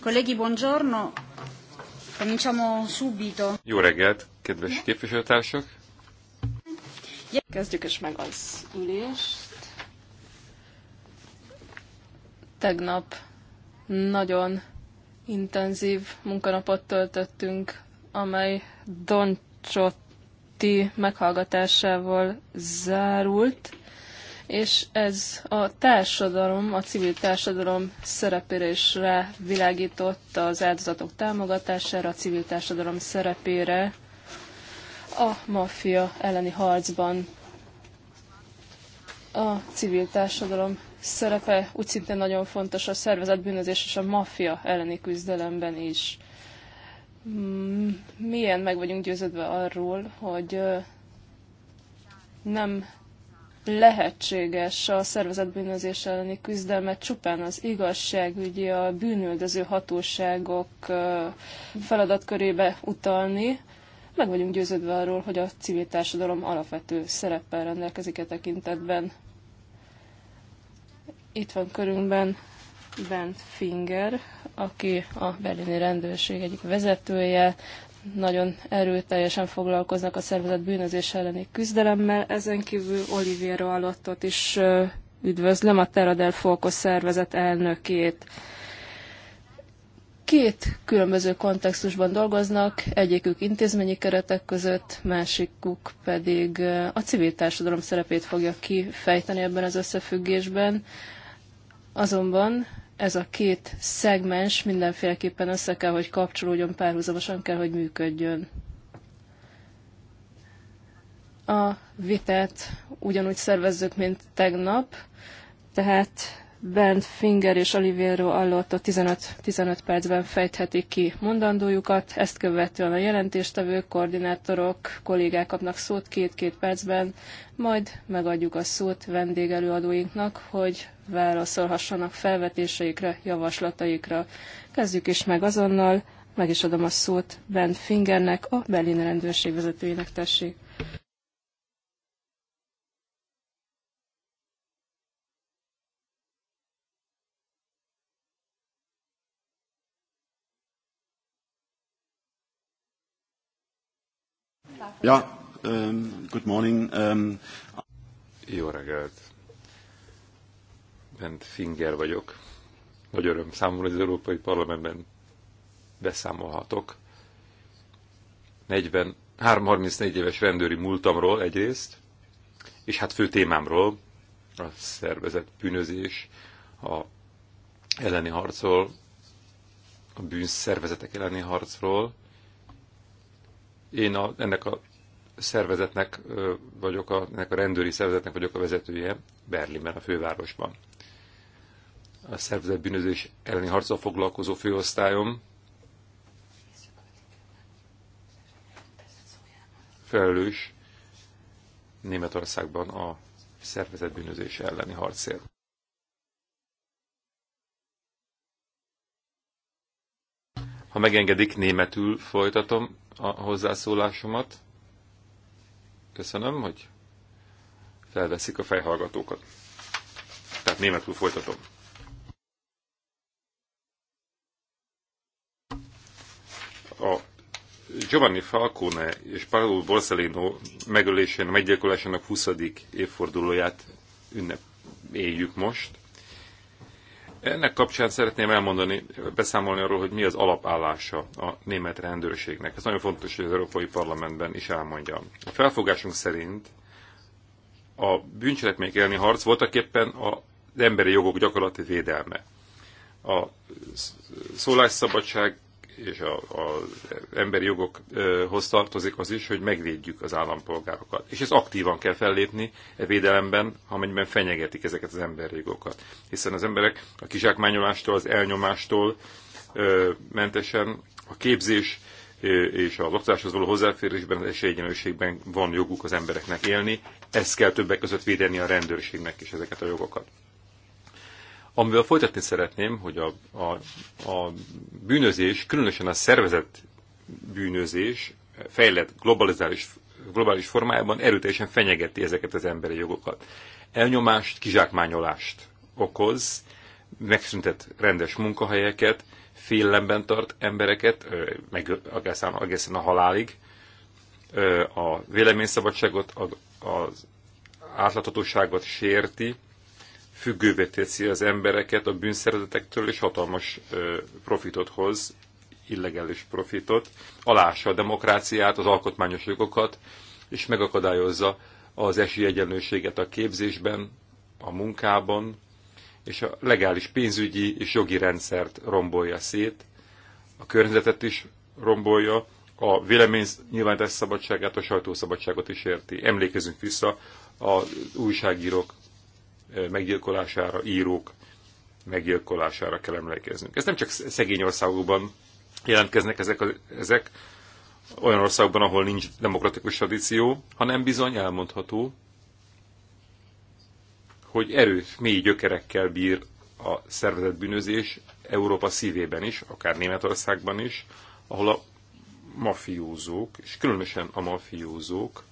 Colleghi, buongiorno. Cominciamo subito. Jó reggelt, kedves képviselőtársak! Kezdjük is meg az ülést. Tegnap nagyon intenzív munkanapot töltöttünk, amely Doncsotti meghallgatásával zárult és ez a társadalom, a civil társadalom szerepére is rávilágított az áldozatok támogatására, a civil társadalom szerepére a maffia elleni harcban. A civil társadalom szerepe úgy szintén nagyon fontos a szervezetbűnözés és a maffia elleni küzdelemben is. Mm, milyen meg vagyunk győződve arról, hogy nem lehetséges a szervezetbűnözés elleni küzdelmet csupán az igazságügyi, a bűnöldöző hatóságok feladatkörébe utalni. Meg vagyunk győződve arról, hogy a civil társadalom alapvető szereppel rendelkezik e tekintetben. Itt van körünkben Bent Finger, aki a berlini rendőrség egyik vezetője, nagyon erőteljesen foglalkoznak a szervezet bűnözés elleni küzdelemmel. Ezen kívül Oliviero Alottot is üdvözlöm, a Teradel del szervezet elnökét. Két különböző kontextusban dolgoznak, egyikük intézményi keretek között, másikuk pedig a civil társadalom szerepét fogja kifejteni ebben az összefüggésben. Azonban ez a két szegmens mindenféleképpen össze kell, hogy kapcsolódjon, párhuzamosan kell, hogy működjön. A vitát ugyanúgy szervezzük, mint tegnap, tehát Bernd Finger és Oliviero Allotto 15, 15 percben fejthetik ki mondandójukat, ezt követően a jelentéstevők, koordinátorok, kollégák kapnak szót két-két percben, majd megadjuk a szót vendégelőadóinknak, hogy válaszolhassanak felvetéseikre, javaslataikra. Kezdjük is meg azonnal, meg is adom a szót Bernd Fingernek, a Berlin rendőrség vezetőjének tessék. Ja, um, good morning. Um... Jó reggelt. Bent Finger vagyok. Nagy öröm számomra, hogy az Európai Parlamentben beszámolhatok. 40, 334 éves rendőri múltamról egyrészt, és hát fő témámról, a szervezet bűnözés, a elleni harcról, a bűnszervezetek elleni harcról, én a, ennek a szervezetnek vagyok, a, ennek a rendőri szervezetnek vagyok a vezetője Berlinben, a fővárosban. A szervezet bűnözés elleni harccal foglalkozó főosztályom felelős Németországban a szervezet bűnözés elleni harcért. Ha megengedik, németül folytatom a hozzászólásomat. Köszönöm, hogy felveszik a fejhallgatókat. Tehát németül folytatom. A Giovanni Falcone és Paolo Borsellino megölésének, meggyilkolásának 20. évfordulóját ünnepeljük most. Ennek kapcsán szeretném elmondani, beszámolni arról, hogy mi az alapállása a német rendőrségnek. Ez nagyon fontos, hogy az Európai Parlamentben is elmondjam. A felfogásunk szerint a bűncselekmények elleni harc voltak éppen az emberi jogok gyakorlati védelme. A szólásszabadság, és az emberi jogokhoz tartozik az is, hogy megvédjük az állampolgárokat. És ez aktívan kell fellépni e védelemben, amennyiben fenyegetik ezeket az emberi jogokat. Hiszen az emberek a kizsákmányolástól, az elnyomástól ö, mentesen a képzés ö, és a oktatáshoz való hozzáférésben, az esélyegyenlőségben van joguk az embereknek élni. Ezt kell többek között védeni a rendőrségnek is ezeket a jogokat. Amivel folytatni szeretném, hogy a, a, a bűnözés, különösen a szervezett bűnözés fejlett globalizális, globális formájában erőteljesen fenyegeti ezeket az emberi jogokat. Elnyomást, kizsákmányolást okoz, megszüntet rendes munkahelyeket, félelemben tart embereket, meg egészen, egészen a halálig, a véleményszabadságot, az átláthatóságot sérti, függővé teszi az embereket a bűnszerzetektől, és hatalmas profitot hoz, illegális profitot, alássa a demokráciát, az alkotmányos jogokat, és megakadályozza az esélyegyenlőséget a képzésben, a munkában, és a legális pénzügyi és jogi rendszert rombolja szét, a környezetet is rombolja, a vélemény nyilvánítás szabadságát, a sajtószabadságot is érti. Emlékezünk vissza az újságírók meggyilkolására, írók meggyilkolására kell emlékeznünk. Ez nem csak szegény országokban jelentkeznek ezek, a, ezek olyan országban, ahol nincs demokratikus tradíció, hanem bizony elmondható, hogy erős, mély gyökerekkel bír a szervezett bűnözés Európa szívében is, akár Németországban is, ahol a mafiózók, és különösen a mafiózók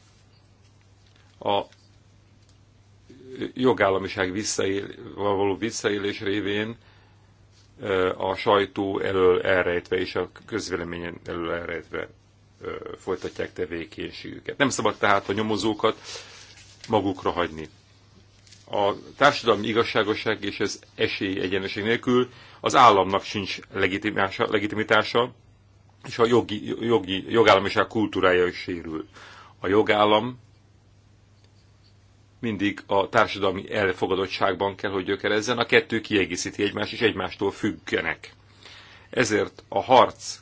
a jogállamiság visszaél, való visszaélés révén a sajtó elől elrejtve és a közvéleményen elől elrejtve folytatják tevékenységüket. Nem szabad tehát a nyomozókat magukra hagyni. A társadalmi igazságosság és az esély esélyegyenlőség nélkül az államnak sincs legitimitása, legitimitása és a jogi, jogi, jogállamiság kultúrája is sérül. A jogállam mindig a társadalmi elfogadottságban kell, hogy gyökerezzen, a kettő kiegészíti egymást, és egymástól függenek. Ezért a harc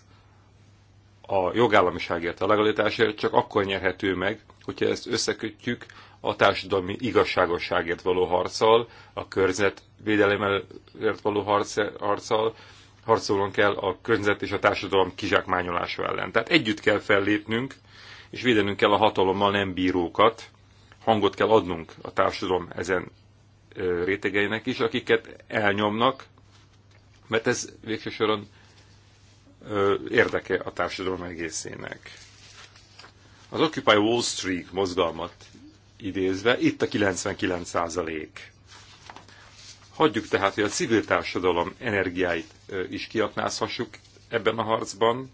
a jogállamiságért, a legalitásért csak akkor nyerhető meg, hogyha ezt összekötjük a társadalmi igazságosságért való harccal, a környezetvédelemért való harccal, harcolnunk kell a környezet és a társadalom kizsákmányolása ellen. Tehát együtt kell fellépnünk, és védenünk kell a hatalommal nem bírókat, hangot kell adnunk a társadalom ezen rétegeinek is, akiket elnyomnak, mert ez végső soron érdeke a társadalom egészének. Az Occupy Wall Street mozgalmat idézve, itt a 99 százalék. Hagyjuk tehát, hogy a civil társadalom energiáit is kiaknázhassuk ebben a harcban,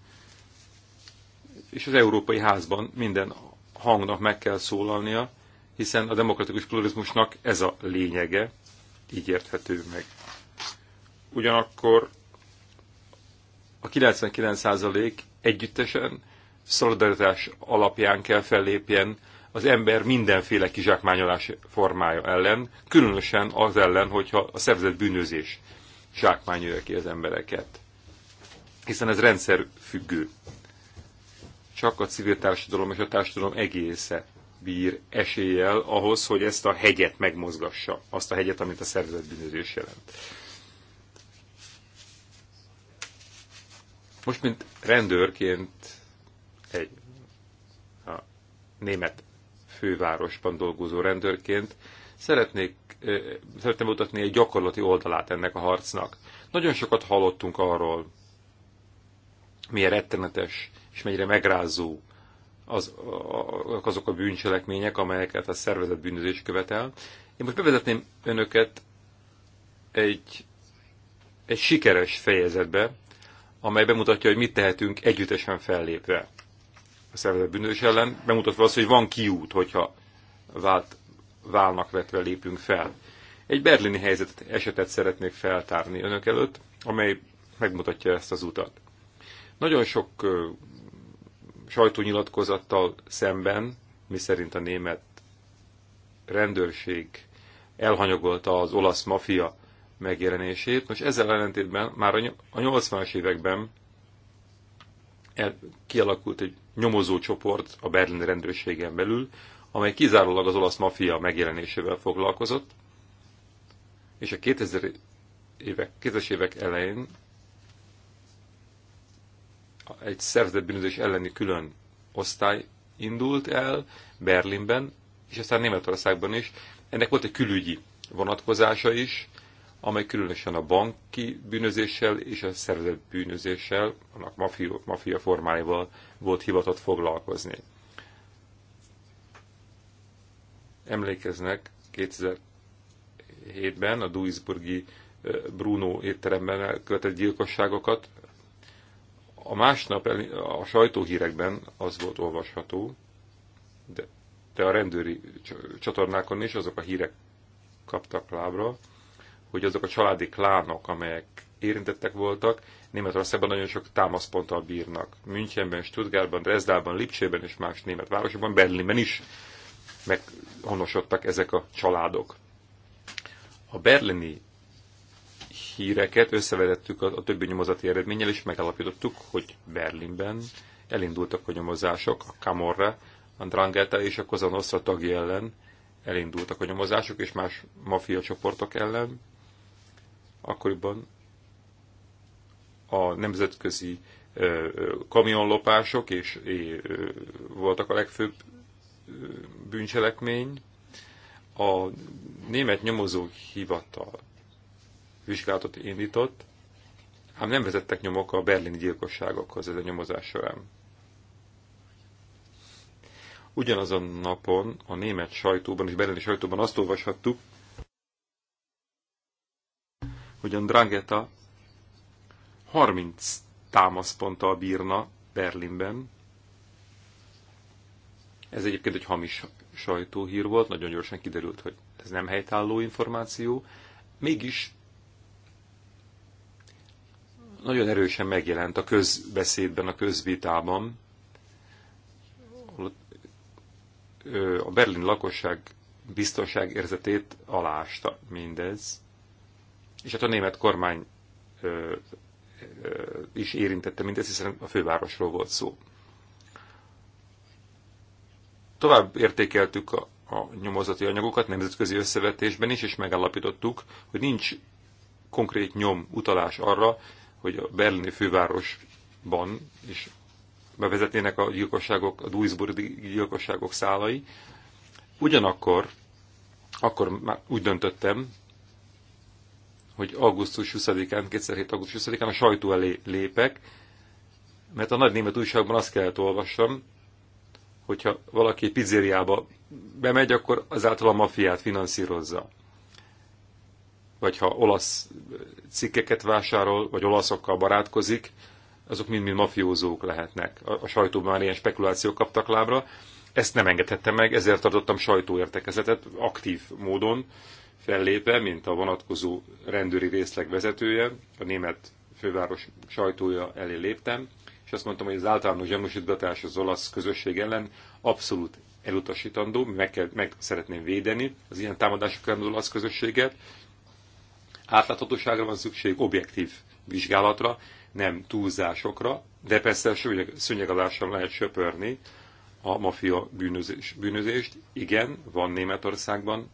és az Európai Házban minden hangnak meg kell szólalnia, hiszen a demokratikus pluralizmusnak ez a lényege, így érthető meg. Ugyanakkor a 99% együttesen szolidaritás alapján kell fellépjen az ember mindenféle kizsákmányolás formája ellen, különösen az ellen, hogyha a szervezet bűnözés zsákmányolja ki az embereket. Hiszen ez rendszerfüggő. Csak a civil társadalom és a társadalom egésze bír eséllyel ahhoz, hogy ezt a hegyet megmozgassa, azt a hegyet, amit a szervezetbűnözés jelent. Most, mint rendőrként egy a német fővárosban dolgozó rendőrként szeretnék, szeretném mutatni egy gyakorlati oldalát ennek a harcnak. Nagyon sokat hallottunk arról, milyen rettenetes és mennyire megrázó az, azok a bűncselekmények, amelyeket a szervezet bűnözés követel. Én most bevezetném önöket egy, egy sikeres fejezetbe, amely bemutatja, hogy mit tehetünk együttesen fellépve a szervezet bűnözés ellen, bemutatva azt, hogy van kiút, hogyha vált, válnak vetve lépünk fel. Egy berlini helyzet esetet szeretnék feltárni önök előtt, amely megmutatja ezt az utat. Nagyon sok sajtónyilatkozattal szemben, miszerint a német rendőrség elhanyagolta az olasz mafia megjelenését. Most ezzel ellentétben már a 80-as években kialakult egy nyomozó csoport a berlini rendőrségen belül, amely kizárólag az olasz mafia megjelenésével foglalkozott, és a 2000 évek, 2000 évek elején egy szervezetbűnözés elleni külön osztály indult el Berlinben, és aztán Németországban is. Ennek volt egy külügyi vonatkozása is, amely különösen a banki bűnözéssel és a szervezett bűnözéssel, annak mafia, mafia formáival volt hivatott foglalkozni. Emlékeznek 2007-ben a Duisburgi eh, Bruno étteremben követett gyilkosságokat, a másnap a sajtóhírekben az volt olvasható, de, de a rendőri csatornákon is azok a hírek kaptak lábra, hogy azok a családi klánok, amelyek érintettek voltak, Németországban nagyon sok támaszponttal bírnak. Münchenben, Stuttgartban, Dresdában, Lipcsében és más német városokban, Berlinben is meghonosodtak ezek a családok. A berlini híreket összevetettük a, a többi nyomozati eredménnyel, és megalapítottuk, hogy Berlinben elindultak a nyomozások, a Camorra, a Drangheta és a Cosa Nostra tagja ellen elindultak a nyomozások, és más mafia csoportok ellen. Akkoriban a nemzetközi ö, kamionlopások és ö, voltak a legfőbb ö, bűncselekmény. A német nyomozó hivatal vizsgálatot indított, ám nem vezettek nyomok a berlini gyilkosságokhoz ez a nyomozás során. Ugyanazon napon a német sajtóban és berlini sajtóban azt olvashattuk, hogy a Drangeta 30 támaszponttal bírna Berlinben. Ez egyébként egy hamis sajtóhír volt, nagyon gyorsan kiderült, hogy ez nem helytálló információ. Mégis nagyon erősen megjelent a közbeszédben, a közvitában. A berlin lakosság biztonság érzetét alásta mindez. És hát a német kormány ö, ö, is érintette mindez, hiszen a fővárosról volt szó. Tovább értékeltük a, a nyomozati anyagokat nemzetközi összevetésben is, és megállapítottuk, hogy nincs konkrét nyom, utalás arra, hogy a berlini fővárosban is bevezetnének a gyilkosságok, a Duisburgi gyilkosságok szálai. Ugyanakkor, akkor már úgy döntöttem, hogy augusztus 20-án, 2007. augusztus 20-án a sajtó elé lépek, mert a nagy német újságban azt kellett olvassam, hogyha valaki pizzériába bemegy, akkor azáltal a mafiát finanszírozza vagy ha olasz cikkeket vásárol, vagy olaszokkal barátkozik, azok mind-mind mafiózók lehetnek. A, a sajtóban már ilyen spekulációk kaptak lábra. Ezt nem engedhettem meg, ezért tartottam sajtóértekezetet aktív módon fellépve, mint a vonatkozó rendőri részleg vezetője, a német főváros sajtója elé léptem, és azt mondtam, hogy az általános gyanúsítgatás az olasz közösség ellen abszolút elutasítandó, meg, kell, meg szeretném védeni az ilyen támadások ellen az olasz közösséget, Átláthatóságra van szükség, objektív vizsgálatra, nem túlzásokra, de persze szőnyeg alá sem lehet söpörni a mafia bűnözés, bűnözést. Igen, van Németországban,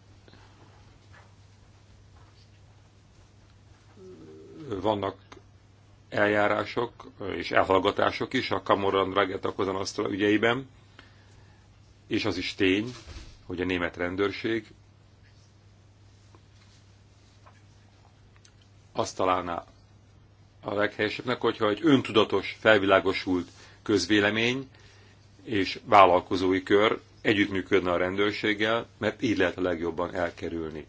vannak eljárások és elhallgatások is a Cameron Dragetta Kozanasztra ügyeiben, és az is tény, hogy a német rendőrség azt találná a leghelyesebbnek, hogyha egy öntudatos, felvilágosult közvélemény és vállalkozói kör együttműködne a rendőrséggel, mert így lehet a legjobban elkerülni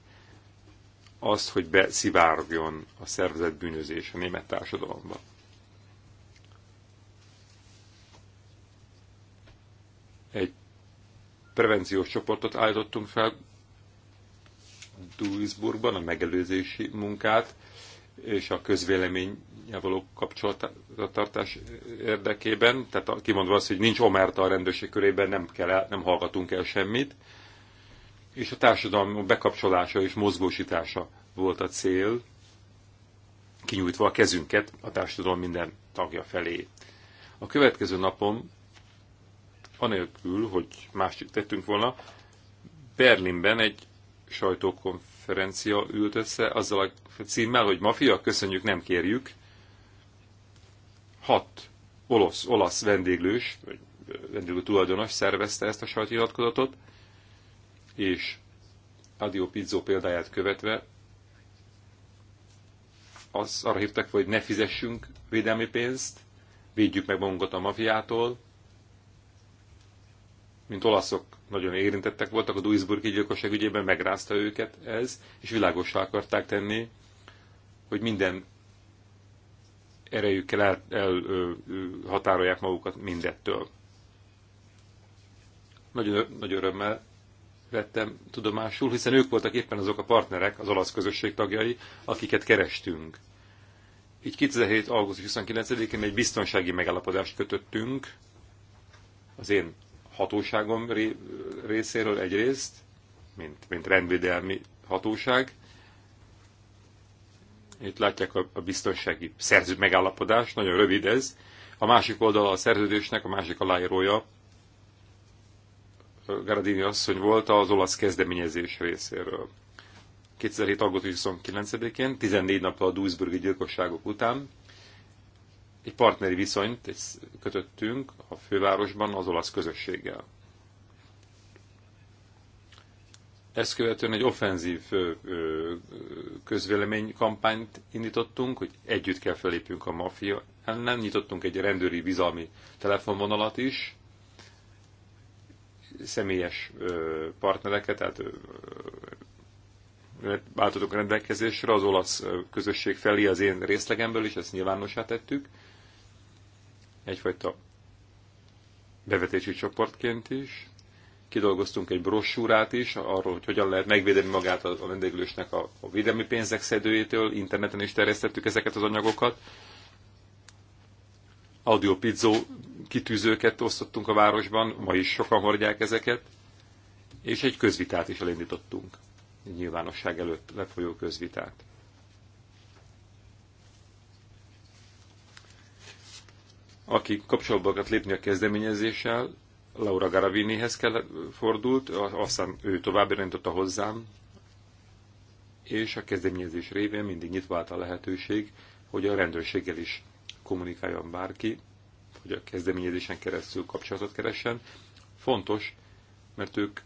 azt, hogy beszivárogjon a szervezett bűnözés a német társadalomba. Egy prevenciós csoportot állítottunk fel Duisburgban, a megelőzési munkát és a közvélemény való kapcsolatartás érdekében, tehát kimondva azt, hogy nincs omerta a rendőrség körében, nem, kell el, nem hallgatunk el semmit, és a társadalom bekapcsolása és mozgósítása volt a cél, kinyújtva a kezünket a társadalom minden tagja felé. A következő napon, anélkül, hogy mást tettünk volna, Berlinben egy sajtókonferencia konferencia ült össze azzal a címmel, hogy mafia, köszönjük, nem kérjük. Hat olasz, olasz vendéglős, vagy vendéglő tulajdonos szervezte ezt a sajtóiratkozatot, és Adio Pizzo példáját követve az arra hívtak, hogy ne fizessünk védelmi pénzt, védjük meg magunkat a mafiától, mint olaszok nagyon érintettek voltak a Duisburgi gyilkosság ügyében, megrázta őket ez, és világosá akarták tenni, hogy minden erejükkel elhatárolják el, el, magukat mindettől. Nagyon, nagy örömmel vettem tudomásul, hiszen ők voltak éppen azok a partnerek, az olasz közösség tagjai, akiket kerestünk. Így 2007. augusztus 29-én egy biztonsági megállapodást kötöttünk az én hatóságom részéről egyrészt, mint, mint rendvédelmi hatóság. Itt látják a, a biztonsági szerző megállapodás, nagyon rövid ez. A másik oldala a szerződésnek, a másik aláírója Garadini asszony volt az olasz kezdeményezés részéről. 2007. augusztus 29-én, 14 nappal a Duisburgi gyilkosságok után egy partneri viszonyt kötöttünk a fővárosban az olasz közösséggel. Ezt követően egy offenzív közvéleménykampányt indítottunk, hogy együtt kell felépünk a maffia ellen. Nyitottunk egy rendőri bizalmi telefonvonalat is, személyes partnereket, tehát váltottuk rendelkezésre az olasz közösség felé az én részlegemből is, ezt nyilvánossá tettük egyfajta bevetési csoportként is. Kidolgoztunk egy brosúrát is arról, hogy hogyan lehet megvédeni magát a vendéglősnek a, védelmi pénzek szedőjétől. Interneten is terjesztettük ezeket az anyagokat. Audio pizzó kitűzőket osztottunk a városban, ma is sokan hordják ezeket, és egy közvitát is elindítottunk, egy nyilvánosság előtt lefolyó közvitát. aki akart lépni a kezdeményezéssel, Laura Garavinihez kell, fordult, aztán ő tovább irányította hozzám, és a kezdeményezés révén mindig nyitva állt a lehetőség, hogy a rendőrséggel is kommunikáljon bárki, hogy a kezdeményezésen keresztül kapcsolatot keressen. Fontos, mert ők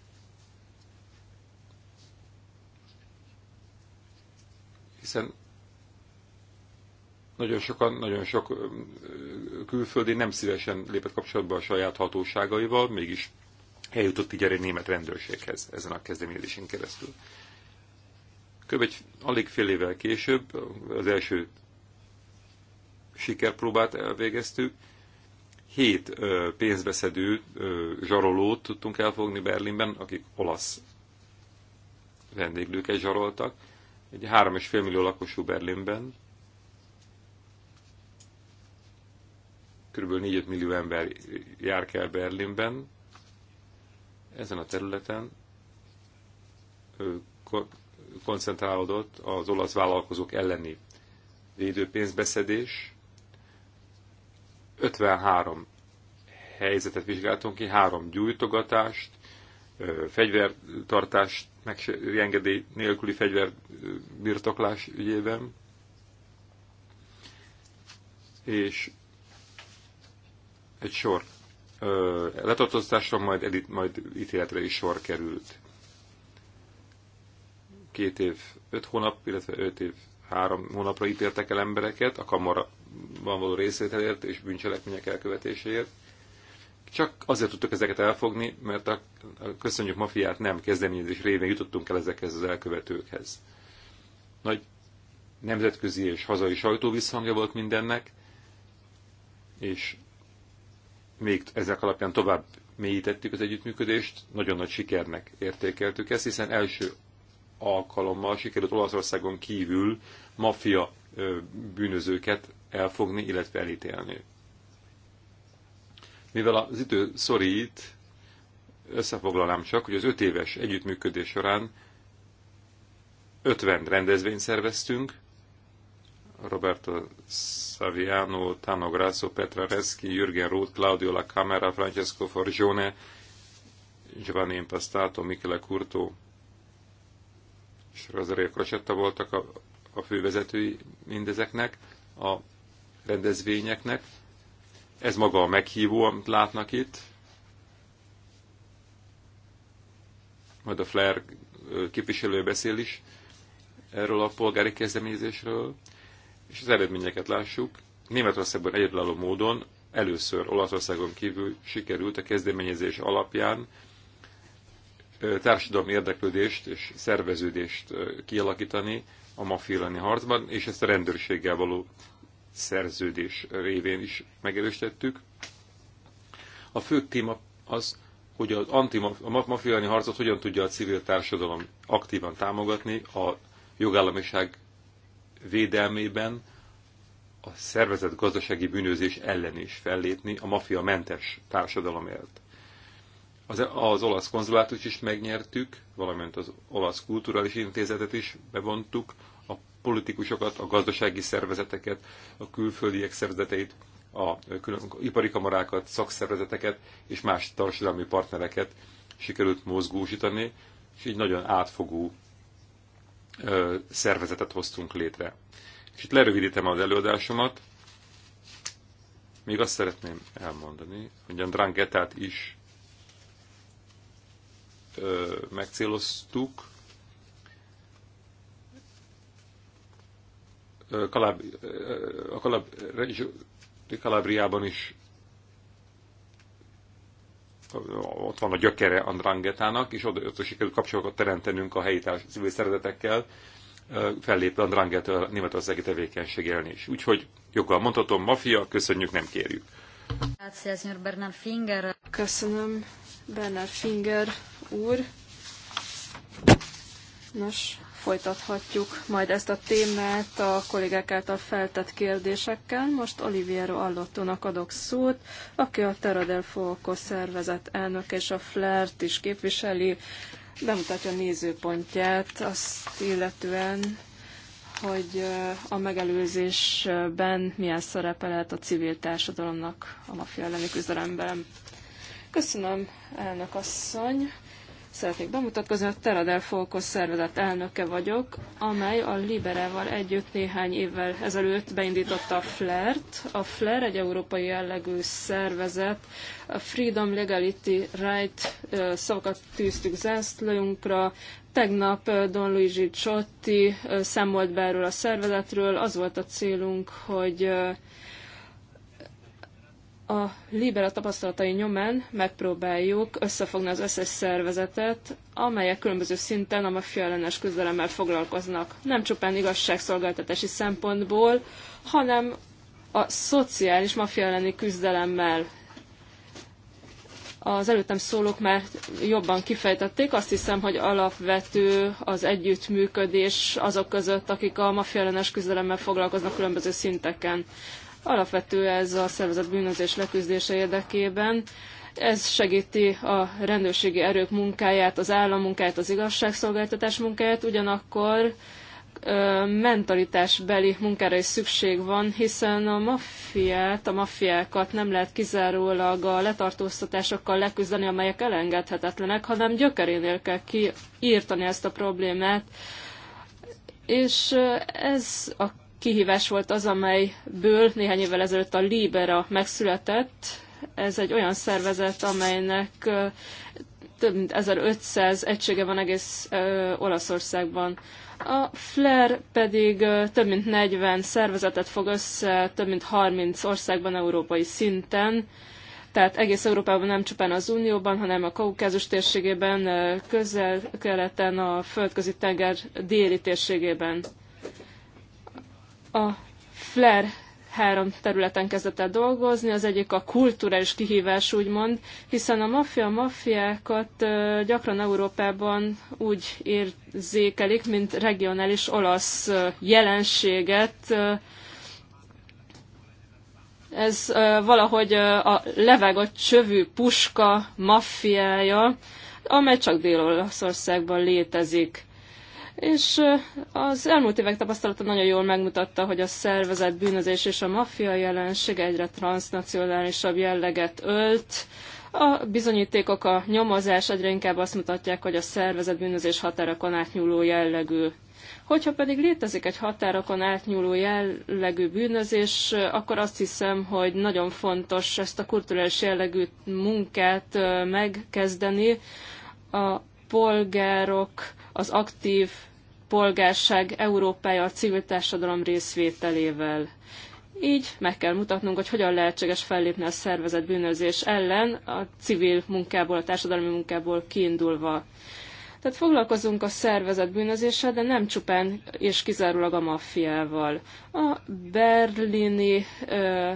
hiszen nagyon sokan, nagyon sok külföldi nem szívesen lépett kapcsolatba a saját hatóságaival, mégis eljutott így egy német rendőrséghez ezen a kezdeményezésen keresztül. Kb. egy alig fél évvel később az első sikerpróbát elvégeztük, hét ö, pénzbeszedő ö, zsarolót tudtunk elfogni Berlinben, akik olasz vendéglőket zsaroltak, egy 3,5 millió lakosú Berlinben, Kb. 4-5 millió ember jár kell Berlinben, ezen a területen koncentrálódott az olasz vállalkozók elleni védőpénzbeszedés. 53 helyzetet vizsgáltunk ki, három gyújtogatást, fegyvertartást, engedély nélküli fegyverbirtoklás ügyében, és egy sor ö, letartóztásra, majd, elit, majd ítéletre is sor került. Két év, öt hónap, illetve öt év, három hónapra ítéltek el embereket a kamarban való részvételért és bűncselekmények elkövetéséért. Csak azért tudtuk ezeket elfogni, mert a, a köszönjük mafiát nem kezdeményezés révén jutottunk el ezekhez az elkövetőkhez. Nagy nemzetközi és hazai sajtó visszhangja volt mindennek, és még ezek alapján tovább mélyítettük az együttműködést, nagyon nagy sikernek értékeltük ezt, hiszen első alkalommal sikerült Olaszországon kívül maffia bűnözőket elfogni, illetve elítélni. Mivel az idő szorít, összefoglalám csak, hogy az öt éves együttműködés során 50 rendezvényt szerveztünk, Roberto Saviano, Tano Grasso, Petra Reschi, Jürgen Roth, Claudio La Camera, Francesco Forgione, Giovanni Impastato, Michele Curto és Rosario Crocetta voltak a, a fővezetői mindezeknek, a rendezvényeknek. Ez maga a meghívó, amit látnak itt. Majd a Flair képviselő beszél is erről a polgári kezdeményezésről és az eredményeket lássuk, Németországban egyedülálló módon először Olaszországon kívül sikerült a kezdeményezés alapján társadalmi érdeklődést és szerveződést kialakítani a mafia harcban, és ezt a rendőrséggel való szerződés révén is megerősítettük. A fő téma az, hogy az anti a mafia harcot hogyan tudja a civil társadalom aktívan támogatni a jogállamiság védelmében, a szervezett gazdasági bűnözés ellen is fellépni a mafia mentes társadalomért. Az, az olasz konzulátus is megnyertük, valamint az olasz kulturális intézetet is bevontuk, a politikusokat, a gazdasági szervezeteket, a külföldiek szervezeteit, a a ipari kamarákat, szakszervezeteket és más társadalmi partnereket sikerült mozgósítani, és így nagyon átfogó ö, szervezetet hoztunk létre. És itt lerövidítem az előadásomat. Még azt szeretném elmondani, hogy a Drangetát is ö, megcéloztuk. Kalab, a Kalab, Kalabriában is ott van a gyökere a és ott, ott sikerült kapcsolatot teremtenünk a helyi civil szervezetekkel, fellépve a drángetől németországi tevékenység ellen is. Úgyhogy joggal mondhatom, mafia, köszönjük, nem kérjük. Köszönöm, Bernard Finger úr. Nos, folytathatjuk majd ezt a témát a kollégák által feltett kérdésekkel. Most Oliviero Allottónak adok szót, aki a Terra del Fuoco szervezet elnök és a Flert is képviseli, bemutatja a nézőpontját, azt illetően, hogy a megelőzésben milyen szerepe lehet a civil társadalomnak a mafia elleni küzdelemben. Köszönöm, elnök asszony! Szeretnék bemutatkozni, a Teradel Folkos szervezet elnöke vagyok, amely a Liberával együtt néhány évvel ezelőtt beindította a FLERT. A FLER egy európai jellegű szervezet, a Freedom, Legality, Right szavakat tűztük zászlójunkra, Tegnap Don Luigi Csotti számolt be erről a szervezetről. Az volt a célunk, hogy a Libera tapasztalatai nyomán megpróbáljuk összefogni az összes szervezetet, amelyek különböző szinten a maffia ellenes küzdelemmel foglalkoznak. Nem csupán igazságszolgáltatási szempontból, hanem a szociális maffia elleni küzdelemmel. Az előttem szólók már jobban kifejtették, azt hiszem, hogy alapvető az együttműködés azok között, akik a maffia ellenes küzdelemmel foglalkoznak különböző szinteken. Alapvető ez a szervezet bűnözés leküzdése érdekében. Ez segíti a rendőrségi erők munkáját, az állam munkáját, az igazságszolgáltatás munkáját, ugyanakkor mentalitásbeli munkára is szükség van, hiszen a maffiát, a maffiákat nem lehet kizárólag a letartóztatásokkal leküzdeni, amelyek elengedhetetlenek, hanem gyökerénél kell kiírtani ezt a problémát, és ez a kihívás volt az, amelyből néhány évvel ezelőtt a Libera megszületett. Ez egy olyan szervezet, amelynek több mint 1500 egysége van egész Olaszországban. A FLER pedig több mint 40 szervezetet fog össze, több mint 30 országban európai szinten, tehát egész Európában nem csupán az Unióban, hanem a Kaukázus térségében, közel-keleten, a földközi tenger déli térségében a Flair három területen kezdett el dolgozni, az egyik a kulturális kihívás, úgymond, hiszen a maffia maffiákat gyakran Európában úgy érzékelik, mint regionális olasz jelenséget, ez valahogy a levegott csövű puska maffiája, amely csak Dél-Olaszországban létezik és az elmúlt évek tapasztalata nagyon jól megmutatta, hogy a szervezett bűnözés és a maffia jelenség egyre transnacionálisabb jelleget ölt, a bizonyítékok, a nyomozás egyre inkább azt mutatják, hogy a szervezet bűnözés határokon átnyúló jellegű. Hogyha pedig létezik egy határokon átnyúló jellegű bűnözés, akkor azt hiszem, hogy nagyon fontos ezt a kulturális jellegű munkát megkezdeni. A polgárok az aktív polgárság Európája a civil társadalom részvételével. Így meg kell mutatnunk, hogy hogyan lehetséges fellépni a szervezet bűnözés ellen, a civil munkából, a társadalmi munkából kiindulva. Tehát foglalkozunk a szervezet bűnözéssel, de nem csupán és kizárólag a maffiával. A berlini ö,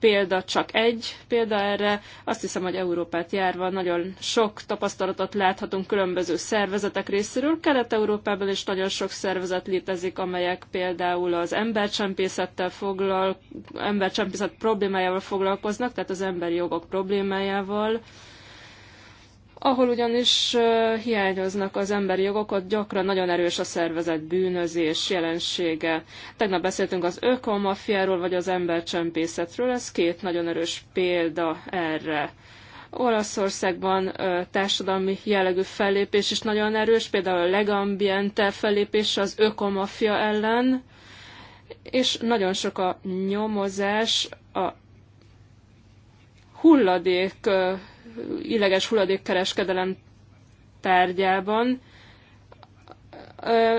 példa csak egy példa erre. Azt hiszem, hogy Európát járva nagyon sok tapasztalatot láthatunk különböző szervezetek részéről. Kelet-Európában is nagyon sok szervezet létezik, amelyek például az embercsempészettel foglalkoznak, embercsempészet problémájával foglalkoznak, tehát az emberi jogok problémájával ahol ugyanis hiányoznak az emberi jogok, ott gyakran nagyon erős a szervezet bűnözés jelensége. Tegnap beszéltünk az ökomafiáról, vagy az embercsempészetről, ez két nagyon erős példa erre. Olaszországban társadalmi jellegű fellépés is nagyon erős, például a legambiente fellépés az ökomafia ellen, és nagyon sok a nyomozás a hulladék illeges hulladékkereskedelem tárgyában.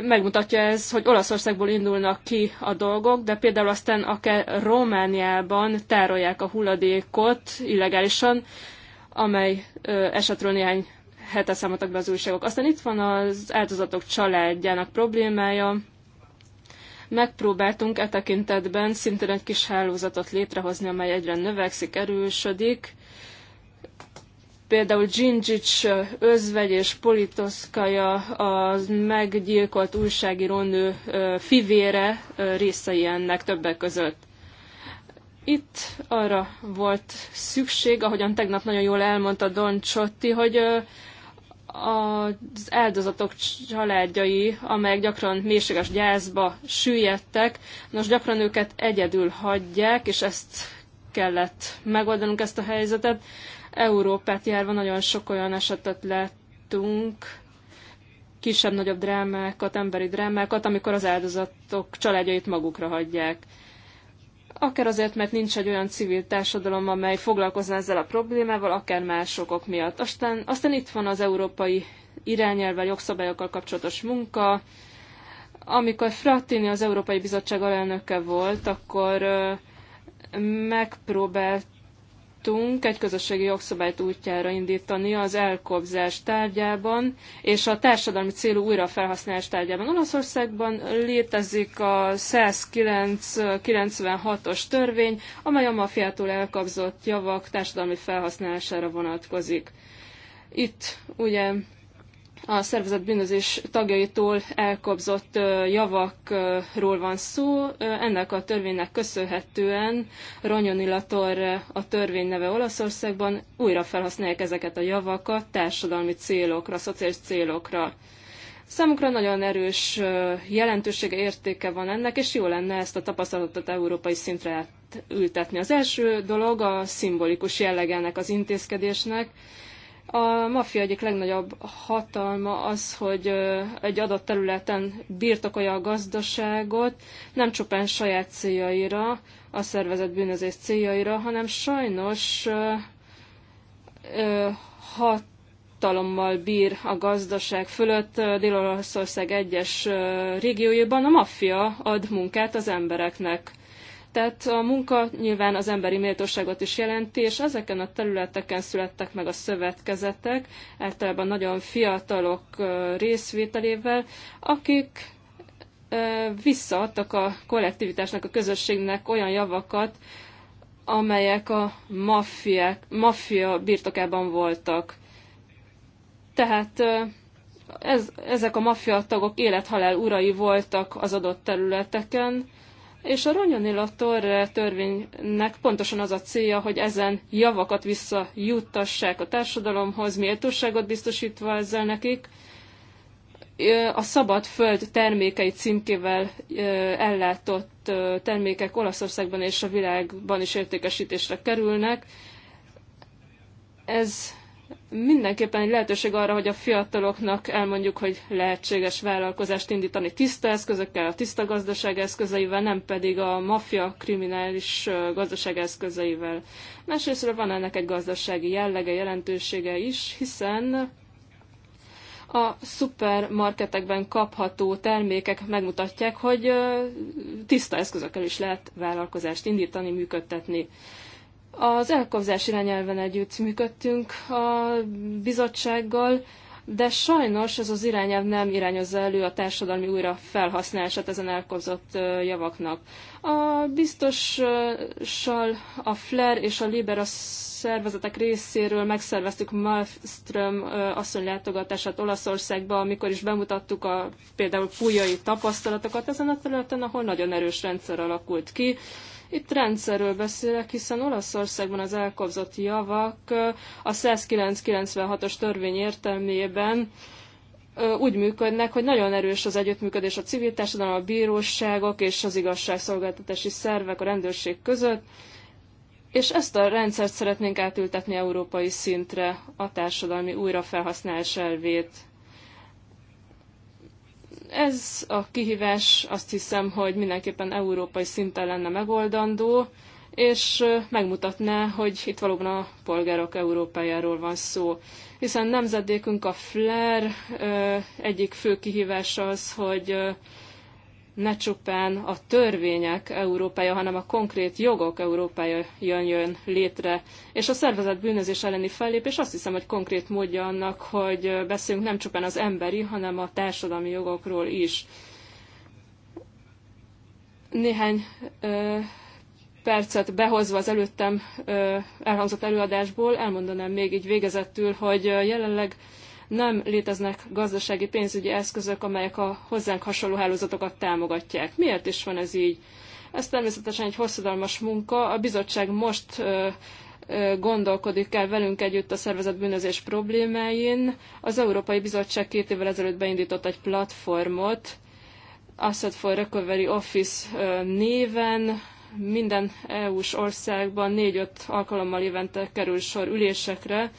Megmutatja ez, hogy Olaszországból indulnak ki a dolgok, de például aztán akár Romániában tárolják a hulladékot illegálisan, amely esetről néhány hete számoltak be az újságok. Aztán itt van az áldozatok családjának problémája. Megpróbáltunk e tekintetben szintén egy kis hálózatot létrehozni, amely egyre növekszik, erősödik, például Dzsindzsics özvegy és Politoszkaja a meggyilkolt újságírónő fivére részei ennek többek között. Itt arra volt szükség, ahogyan tegnap nagyon jól elmondta Don Csotti, hogy az áldozatok családjai, amelyek gyakran mélységes gyászba süllyedtek, nos gyakran őket egyedül hagyják, és ezt kellett megoldanunk ezt a helyzetet. Európát járva nagyon sok olyan esetet láttunk, kisebb-nagyobb drámákat, emberi drámákat, amikor az áldozatok családjait magukra hagyják. Akár azért, mert nincs egy olyan civil társadalom, amely foglalkozna ezzel a problémával, akár másokok miatt. Aztán, aztán itt van az európai irányelvvel, jogszabályokkal kapcsolatos munka. Amikor Frattini az Európai Bizottság alelnöke volt, akkor megpróbált tudtunk egy közösségi jogszabályt útjára indítani az elkobzás tárgyában és a társadalmi célú újrafelhasználás tárgyában. Olaszországban létezik a 196-os törvény, amely a mafiától elkobzott javak társadalmi felhasználására vonatkozik. Itt ugye a szervezet bűnözés tagjaitól elkobzott javakról van szó. Ennek a törvénynek köszönhetően Ronyonilator a törvény neve Olaszországban újra felhasználják ezeket a javakat társadalmi célokra, szociális célokra. Számukra nagyon erős jelentősége, értéke van ennek, és jó lenne ezt a tapasztalatot európai szintre ültetni. Az első dolog a szimbolikus jelleg ennek az intézkedésnek, a maffia egyik legnagyobb hatalma az, hogy egy adott területen birtokolja a gazdaságot, nem csupán saját céljaira, a szervezet bűnözés céljaira, hanem sajnos hatalommal bír a gazdaság fölött. Dél-Olaszország egyes régiójában a maffia ad munkát az embereknek. Tehát a munka nyilván az emberi méltóságot is jelenti, és ezeken a területeken születtek meg a szövetkezetek, általában nagyon fiatalok részvételével, akik visszaadtak a kollektivitásnak, a közösségnek olyan javakat, amelyek a maffiák, maffia birtokában voltak. Tehát ez, ezek a maffia tagok élethalál urai voltak az adott területeken, és a Ronyonilla Torre törvénynek pontosan az a célja, hogy ezen javakat visszajuttassák a társadalomhoz, méltóságot biztosítva ezzel nekik, a szabad föld termékei címkével ellátott termékek Olaszországban és a világban is értékesítésre kerülnek. Ez mindenképpen egy lehetőség arra, hogy a fiataloknak elmondjuk, hogy lehetséges vállalkozást indítani tiszta eszközökkel, a tiszta gazdaság eszközeivel, nem pedig a maffia kriminális gazdaság eszközeivel. Másrészt van ennek egy gazdasági jellege, jelentősége is, hiszen a szupermarketekben kapható termékek megmutatják, hogy tiszta eszközökkel is lehet vállalkozást indítani, működtetni. Az elkobzás irányelven együtt működtünk a bizottsággal, de sajnos ez az irányelv nem irányozza elő a társadalmi újra felhasználását ezen elkobzott javaknak. A biztossal a FLER és a Libera szervezetek részéről megszerveztük Malmström asszony látogatását Olaszországba, amikor is bemutattuk a például fújai tapasztalatokat ezen a területen, ahol nagyon erős rendszer alakult ki, itt rendszerről beszélek, hiszen Olaszországban az elkobzott javak a 10996 os törvény értelmében úgy működnek, hogy nagyon erős az együttműködés a civil társadalom, a bíróságok és az igazságszolgáltatási szervek a rendőrség között, és ezt a rendszert szeretnénk átültetni európai szintre, a társadalmi újrafelhasználás elvét. Ez a kihívás azt hiszem, hogy mindenképpen európai szinten lenne megoldandó, és megmutatná, hogy itt valóban a polgárok Európájáról van szó. Hiszen nemzedékünk a FLER egyik fő kihívása az, hogy ne csupán a törvények Európája, hanem a konkrét jogok Európája jön, jön létre. És a szervezet bűnözés elleni fellépés azt hiszem, hogy konkrét módja annak, hogy beszélünk nem csupán az emberi, hanem a társadalmi jogokról is. Néhány ö, percet behozva az előttem ö, elhangzott előadásból, elmondanám még így végezettül, hogy jelenleg ö, nem léteznek gazdasági pénzügyi eszközök, amelyek a hozzánk hasonló hálózatokat támogatják. Miért is van ez így? Ez természetesen egy hosszadalmas munka. A bizottság most gondolkodik el velünk együtt a szervezet bűnözés problémáin. Az Európai Bizottság két évvel ezelőtt beindított egy platformot, Asset for Recovery Office néven, minden EU-s országban négy-öt alkalommal évente kerül sor ülésekre,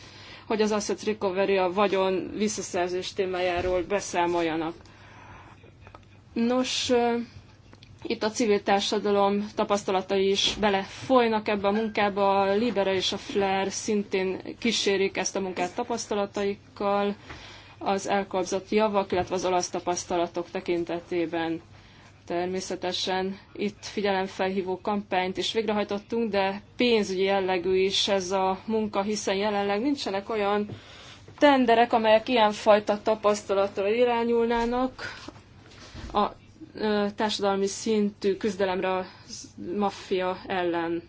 hogy az asset recovery a vagyon visszaszerzés témájáról beszámoljanak. Nos, itt a civil társadalom tapasztalatai is belefolynak ebbe a munkába, a Libera és a Flair szintén kísérik ezt a munkát tapasztalataikkal, az elkobzott javak, illetve az olasz tapasztalatok tekintetében. Természetesen itt figyelemfelhívó kampányt is végrehajtottunk, de pénzügyi jellegű is ez a munka, hiszen jelenleg nincsenek olyan tenderek, amelyek ilyenfajta tapasztalattal irányulnának a társadalmi szintű küzdelemre a maffia ellen.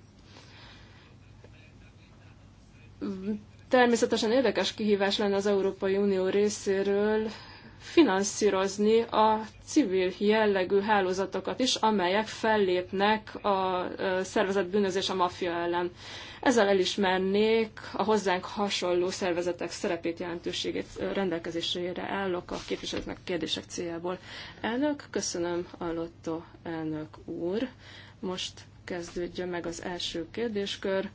Természetesen érdekes kihívás lenne az Európai Unió részéről finanszírozni a civil jellegű hálózatokat is, amelyek fellépnek a szervezet bűnözés a maffia ellen. Ezzel elismernék a hozzánk hasonló szervezetek szerepét, jelentőségét rendelkezésére állok a képviselőknek kérdések céljából. Elnök, köszönöm a Lotto elnök úr. Most kezdődjön meg az első kérdéskör.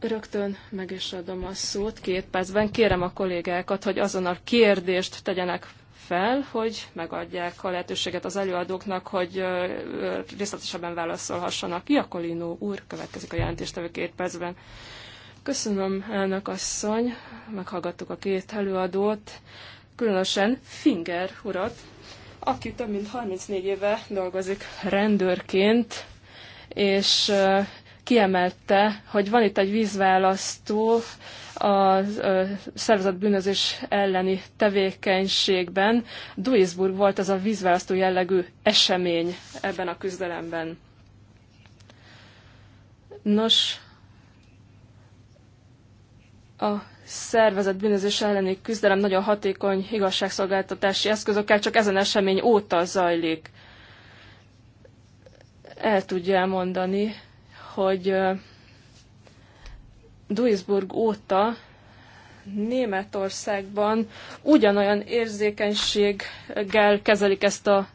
Rögtön meg is adom a szót két percben. Kérem a kollégákat, hogy a kérdést tegyenek fel, hogy megadják a lehetőséget az előadóknak, hogy részletesebben válaszolhassanak. Iakolino úr következik a jelentéstevő két percben. Köszönöm, elnök asszony, meghallgattuk a két előadót, különösen Finger urat, aki több mint 34 éve dolgozik rendőrként, és kiemelte, hogy van itt egy vízválasztó a szervezett bűnözés elleni tevékenységben. Duisburg volt ez a vízválasztó jellegű esemény ebben a küzdelemben. Nos, a szervezett bűnözés elleni küzdelem nagyon hatékony igazságszolgáltatási eszközökkel csak ezen esemény óta zajlik. El tudja elmondani, hogy Duisburg óta Németországban ugyanolyan érzékenységgel kezelik ezt a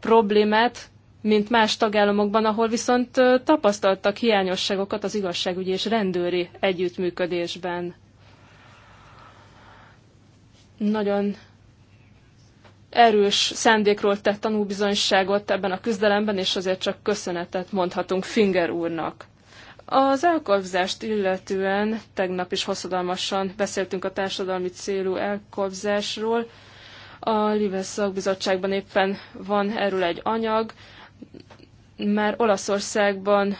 problémát, mint más tagállamokban, ahol viszont tapasztaltak hiányosságokat az igazságügyi és rendőri együttműködésben. Nagyon erős szándékról tett tanúbizonyságot ebben a küzdelemben, és azért csak köszönetet mondhatunk Finger úrnak. Az elkobzást illetően tegnap is hosszadalmasan beszéltünk a társadalmi célú elkobzásról. A Lives szakbizottságban éppen van erről egy anyag. mert Olaszországban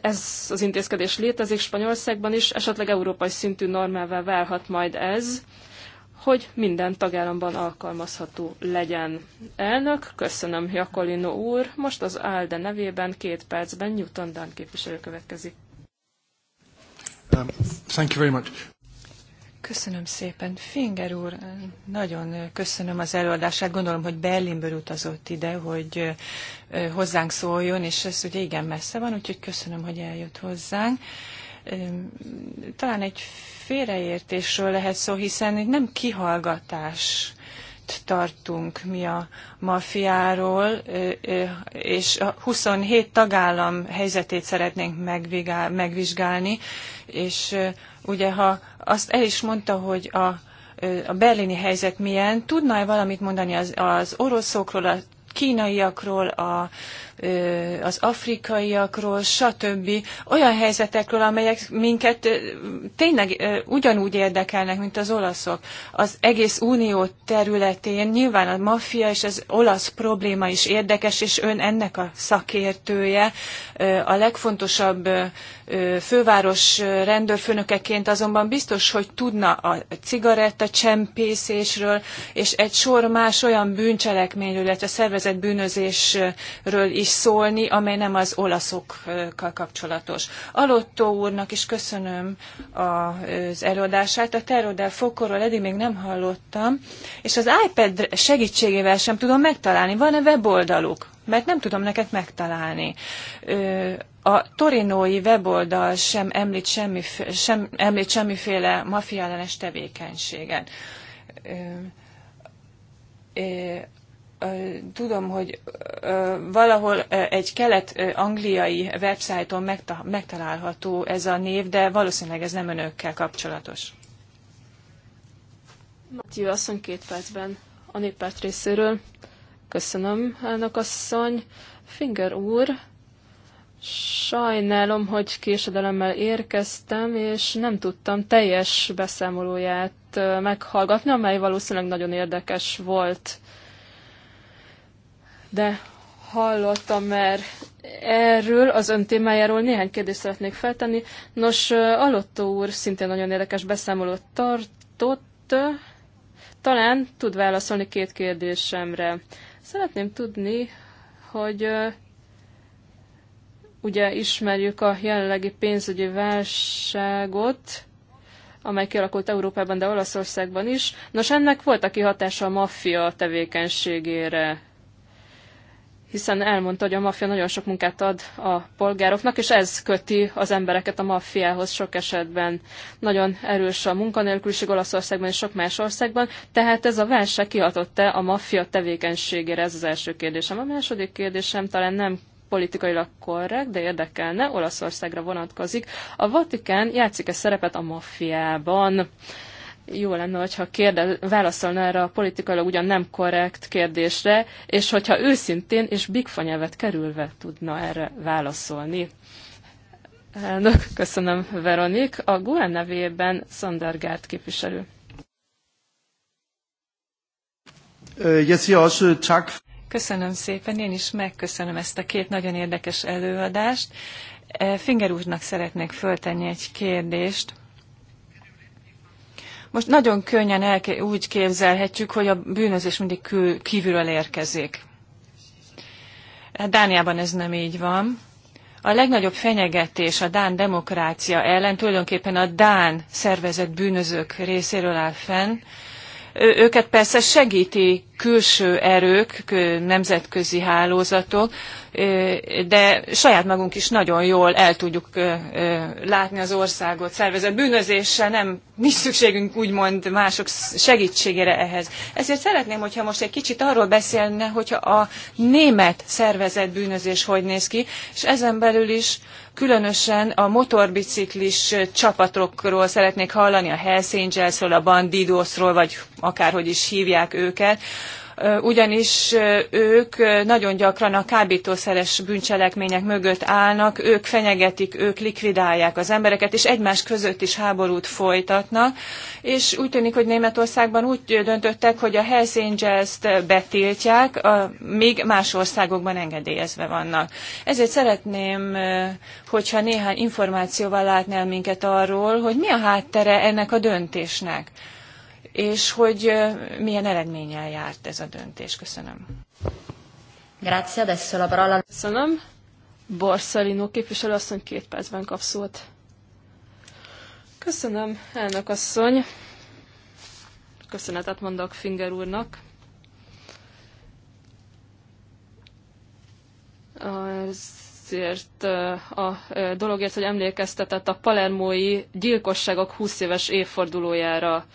ez az intézkedés létezik, Spanyolországban is, esetleg európai szintű normává válhat majd ez hogy minden tagállamban alkalmazható legyen. Elnök, köszönöm Jakolino úr, most az ALDE nevében két percben Newton Dan képviselő következik. Um, thank you very much. Köszönöm szépen. Finger úr, nagyon köszönöm az előadását. Gondolom, hogy Berlinből utazott ide, hogy hozzánk szóljon, és ez ugye igen messze van, úgyhogy köszönöm, hogy eljött hozzánk talán egy félreértésről lehet szó, hiszen nem kihallgatás tartunk mi a mafiáról, és a 27 tagállam helyzetét szeretnénk megvizsgálni, és ugye ha azt el is mondta, hogy a, a berlini helyzet milyen, tudna-e valamit mondani az, az oroszokról, a kínaiakról, a, az afrikaiakról, stb. olyan helyzetekről, amelyek minket tényleg ugyanúgy érdekelnek, mint az olaszok. Az egész unió területén nyilván a maffia és az olasz probléma is érdekes, és ön ennek a szakértője. A legfontosabb főváros rendőrfőnökeként azonban biztos, hogy tudna a cigaretta csempészésről, és egy sor más olyan bűncselekményről, illetve szervezett bűnözésről is is szólni, amely nem az olaszokkal kapcsolatos. Alottó úrnak is köszönöm az előadását. A Terodel Fokorról eddig még nem hallottam, és az iPad segítségével sem tudom megtalálni. Van-e weboldaluk? Mert nem tudom neked megtalálni. A torinói weboldal sem említ, semmi, sem említ semmiféle mafiállenes tevékenységet tudom, hogy valahol egy kelet-angliai websájton megtalálható ez a név, de valószínűleg ez nem önökkel kapcsolatos. Matthieu asszony két percben a néppárt részéről. Köszönöm, elnök asszony. Finger úr, sajnálom, hogy késedelemmel érkeztem, és nem tudtam teljes beszámolóját meghallgatni, amely valószínűleg nagyon érdekes volt de hallottam már erről, az ön témájáról néhány kérdést szeretnék feltenni. Nos, Alotto úr szintén nagyon érdekes beszámolót tartott, talán tud válaszolni két kérdésemre. Szeretném tudni, hogy ugye ismerjük a jelenlegi pénzügyi válságot, amely kialakult Európában, de Olaszországban is. Nos, ennek volt a kihatása a maffia tevékenységére hiszen elmondta, hogy a maffia nagyon sok munkát ad a polgároknak, és ez köti az embereket a maffiához sok esetben. Nagyon erős a munkanélküliség Olaszországban és sok más országban, tehát ez a válság kihatott-e a maffia tevékenységére? Ez az első kérdésem. A második kérdésem talán nem politikailag korrekt, de érdekelne, Olaszországra vonatkozik. A Vatikán játszik-e szerepet a maffiában? jó lenne, hogyha kérde, válaszolna erre a politikailag ugyan nem korrekt kérdésre, és hogyha őszintén és bigfanyelvet kerülve tudna erre válaszolni. Elnök, köszönöm, Veronik. A GUE nevében Sandergaard képviselő. Köszönöm szépen, én is megköszönöm ezt a két nagyon érdekes előadást. Finger úrnak szeretnék föltenni egy kérdést most nagyon könnyen elke- úgy képzelhetjük, hogy a bűnözés mindig kül- kívülről érkezik. Hát Dániában ez nem így van. A legnagyobb fenyegetés a Dán demokrácia ellen tulajdonképpen a Dán szervezett bűnözők részéről áll fenn, őket persze segíti külső erők, nemzetközi hálózatok, de saját magunk is nagyon jól el tudjuk látni az országot. Szervezett bűnözéssel nem nincs szükségünk úgymond mások segítségére ehhez. Ezért szeretném, hogyha most egy kicsit arról beszélne, hogyha a német szervezett bűnözés hogy néz ki, és ezen belül is Különösen a motorbiciklis csapatokról szeretnék hallani, a Hells Angelsről, a Bandidosról, vagy akárhogy is hívják őket, ugyanis ők nagyon gyakran a kábítószeres bűncselekmények mögött állnak, ők fenyegetik, ők likvidálják az embereket, és egymás között is háborút folytatnak, és úgy tűnik, hogy Németországban úgy döntöttek, hogy a Hells Angels-t betiltják, a, még más országokban engedélyezve vannak. Ezért szeretném, hogyha néhány információval látnál minket arról, hogy mi a háttere ennek a döntésnek és hogy milyen eredménnyel járt ez a döntés. Köszönöm. Grazie, adesso la parola. Köszönöm. Borszalinó képviselő asszony két percben kap szót. Köszönöm, elnök asszony. Köszönetet mondok Finger úrnak. Azért a dologért, hogy emlékeztetett a palermói gyilkosságok 20 éves évfordulójára.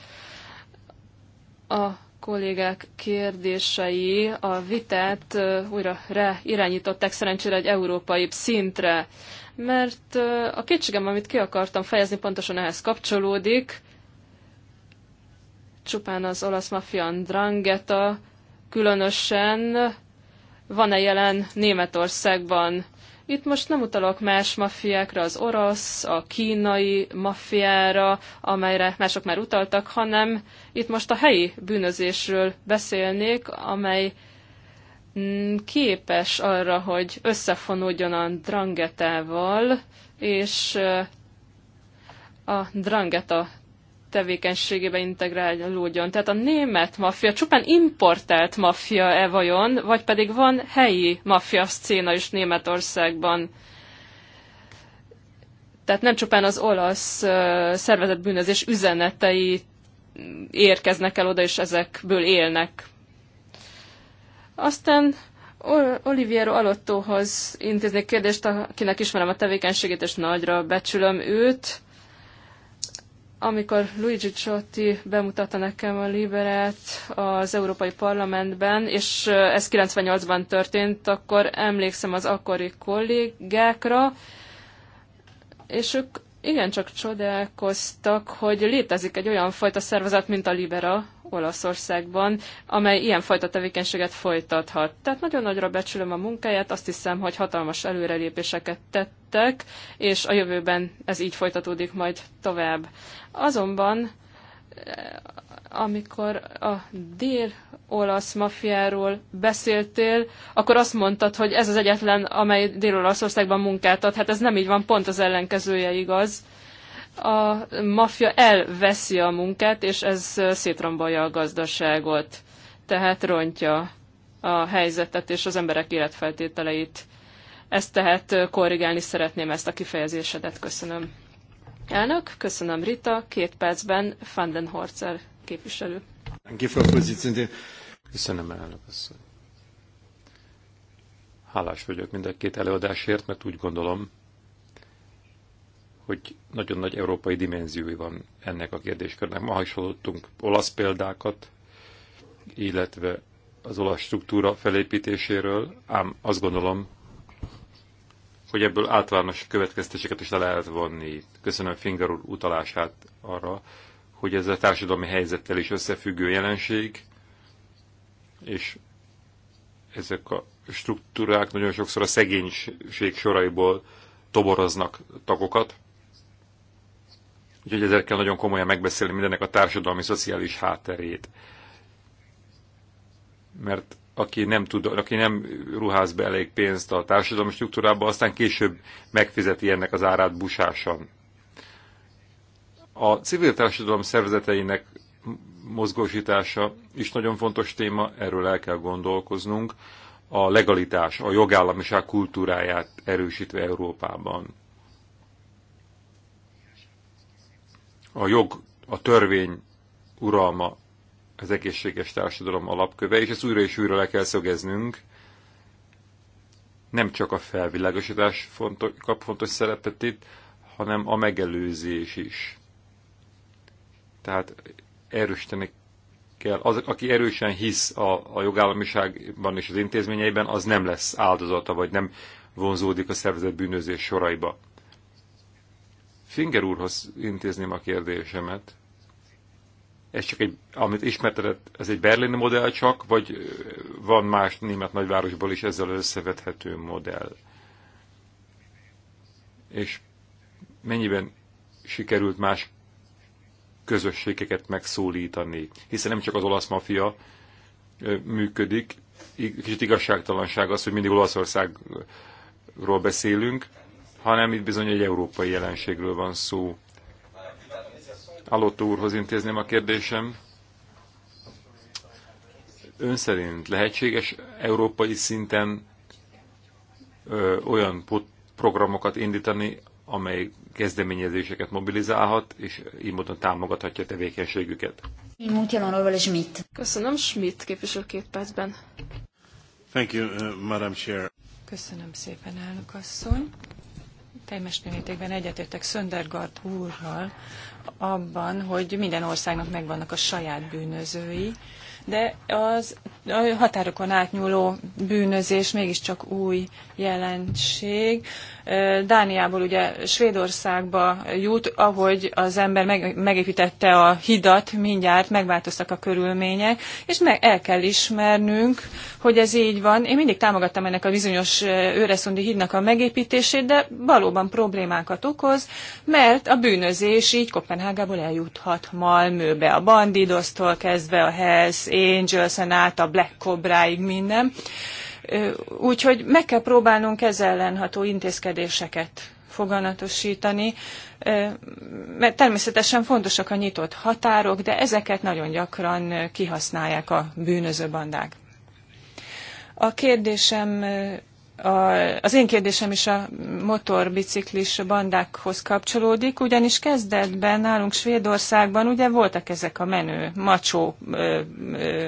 A kollégák kérdései a vitát újra irányították szerencsére egy európai szintre, mert a kétségem, amit ki akartam fejezni, pontosan ehhez kapcsolódik. Csupán az olasz mafian drangeta különösen van-e jelen Németországban? Itt most nem utalok más maffiákra, az orosz, a kínai maffiára, amelyre mások már utaltak, hanem itt most a helyi bűnözésről beszélnék, amely mm, képes arra, hogy összefonódjon a drangetával, és a drangeta tevékenységébe integrálódjon. Tehát a német maffia csupán importált maffia-e vajon, vagy pedig van helyi maffia szcéna is Németországban? Tehát nem csupán az olasz uh, szervezetbűnözés üzenetei érkeznek el oda, és ezekből élnek. Aztán Oliviero Alottóhoz intéznék kérdést, akinek ismerem a tevékenységét, és nagyra becsülöm őt. Uh, amikor Luigi Ciotti bemutatta nekem a Liberát az Európai Parlamentben, és ez 98-ban történt, akkor emlékszem az akkori kollégákra, és ők igen, csak csodálkoztak, hogy létezik egy olyan fajta szervezet, mint a Libera Olaszországban, amely ilyen fajta tevékenységet folytathat. Tehát nagyon nagyra becsülöm a munkáját, azt hiszem, hogy hatalmas előrelépéseket tettek, és a jövőben ez így folytatódik majd tovább. Azonban amikor a dél-olasz mafiáról beszéltél, akkor azt mondtad, hogy ez az egyetlen, amely dél-olaszországban munkát ad. Hát ez nem így van, pont az ellenkezője igaz. A mafia elveszi a munkát, és ez szétrombolja a gazdaságot. Tehát rontja a helyzetet és az emberek életfeltételeit. Ezt tehát korrigálni szeretném ezt a kifejezésedet. Köszönöm. Elnök, köszönöm Rita, két percben Fandenhorcer képviselő. Köszönöm, elnök asszony. Hálás vagyok mind a két előadásért, mert úgy gondolom, hogy nagyon nagy európai dimenziói van ennek a kérdéskörnek. Ma is hallottunk olasz példákat, illetve az olasz struktúra felépítéséről, ám azt gondolom, hogy ebből általános következtetéseket is le lehet vonni. Köszönöm Finger úr utalását arra, hogy ez a társadalmi helyzettel is összefüggő jelenség, és ezek a struktúrák nagyon sokszor a szegénység soraiból toboroznak tagokat. Úgyhogy kell nagyon komolyan megbeszélni mindennek a társadalmi, szociális hátterét. Mert aki nem, tud, aki nem ruház be elég pénzt a társadalmi struktúrába, aztán később megfizeti ennek az árát busásan. A civil társadalom szervezeteinek mozgósítása is nagyon fontos téma, erről el kell gondolkoznunk. A legalitás, a jogállamiság kultúráját erősítve Európában. A jog, a törvény uralma az egészséges társadalom alapköve, és ezt újra és újra le kell szögeznünk. Nem csak a felvilágosítás fontos, kap fontos szerepet itt, hanem a megelőzés is. Tehát erősíteni kell. Az, aki erősen hisz a, a jogállamiságban és az intézményeiben, az nem lesz áldozata, vagy nem vonzódik a szervezet bűnözés soraiba. Finger úrhoz intézném a kérdésemet. Ez csak egy, amit ismertetett, ez egy berlini modell csak, vagy van más német nagyvárosból is ezzel összevethető modell? És mennyiben sikerült más közösségeket megszólítani, hiszen nem csak az olasz mafia működik, kicsit igazságtalanság az, hogy mindig Olaszországról beszélünk, hanem itt bizony egy európai jelenségről van szó. Alotto úrhoz intézném a kérdésem. Ön szerint lehetséges európai szinten ö, olyan programokat indítani, amely kezdeményezéseket mobilizálhat, és így módon támogathatja a tevékenységüket. Köszönöm, Schmidt képviselő két percben. Thank you, uh, Madam Chair. Köszönöm szépen, elnök asszony. Teljes mértékben egyetértek Söndergaard úrral abban, hogy minden országnak megvannak a saját bűnözői, de az a határokon átnyúló bűnözés mégiscsak új jelenség. Dániából ugye Svédországba jut, ahogy az ember meg, megépítette a hidat, mindjárt megváltoztak a körülmények, és meg el kell ismernünk, hogy ez így van. Én mindig támogattam ennek a bizonyos őreszundi hídnak a megépítését, de valóban problémákat okoz, mert a bűnözés így Kopenhágából eljuthat Malmöbe, a Bandidosztól kezdve a Hells Angels-en át a Black Cobráig minden. Úgyhogy meg kell próbálnunk ezzel ellenható intézkedéseket foganatosítani, mert természetesen fontosak a nyitott határok, de ezeket nagyon gyakran kihasználják a bűnöző bandák. A kérdésem a, az én kérdésem is a motorbiciklis bandákhoz kapcsolódik, ugyanis kezdetben nálunk Svédországban ugye voltak ezek a menő macsó ö, ö,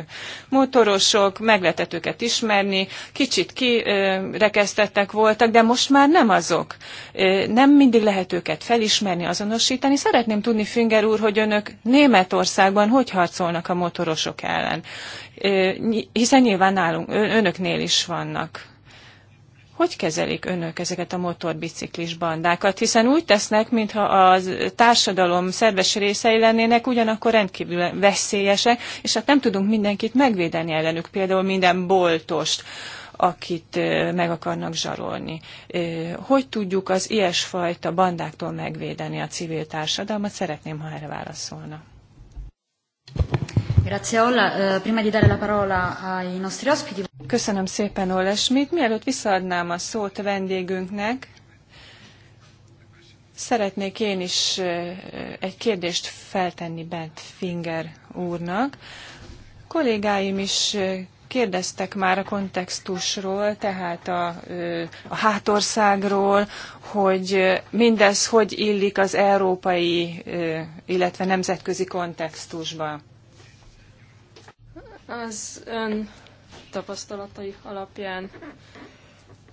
motorosok, meg lehetett őket ismerni, kicsit kirekesztettek voltak, de most már nem azok. Ö, nem mindig lehet őket felismerni, azonosítani. Szeretném tudni, Finger úr, hogy önök Németországban hogy harcolnak a motorosok ellen, ö, hiszen nyilván nálunk, önöknél is vannak hogy kezelik önök ezeket a motorbiciklis bandákat? Hiszen úgy tesznek, mintha a társadalom szerves részei lennének, ugyanakkor rendkívül veszélyesek, és hát nem tudunk mindenkit megvédeni ellenük, például minden boltost akit meg akarnak zsarolni. Hogy tudjuk az ilyesfajta bandáktól megvédeni a civil társadalmat? Szeretném, ha erre válaszolna. Grazie Olla. Eh, prima di dare la parola ai nostri ospiti. Köszönöm szépen Olla Schmidt. Mielőtt visszaadnám a szót a vendégünknek, Szeretnék én is eh, egy kérdést feltenni Bent Finger úrnak. kollégáim is eh, kérdeztek már a kontextusról, tehát a, a hátországról, hogy mindez hogy illik az európai, illetve nemzetközi kontextusba az ön tapasztalatai alapján.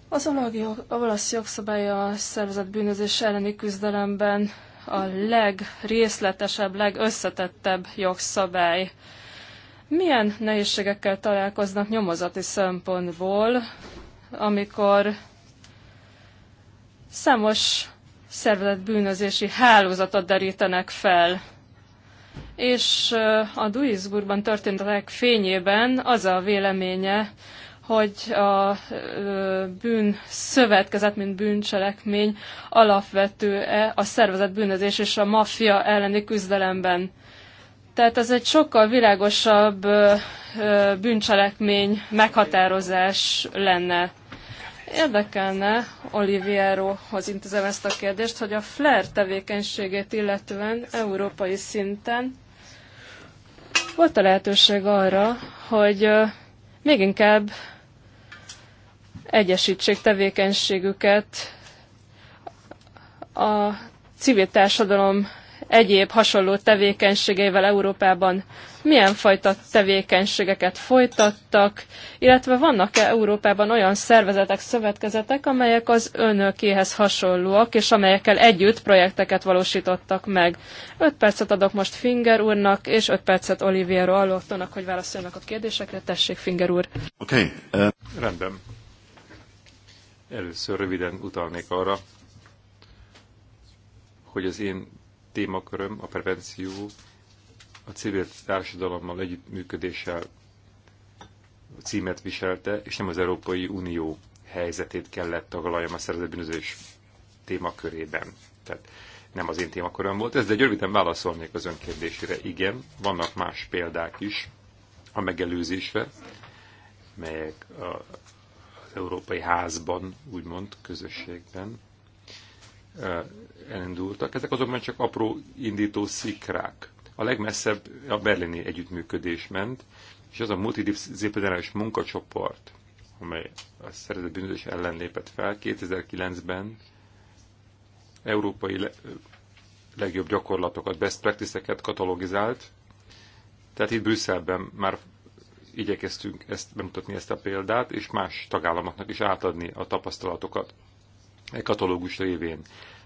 Az olasz jogszabály a szervezett bűnözés elleni küzdelemben a legrészletesebb, legösszetettebb jogszabály. Milyen nehézségekkel találkoznak nyomozati szempontból, amikor számos szervezett bűnözési hálózatot derítenek fel? és a Duisburgban történtek fényében az a véleménye, hogy a bűn szövetkezet, mint bűncselekmény alapvető-e a szervezet bűnözés és a maffia elleni küzdelemben. Tehát ez egy sokkal világosabb bűncselekmény meghatározás lenne. Érdekelne Olivierohoz intézem ezt a kérdést, hogy a FLER tevékenységét illetően európai szinten volt a lehetőség arra, hogy még inkább egyesítsék tevékenységüket a civil társadalom egyéb hasonló tevékenységeivel Európában milyen fajta tevékenységeket folytattak, illetve vannak-e Európában olyan szervezetek, szövetkezetek, amelyek az önökéhez hasonlóak, és amelyekkel együtt projekteket valósítottak meg. Öt percet adok most Finger úrnak, és öt percet Oliviero Alottonak, hogy válaszoljanak a kérdésekre. Tessék, Finger úr. Oké, okay, uh... Eh, rendben. Először röviden utalnék arra, hogy az én témaköröm a prevenció, a civil társadalommal együttműködéssel címet viselte, és nem az Európai Unió helyzetét kellett taglaljam a szervezetbűnözés témakörében. Tehát nem az én témaköröm volt ez, de röviden válaszolnék az önkérdésére. Igen, vannak más példák is a megelőzésre, melyek a, az Európai Házban, úgymond, közösségben elindultak. Ezek azonban csak apró indító szikrák. A legmesszebb a berlini együttműködés ment, és az a multidisziplináris munkacsoport, amely a szerzett bűnözés ellen lépett fel 2009-ben, európai le, legjobb gyakorlatokat, best practice-eket katalogizált. Tehát itt Brüsszelben már igyekeztünk ezt bemutatni ezt a példát, és más tagállamoknak is átadni a tapasztalatokat egy katalógus révén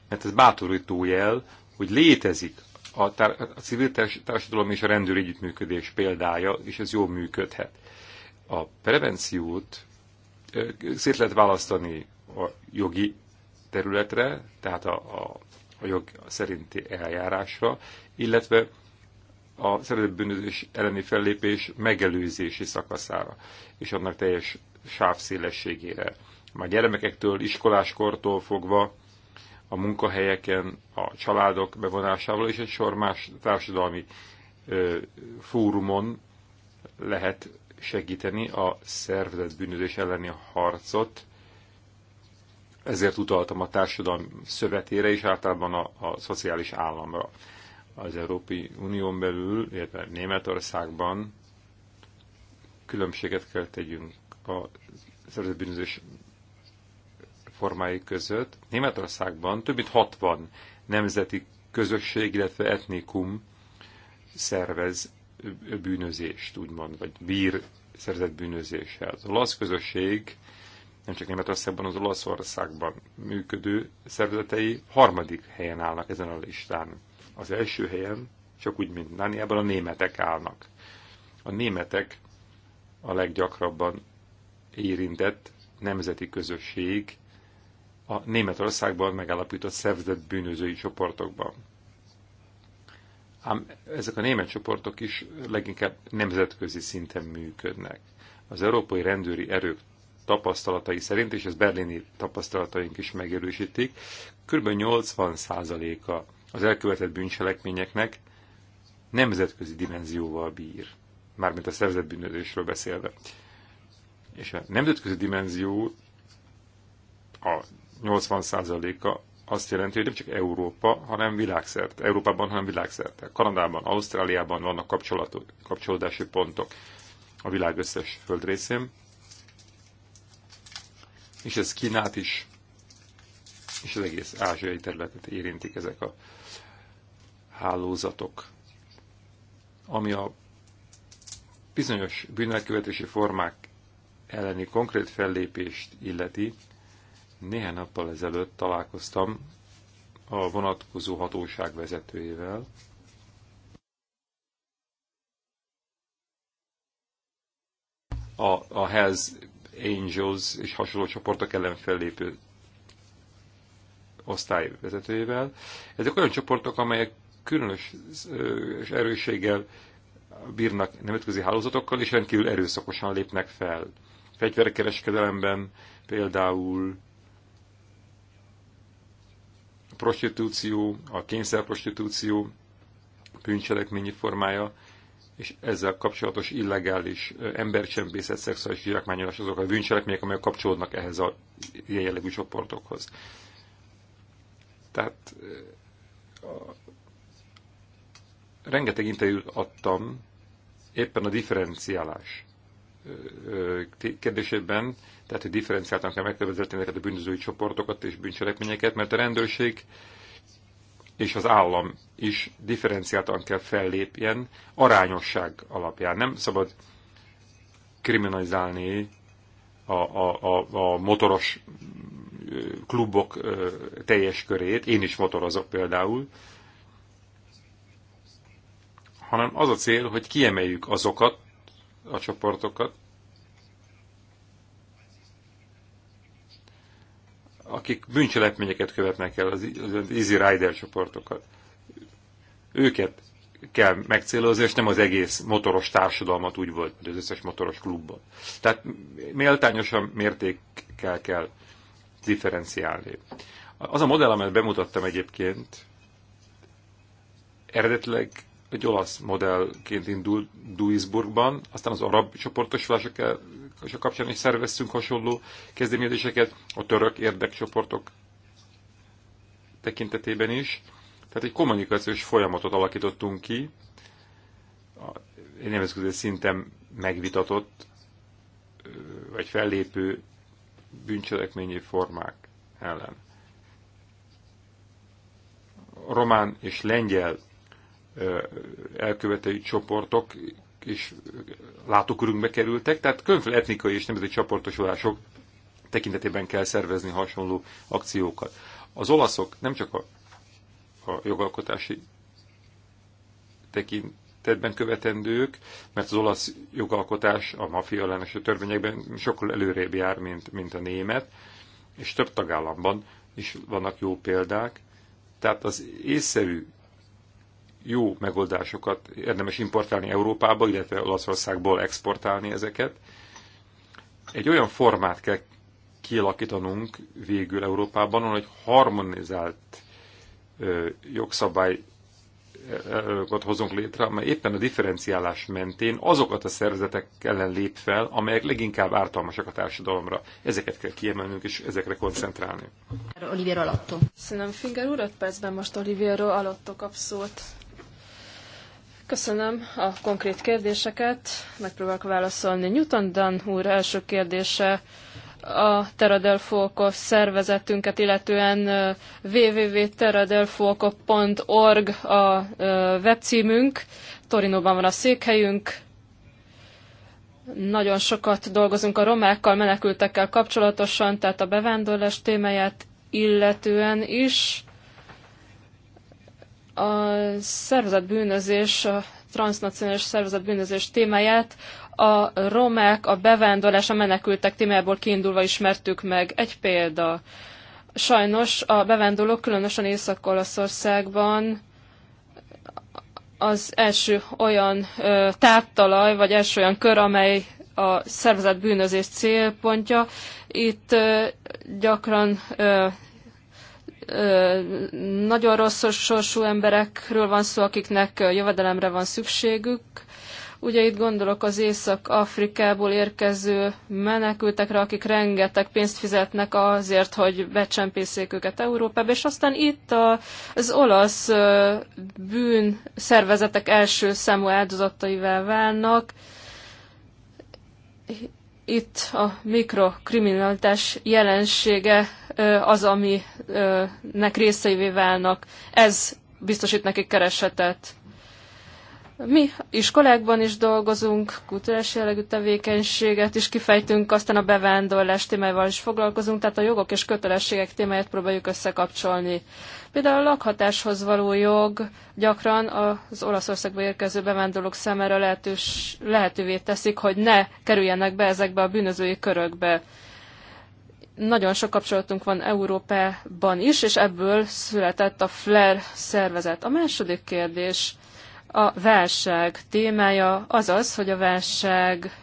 mert ez bátorító jel, hogy létezik a, tár- a civil társadalom és a rendőr együttműködés példája, és ez jól működhet. A prevenciót szét lehet választani a jogi területre, tehát a, a, a jog szerinti eljárásra, illetve a szervezetbűnözés elleni fellépés megelőzési szakaszára, és annak teljes sávszélességére. Már gyermekektől, iskoláskortól fogva a munkahelyeken, a családok bevonásával és egy sor más társadalmi ö, fórumon lehet segíteni a szervezett bűnözés elleni harcot. Ezért utaltam a társadalmi szövetére és általában a, a szociális államra. Az Európai Unión belül, illetve Németországban különbséget kell tegyünk a szervezett bűnözés formái között. Németországban több mint 60 nemzeti közösség, illetve etnikum szervez bűnözést, úgymond, vagy bír szerzett bűnözéssel. Az olasz közösség nem csak Németországban, az Olaszországban működő szervezetei harmadik helyen állnak ezen a listán. Az első helyen, csak úgy, mint Nániában, a németek állnak. A németek a leggyakrabban érintett nemzeti közösség, a Németországban megállapított szervezett bűnözői csoportokban. Ám ezek a német csoportok is leginkább nemzetközi szinten működnek. Az európai rendőri erők tapasztalatai szerint, és ez berlini tapasztalataink is megerősítik, kb. 80%-a az elkövetett bűncselekményeknek nemzetközi dimenzióval bír, mármint a szervezett bűnözésről beszélve. És a nemzetközi dimenzió a 80%-a azt jelenti, hogy nem csak Európa, hanem világszerte. Európában, hanem világszerte. Kanadában, Ausztráliában vannak kapcsolódási pontok a világ összes földrészén. És ez Kínát is, és az egész ázsiai területet érintik ezek a hálózatok. Ami a bizonyos bűnelkövetési formák elleni konkrét fellépést illeti, néhány nappal ezelőtt találkoztam a vonatkozó hatóság vezetőjével, a, a Hells Angels és hasonló csoportok ellen fellépő osztály vezetőjével. Ezek olyan csoportok, amelyek különös és erősséggel bírnak nemzetközi hálózatokkal, és rendkívül erőszakosan lépnek fel. Fegyverkereskedelemben például prostitúció, a kényszerprostitúció bűncselekményi formája, és ezzel kapcsolatos illegális embercsempészet, szexuális zsákmányolás azok a bűncselekmények, amelyek kapcsolódnak ehhez a ilyen jellegű csoportokhoz. Tehát a, rengeteg interjút adtam éppen a differenciálás kérdésében, tehát hogy differenciáltan kell megkövezetni ezeket a bűnözői csoportokat és bűncselekményeket, mert a rendőrség és az állam is differenciáltan kell fellépjen arányosság alapján. Nem szabad kriminalizálni a, a, a, a motoros klubok teljes körét, én is motorozok például, hanem az a cél, hogy kiemeljük azokat, a csoportokat, akik bűncselekményeket követnek el, az Easy Rider csoportokat. Őket kell megcélozni, és nem az egész motoros társadalmat úgy volt, mint az összes motoros klubban. Tehát méltányosan mértékkel kell differenciálni. Az a modell, amelyet bemutattam egyébként, eredetileg egy olasz modellként indul Duisburgban, aztán az arab csoportosulások kapcsán is szerveztünk hasonló kezdeményezéseket, a török érdekcsoportok tekintetében is. Tehát egy kommunikációs folyamatot alakítottunk ki, egy nemzetközi szinten megvitatott vagy fellépő bűncselekményi formák ellen. A román és lengyel elkövetői csoportok és látókörünkbe kerültek, tehát különféle etnikai és nemzeti csoportosulások tekintetében kell szervezni hasonló akciókat. Az olaszok nem csak a, a jogalkotási tekintetben követendők, mert az olasz jogalkotás a mafia ellenes törvényekben sokkal előrébb jár, mint, mint a német, és több tagállamban is vannak jó példák. Tehát az észszerű jó megoldásokat érdemes importálni Európába, illetve Olaszországból exportálni ezeket. Egy olyan formát kell kialakítanunk végül Európában, hogy harmonizált ö, jogszabály jogszabályokat hozunk létre, amely éppen a differenciálás mentén azokat a szervezetek ellen lép fel, amelyek leginkább ártalmasak a társadalomra. Ezeket kell kiemelnünk és ezekre koncentrálni. Olivier Alatto. Szerintem Finger úr, öt percben most Olivier Alatto kap szót. Köszönöm a konkrét kérdéseket. Megpróbálok válaszolni. Newton Dan úr első kérdése a Teradelfolkos szervezetünket, illetően org a webcímünk. Torinóban van a székhelyünk. Nagyon sokat dolgozunk a romákkal, menekültekkel kapcsolatosan, tehát a bevándorlás témáját illetően is a szervezetbűnözés, a transznacionális szervezetbűnözés témáját a romák, a bevándorlás, a menekültek témájából kiindulva ismertük meg. Egy példa. Sajnos a bevándorlók, különösen Észak-Olaszországban az első olyan ö, táptalaj, vagy első olyan kör, amely a szervezet bűnözés célpontja. Itt ö, gyakran ö, nagyon rossz sorsú emberekről van szó, akiknek jövedelemre van szükségük. Ugye itt gondolok az Észak-Afrikából érkező menekültekre, akik rengeteg pénzt fizetnek azért, hogy becsempészék őket Európába, és aztán itt az olasz bűn szervezetek első számú áldozataival válnak, itt a mikrokriminalitás jelensége az, aminek részeivé válnak. Ez biztosít nekik keresetet. Mi iskolákban is dolgozunk, kulturális jellegű tevékenységet is kifejtünk, aztán a bevándorlás témájával is foglalkozunk, tehát a jogok és kötelességek témáját próbáljuk összekapcsolni. Például a lakhatáshoz való jog gyakran az Olaszországba érkező bevándorlók számára lehetős, lehetővé teszik, hogy ne kerüljenek be ezekbe a bűnözői körökbe. Nagyon sok kapcsolatunk van Európában is, és ebből született a FLER szervezet. A második kérdés – a válság témája az az, hogy a válság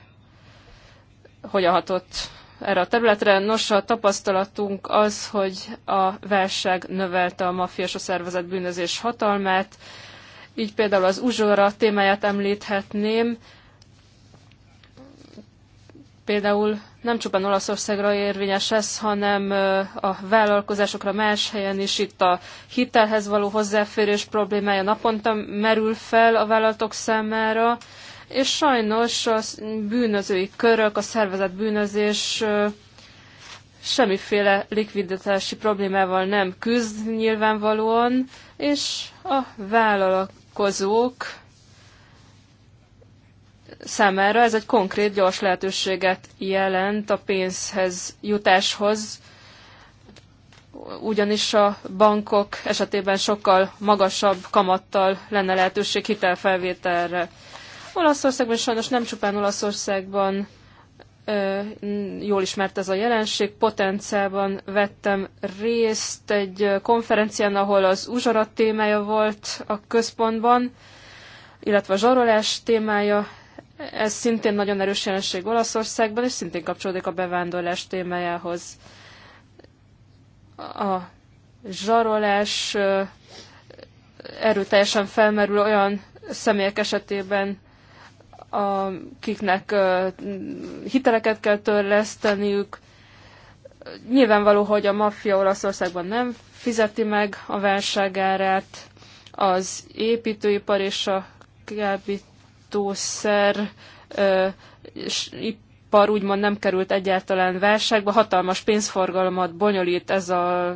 hogy hatott erre a területre. Nos, a tapasztalatunk az, hogy a válság növelte a maffiás szervezet bűnözés hatalmát, így például az uzsora témáját említhetném. Például nem csupán Olaszországra érvényes ez, hanem a vállalkozásokra más helyen is itt a hitelhez való hozzáférés problémája naponta merül fel a vállalatok számára, és sajnos a bűnözői körök, a szervezet bűnözés semmiféle likviditási problémával nem küzd nyilvánvalóan, és a vállalkozók számára ez egy konkrét, gyors lehetőséget jelent a pénzhez jutáshoz, ugyanis a bankok esetében sokkal magasabb kamattal lenne lehetőség hitelfelvételre. Olaszországban sajnos nem csupán Olaszországban jól ismert ez a jelenség. Potenciában vettem részt egy konferencián, ahol az uzsarat témája volt a központban, illetve a zsarolás témája ez szintén nagyon erős jelenség Olaszországban, és szintén kapcsolódik a bevándorlás témájához. A zsarolás erőteljesen felmerül olyan személyek esetében, akiknek hiteleket kell törleszteniük. Nyilvánvaló, hogy a maffia Olaszországban nem fizeti meg a válságárát, az építőipar és a kábít kábítószer ipar úgymond nem került egyáltalán válságba, hatalmas pénzforgalmat bonyolít ez a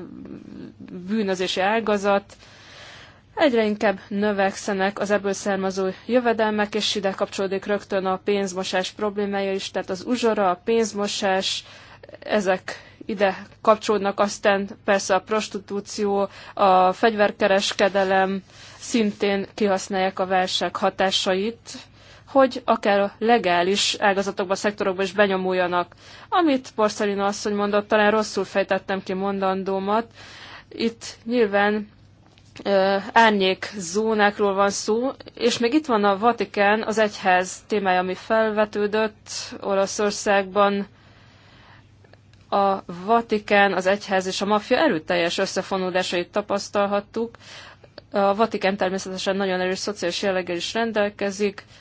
bűnözési ágazat, Egyre inkább növekszenek az ebből származó jövedelmek, és ide kapcsolódik rögtön a pénzmosás problémája is, tehát az uzsora, a pénzmosás, ezek ide kapcsolódnak, aztán persze a prostitúció, a fegyverkereskedelem szintén kihasználják a válság hatásait, hogy akár a legális ágazatokba, szektorokba is benyomuljanak. Amit Porcelina asszony mondott, talán rosszul fejtettem ki mondandómat. Itt nyilván uh, árnyék zónákról van szó, és még itt van a Vatikán, az egyház témája, ami felvetődött Olaszországban. A Vatikán, az egyház és a maffia erőteljes összefonódásait tapasztalhattuk. A Vatikán természetesen nagyon erős szociális jelleggel is rendelkezik, uh,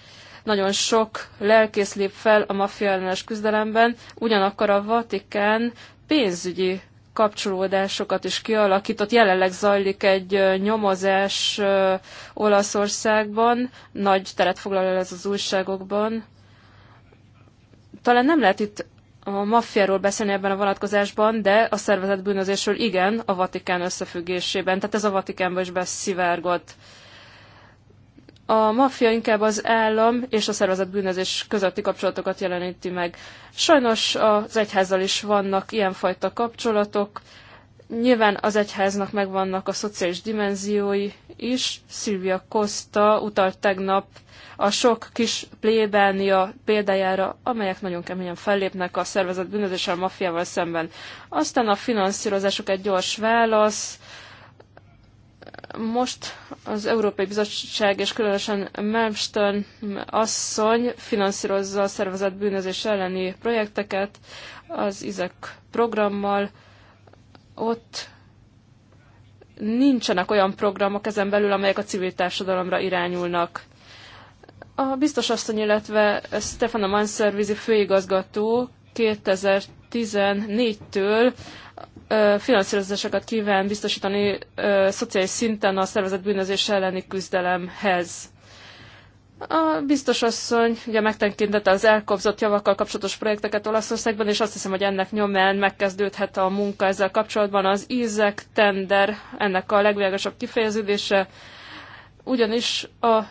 nagyon sok lelkész lép fel a maffia ellenes küzdelemben, ugyanakkor a Vatikán pénzügyi kapcsolódásokat is kialakított. Jelenleg zajlik egy nyomozás Olaszországban, nagy teret foglal el ez az újságokban. Talán nem lehet itt a maffiáról beszélni ebben a vonatkozásban, de a szervezet bűnözésről igen, a Vatikán összefüggésében. Tehát ez a Vatikánban is beszivárgott. Uh, a maffia inkább az állam és a szervezett bűnözés közötti kapcsolatokat jeleníti meg. Sajnos az egyházzal is vannak ilyenfajta kapcsolatok. Nyilván az egyháznak megvannak a szociális dimenziói is. Szilvia Costa utalt tegnap a sok kis plébánia példájára, amelyek nagyon keményen fellépnek a szervezett bűnözéssel, a maffiával szemben. Aztán a finanszírozásuk egy gyors válasz most az Európai Bizottság és különösen Malmström asszony finanszírozza a szervezet bűnözés elleni projekteket az IZEK programmal. Ott nincsenek olyan programok ezen belül, amelyek a civil társadalomra irányulnak. A biztos asszony, illetve Stefano Manservizi főigazgató 2014-től finanszírozásokat kíván biztosítani szociális szinten a szervezet bűnözés elleni küzdelemhez. A biztos asszony ugye megtekintette az elkobzott javakkal kapcsolatos projekteket Olaszországban, és azt hiszem, hogy ennek nyomán megkezdődhet a munka ezzel kapcsolatban. Az ízek tender, ennek a legvilágosabb kifejeződése, ugyanis a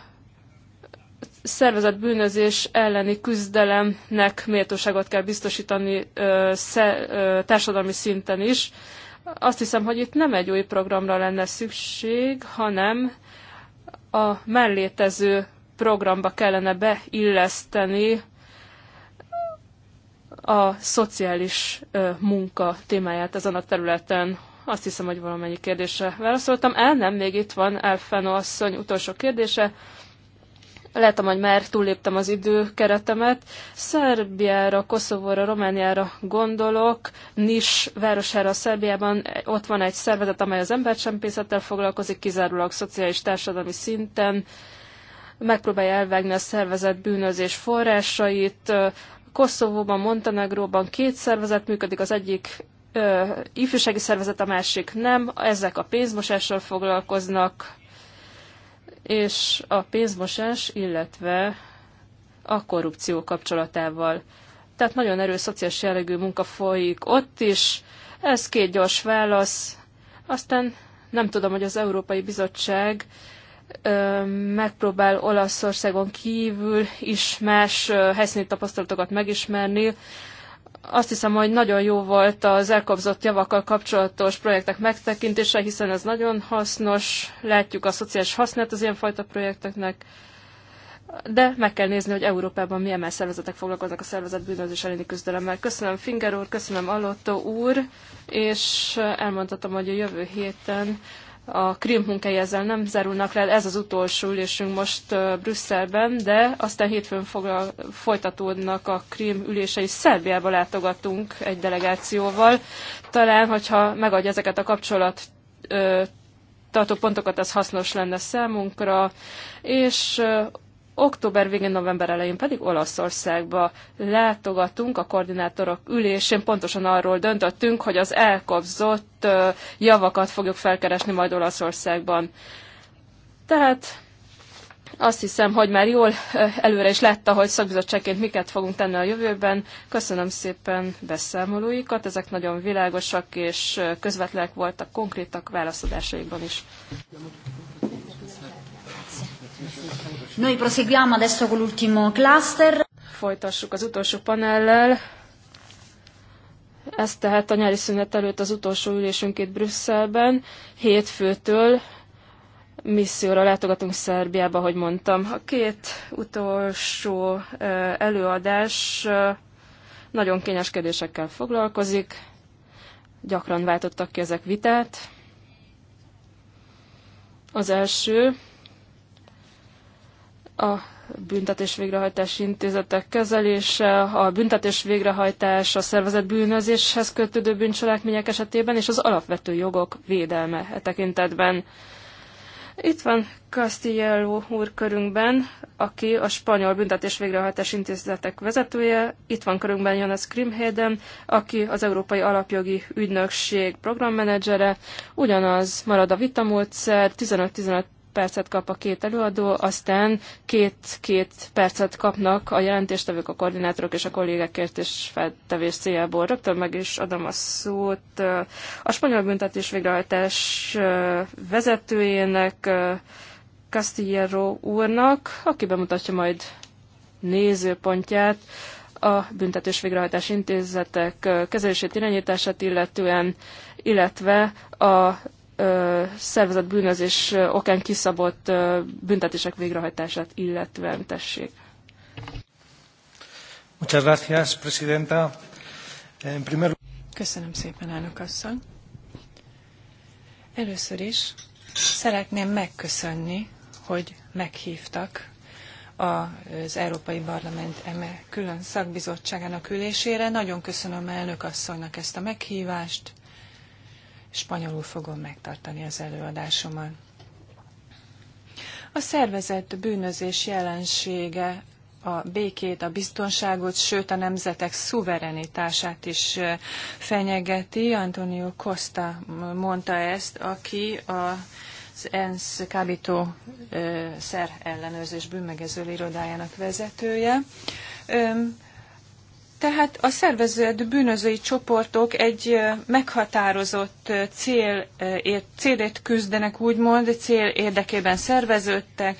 szervezett bűnözés elleni küzdelemnek méltóságot kell biztosítani ö, sze, ö, társadalmi szinten is. Azt hiszem, hogy itt nem egy új programra lenne szükség, hanem a mellétező programba kellene beilleszteni a szociális ö, munka témáját ezen a területen. Azt hiszem, hogy valamennyi kérdésre válaszoltam. El nem, még itt van Elfenó asszony utolsó kérdése lehetem, hogy már túléptem az időkeretemet. Szerbiára, Koszovóra, Romániára gondolok. Nis városára Szerbiában ott van egy szervezet, amely az embercsempészettel foglalkozik, kizárólag szociális társadalmi szinten. Megpróbálja elvágni a szervezet bűnözés forrásait. Koszovóban, Montenegróban két szervezet működik, az egyik ö, ifjúsági szervezet, a másik nem. Ezek a pénzmosással foglalkoznak, és a pénzmosás, illetve a korrupció kapcsolatával. Tehát nagyon erős szociális jellegű munka folyik ott is. Ez két gyors válasz. Aztán nem tudom, hogy az Európai Bizottság megpróbál Olaszországon kívül is más helyszíni tapasztalatokat megismerni azt hiszem, hogy nagyon jó volt az elkobzott javakkal kapcsolatos projektek megtekintése, hiszen ez nagyon hasznos, látjuk a szociális hasznát az ilyenfajta projekteknek, de meg kell nézni, hogy Európában milyen más szervezetek foglalkoznak a szervezet bűnözés elleni küzdelemmel. Köszönöm Finger úr, köszönöm Alotto úr, és elmondhatom, hogy a jövő héten a Krim munkái ezzel nem zárulnak le, ez az utolsó ülésünk most Brüsszelben, de aztán hétfőn foglal, folytatódnak a Krim ülései. Szerbiába látogatunk egy delegációval. Talán, hogyha megadja ezeket a kapcsolat tartó pontokat, az hasznos lenne számunkra, és október végén, november elején pedig Olaszországba látogatunk a koordinátorok ülésén. Pontosan arról döntöttünk, hogy az elkobzott javakat fogjuk felkeresni majd Olaszországban. Tehát azt hiszem, hogy már jól előre is látta, hogy szakbizottságként miket fogunk tenni a jövőben. Köszönöm szépen beszámolóikat, ezek nagyon világosak és közvetlenek voltak, konkrétak válaszadásaikban is. Noi proseguiamo adesso con l'ultimo cluster. Folytassuk az utolsó panellel. Ez tehát a nyári szünet előtt az utolsó ülésünk itt Brüsszelben. Hétfőtől misszióra látogatunk Szerbiába, hogy mondtam. A két utolsó előadás nagyon kényes kérdésekkel foglalkozik, gyakran váltottak ki ezek vitát. Az első a büntetés végrehajtási intézetek kezelése, a büntetés végrehajtás a szervezet bűnözéshez kötődő bűncselekmények esetében, és az alapvető jogok védelme e tekintetben. Itt van Castillo úr körünkben, aki a spanyol büntetés végrehajtás intézetek vezetője. Itt van körünkben Jonas Krimhéden, aki az Európai Alapjogi Ügynökség programmenedzsere. Ugyanaz marad a vitamódszer, 15-15 percet kap a két előadó, aztán két-két percet kapnak a jelentéstevők, a koordinátorok és a kollégekért is, feltevés céljából. Rögtön meg is adom a szót a spanyol büntetés végrehajtás vezetőjének, Castillero úrnak, aki bemutatja majd nézőpontját a büntetés végrehajtás intézetek kezelését, irányítását illetően, illetve a szervezett bűnözés okán kiszabott büntetések végrehajtását illetően tessék. Muchas gracias, presidenta. En primer... Köszönöm szépen, elnök asszony. Először is szeretném megköszönni, hogy meghívtak az Európai Parlament eme külön szakbizottságának ülésére. Nagyon köszönöm elnök asszonynak ezt a meghívást spanyolul fogom megtartani az előadásomat. A szervezett bűnözés jelensége a békét, a biztonságot, sőt a nemzetek szuverenitását is fenyegeti. Antonio Costa mondta ezt, aki az ENSZ kábító szer ellenőrzés bűnmegező irodájának vezetője. Tehát a szervezett bűnözői csoportok egy meghatározott cél, célért küzdenek, úgymond, cél érdekében szerveződtek,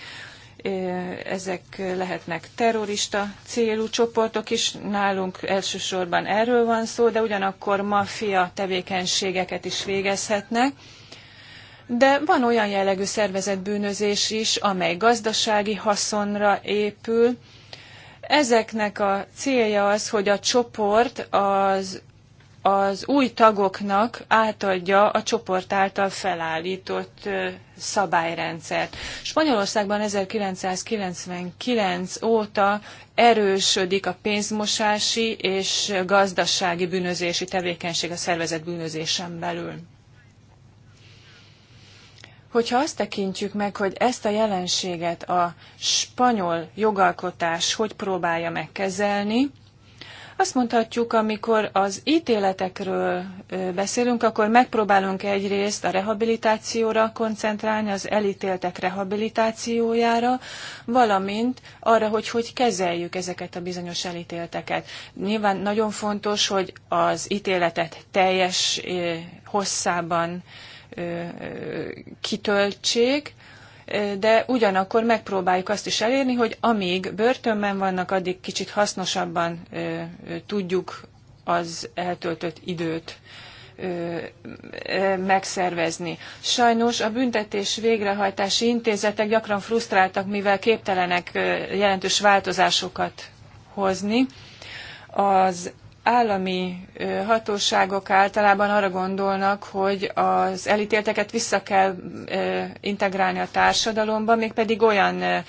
ezek lehetnek terrorista célú csoportok is, nálunk elsősorban erről van szó, de ugyanakkor maffia tevékenységeket is végezhetnek. De van olyan jellegű szervezett bűnözés is, amely gazdasági haszonra épül, Ezeknek a célja az, hogy a csoport az, az új tagoknak átadja a csoport által felállított szabályrendszert. Spanyolországban 1999 óta erősödik a pénzmosási és gazdasági bűnözési tevékenység a szervezet bűnözésen belül. Hogyha azt tekintjük meg, hogy ezt a jelenséget a spanyol jogalkotás hogy próbálja megkezelni, azt mondhatjuk, amikor az ítéletekről beszélünk, akkor megpróbálunk egyrészt a rehabilitációra koncentrálni, az elítéltek rehabilitációjára, valamint arra, hogy hogy kezeljük ezeket a bizonyos elítélteket. Nyilván nagyon fontos, hogy az ítéletet teljes hosszában kitöltsék, de ugyanakkor megpróbáljuk azt is elérni, hogy amíg börtönben vannak, addig kicsit hasznosabban tudjuk az eltöltött időt megszervezni. Sajnos a büntetés végrehajtási intézetek gyakran frusztráltak, mivel képtelenek jelentős változásokat hozni. Az állami hatóságok általában arra gondolnak, hogy az elítélteket vissza kell integrálni a társadalomba, mégpedig olyan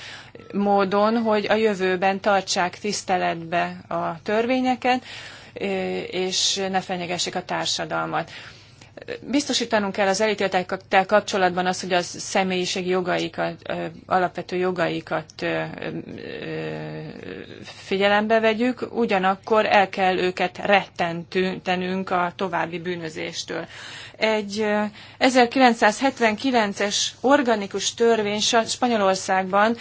módon, hogy a jövőben tartsák tiszteletbe a törvényeket, és ne fenyegessék a társadalmat. Biztosítanunk kell az elítéltekkel kapcsolatban az, hogy a személyiségi jogaikat, alapvető jogaikat figyelembe vegyük, ugyanakkor el kell őket rettentenünk a további bűnözéstől. Egy 1979-es organikus törvény Spanyolországban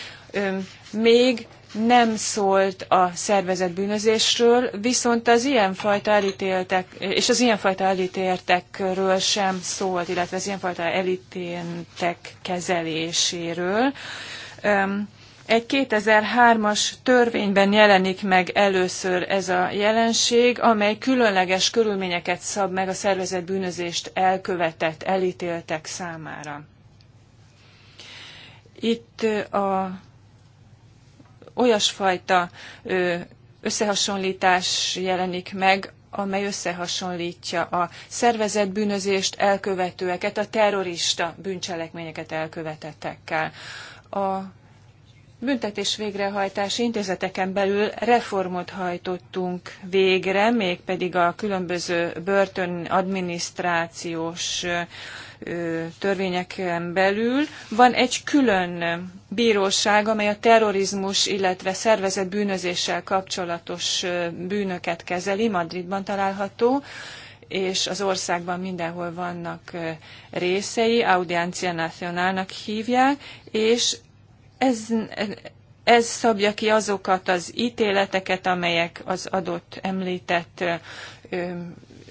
még nem szólt a szervezett bűnözésről, viszont az ilyenfajta elítéltek, és az ilyenfajta elítéltekről sem szólt, illetve az ilyenfajta elítéltek kezeléséről. Egy 2003-as törvényben jelenik meg először ez a jelenség, amely különleges körülményeket szab meg a szervezett bűnözést elkövetett elítéltek számára. Itt a olyasfajta összehasonlítás jelenik meg, amely összehasonlítja a szervezett bűnözést elkövetőeket, a terrorista bűncselekményeket elkövetettekkel. A büntetés végrehajtási intézeteken belül reformot hajtottunk végre, mégpedig a különböző börtönadminisztrációs törvényeken belül. Van egy külön bíróság, amely a terrorizmus, illetve szervezett bűnözéssel kapcsolatos bűnöket kezeli, Madridban található, és az országban mindenhol vannak részei, Audiencia Nacionalnak hívják, és ez, ez szabja ki azokat az ítéleteket, amelyek az adott említett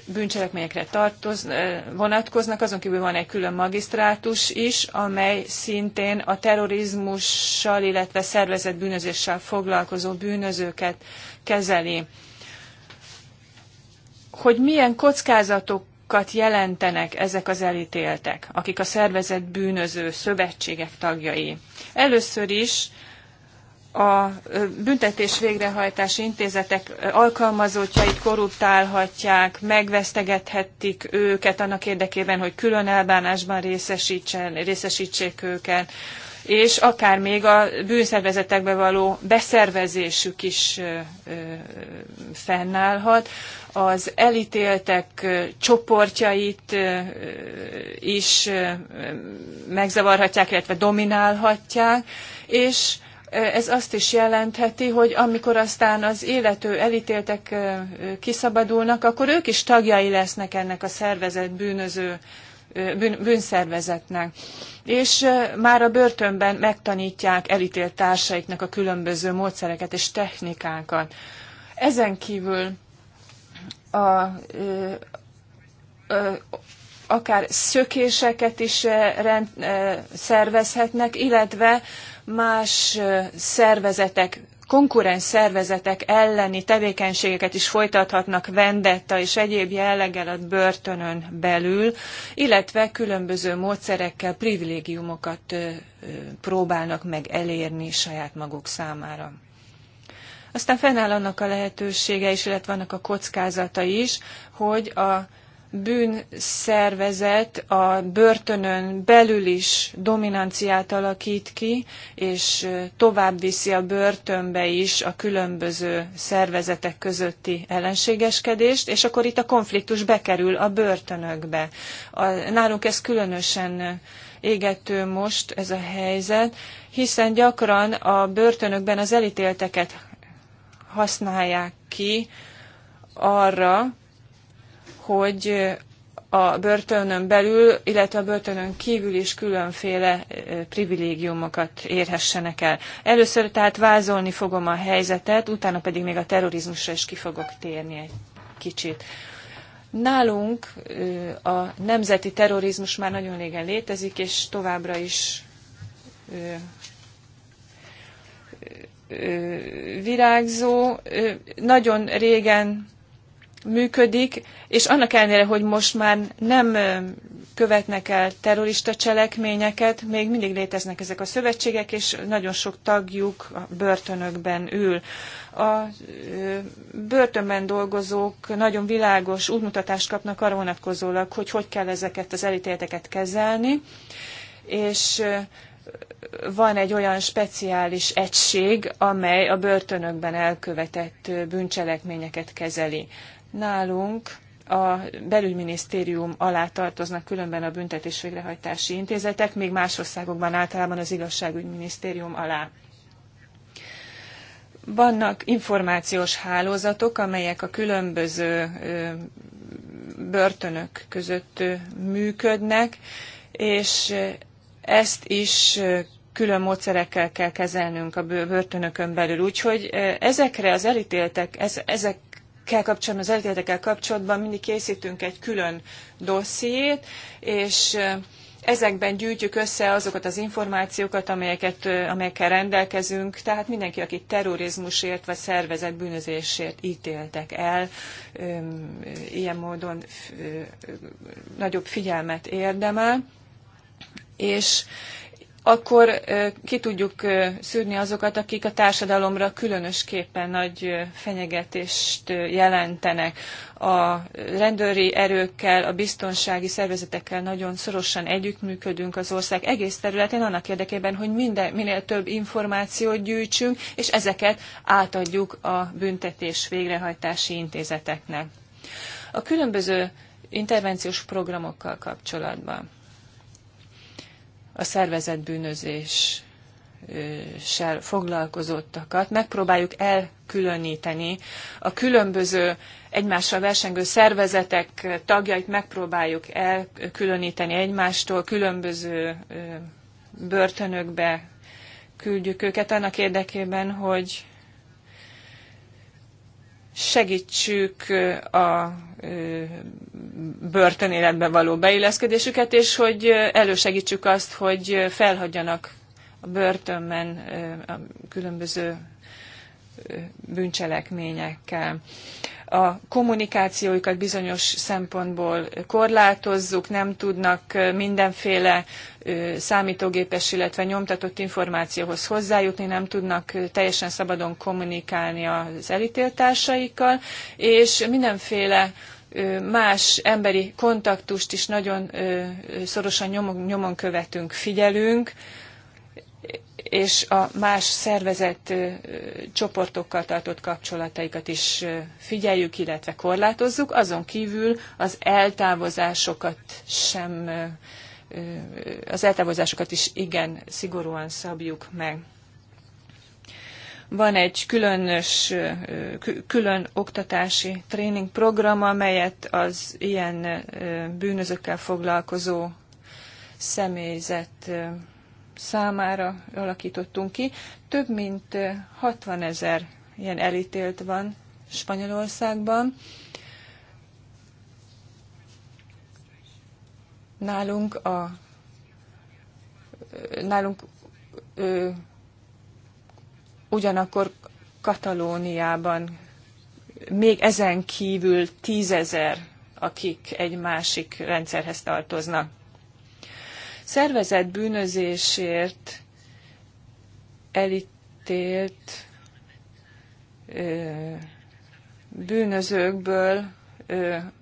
bűncselekményekre tartoz, vonatkoznak, azon kívül van egy külön magisztrátus is, amely szintén a terrorizmussal, illetve szervezett bűnözéssel foglalkozó bűnözőket kezeli. Hogy milyen kockázatokat jelentenek ezek az elítéltek, akik a szervezett bűnöző szövetségek tagjai. Először is a büntetés végrehajtási intézetek alkalmazottjait korruptálhatják, megvesztegethetik őket annak érdekében, hogy külön elbánásban részesítsék őket, és akár még a bűnszervezetekbe való beszervezésük is fennállhat. Az elítéltek csoportjait is megzavarhatják, illetve dominálhatják, és ez azt is jelentheti, hogy amikor aztán az élető elítéltek kiszabadulnak, akkor ők is tagjai lesznek ennek a szervezet bűnöző bűn, bűnszervezetnek. És már a börtönben megtanítják elítélt társaiknak a különböző módszereket és technikákat. Ezen kívül a, a, a akár szökéseket is rend, szervezhetnek, illetve más szervezetek konkurens szervezetek elleni tevékenységeket is folytathatnak vendetta és egyéb jelleggel a börtönön belül, illetve különböző módszerekkel privilégiumokat próbálnak meg elérni saját maguk számára. Aztán fennáll annak a lehetősége is, illetve annak a kockázata is, hogy a bűnszervezet a börtönön belül is dominanciát alakít ki, és tovább viszi a börtönbe is a különböző szervezetek közötti ellenségeskedést, és akkor itt a konfliktus bekerül a börtönökbe. A, nálunk ez különösen égető most ez a helyzet, hiszen gyakran a börtönökben az elítélteket használják ki arra, hogy a börtönön belül, illetve a börtönön kívül is különféle privilégiumokat érhessenek el. Először tehát vázolni fogom a helyzetet, utána pedig még a terrorizmusra is ki fogok térni egy kicsit. Nálunk a nemzeti terrorizmus már nagyon régen létezik, és továbbra is virágzó. Nagyon régen működik, és annak ellenére, hogy most már nem követnek el terrorista cselekményeket, még mindig léteznek ezek a szövetségek, és nagyon sok tagjuk a börtönökben ül. A börtönben dolgozók nagyon világos útmutatást kapnak arra vonatkozólag, hogy hogy kell ezeket az elítélteket kezelni, és van egy olyan speciális egység, amely a börtönökben elkövetett bűncselekményeket kezeli. Nálunk a belügyminisztérium alá tartoznak különben a büntetés végrehajtási intézetek, még más országokban általában az igazságügyminisztérium alá. Vannak információs hálózatok, amelyek a különböző börtönök között működnek, és ezt is külön módszerekkel kell kezelnünk a börtönökön belül. Úgyhogy ezekre az elítéltek, ezek kell kapcsolatban, az elítéletekkel kapcsolatban mindig készítünk egy külön dossziét, és eh, ezekben gyűjtjük össze azokat az információkat, amelyeket, eh, amelyekkel rendelkezünk, tehát mindenki, akit terrorizmusért vagy szervezett bűnözésért ítéltek el, ilyen módon eh, nagyobb figyelmet érdemel, és akkor ki tudjuk szűrni azokat, akik a társadalomra különösképpen nagy fenyegetést jelentenek. A rendőri erőkkel, a biztonsági szervezetekkel nagyon szorosan együttműködünk az ország egész területén, annak érdekében, hogy minden, minél több információt gyűjtsünk, és ezeket átadjuk a büntetés végrehajtási intézeteknek. A különböző intervenciós programokkal kapcsolatban a szervezett bűnözéssel foglalkozottakat megpróbáljuk elkülöníteni. A különböző egymással versengő szervezetek tagjait megpróbáljuk elkülöníteni egymástól, különböző börtönökbe küldjük őket annak érdekében, hogy segítsük a börtönéletbe való beilleszkedésüket, és hogy elősegítsük azt, hogy felhagyjanak a börtönben a különböző bűncselekményekkel a kommunikációjukat bizonyos szempontból korlátozzuk, nem tudnak mindenféle számítógépes, illetve nyomtatott információhoz hozzájutni, nem tudnak teljesen szabadon kommunikálni az elítéltársaikkal, és mindenféle más emberi kontaktust is nagyon szorosan nyomon követünk, figyelünk, és a más szervezett csoportokkal tartott kapcsolataikat is figyeljük, illetve korlátozzuk. Azon kívül az eltávozásokat sem, az eltávozásokat is igen szigorúan szabjuk meg. Van egy különös, külön oktatási tréning program, amelyet az ilyen bűnözökkel foglalkozó személyzet számára alakítottunk ki. Több mint 60 ezer ilyen elítélt van Spanyolországban. Nálunk a nálunk ö, ugyanakkor Katalóniában még ezen kívül tízezer, akik egy másik rendszerhez tartoznak szervezett bűnözésért elítélt bűnözőkből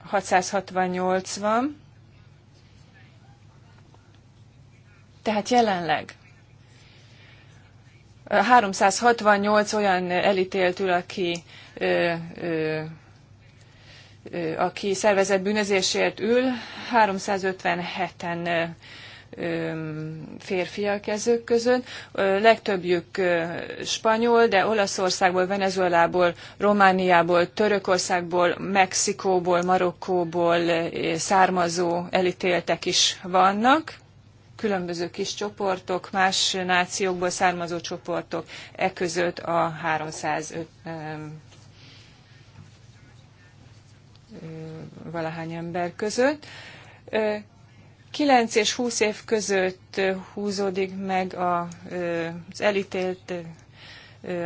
668 van. Tehát jelenleg 368 olyan elítéltül, aki, ö, ö, ö, aki szervezett bűnözésért ül, 357-en férfiak ezők között. Legtöbbjük spanyol, de Olaszországból, Venezuelából, Romániából, Törökországból, Mexikóból, Marokkóból származó elítéltek is vannak különböző kis csoportok, más nációkból származó csoportok, e között a 305 valahány ember között. 9 és 20 év között húzódik meg az elítélt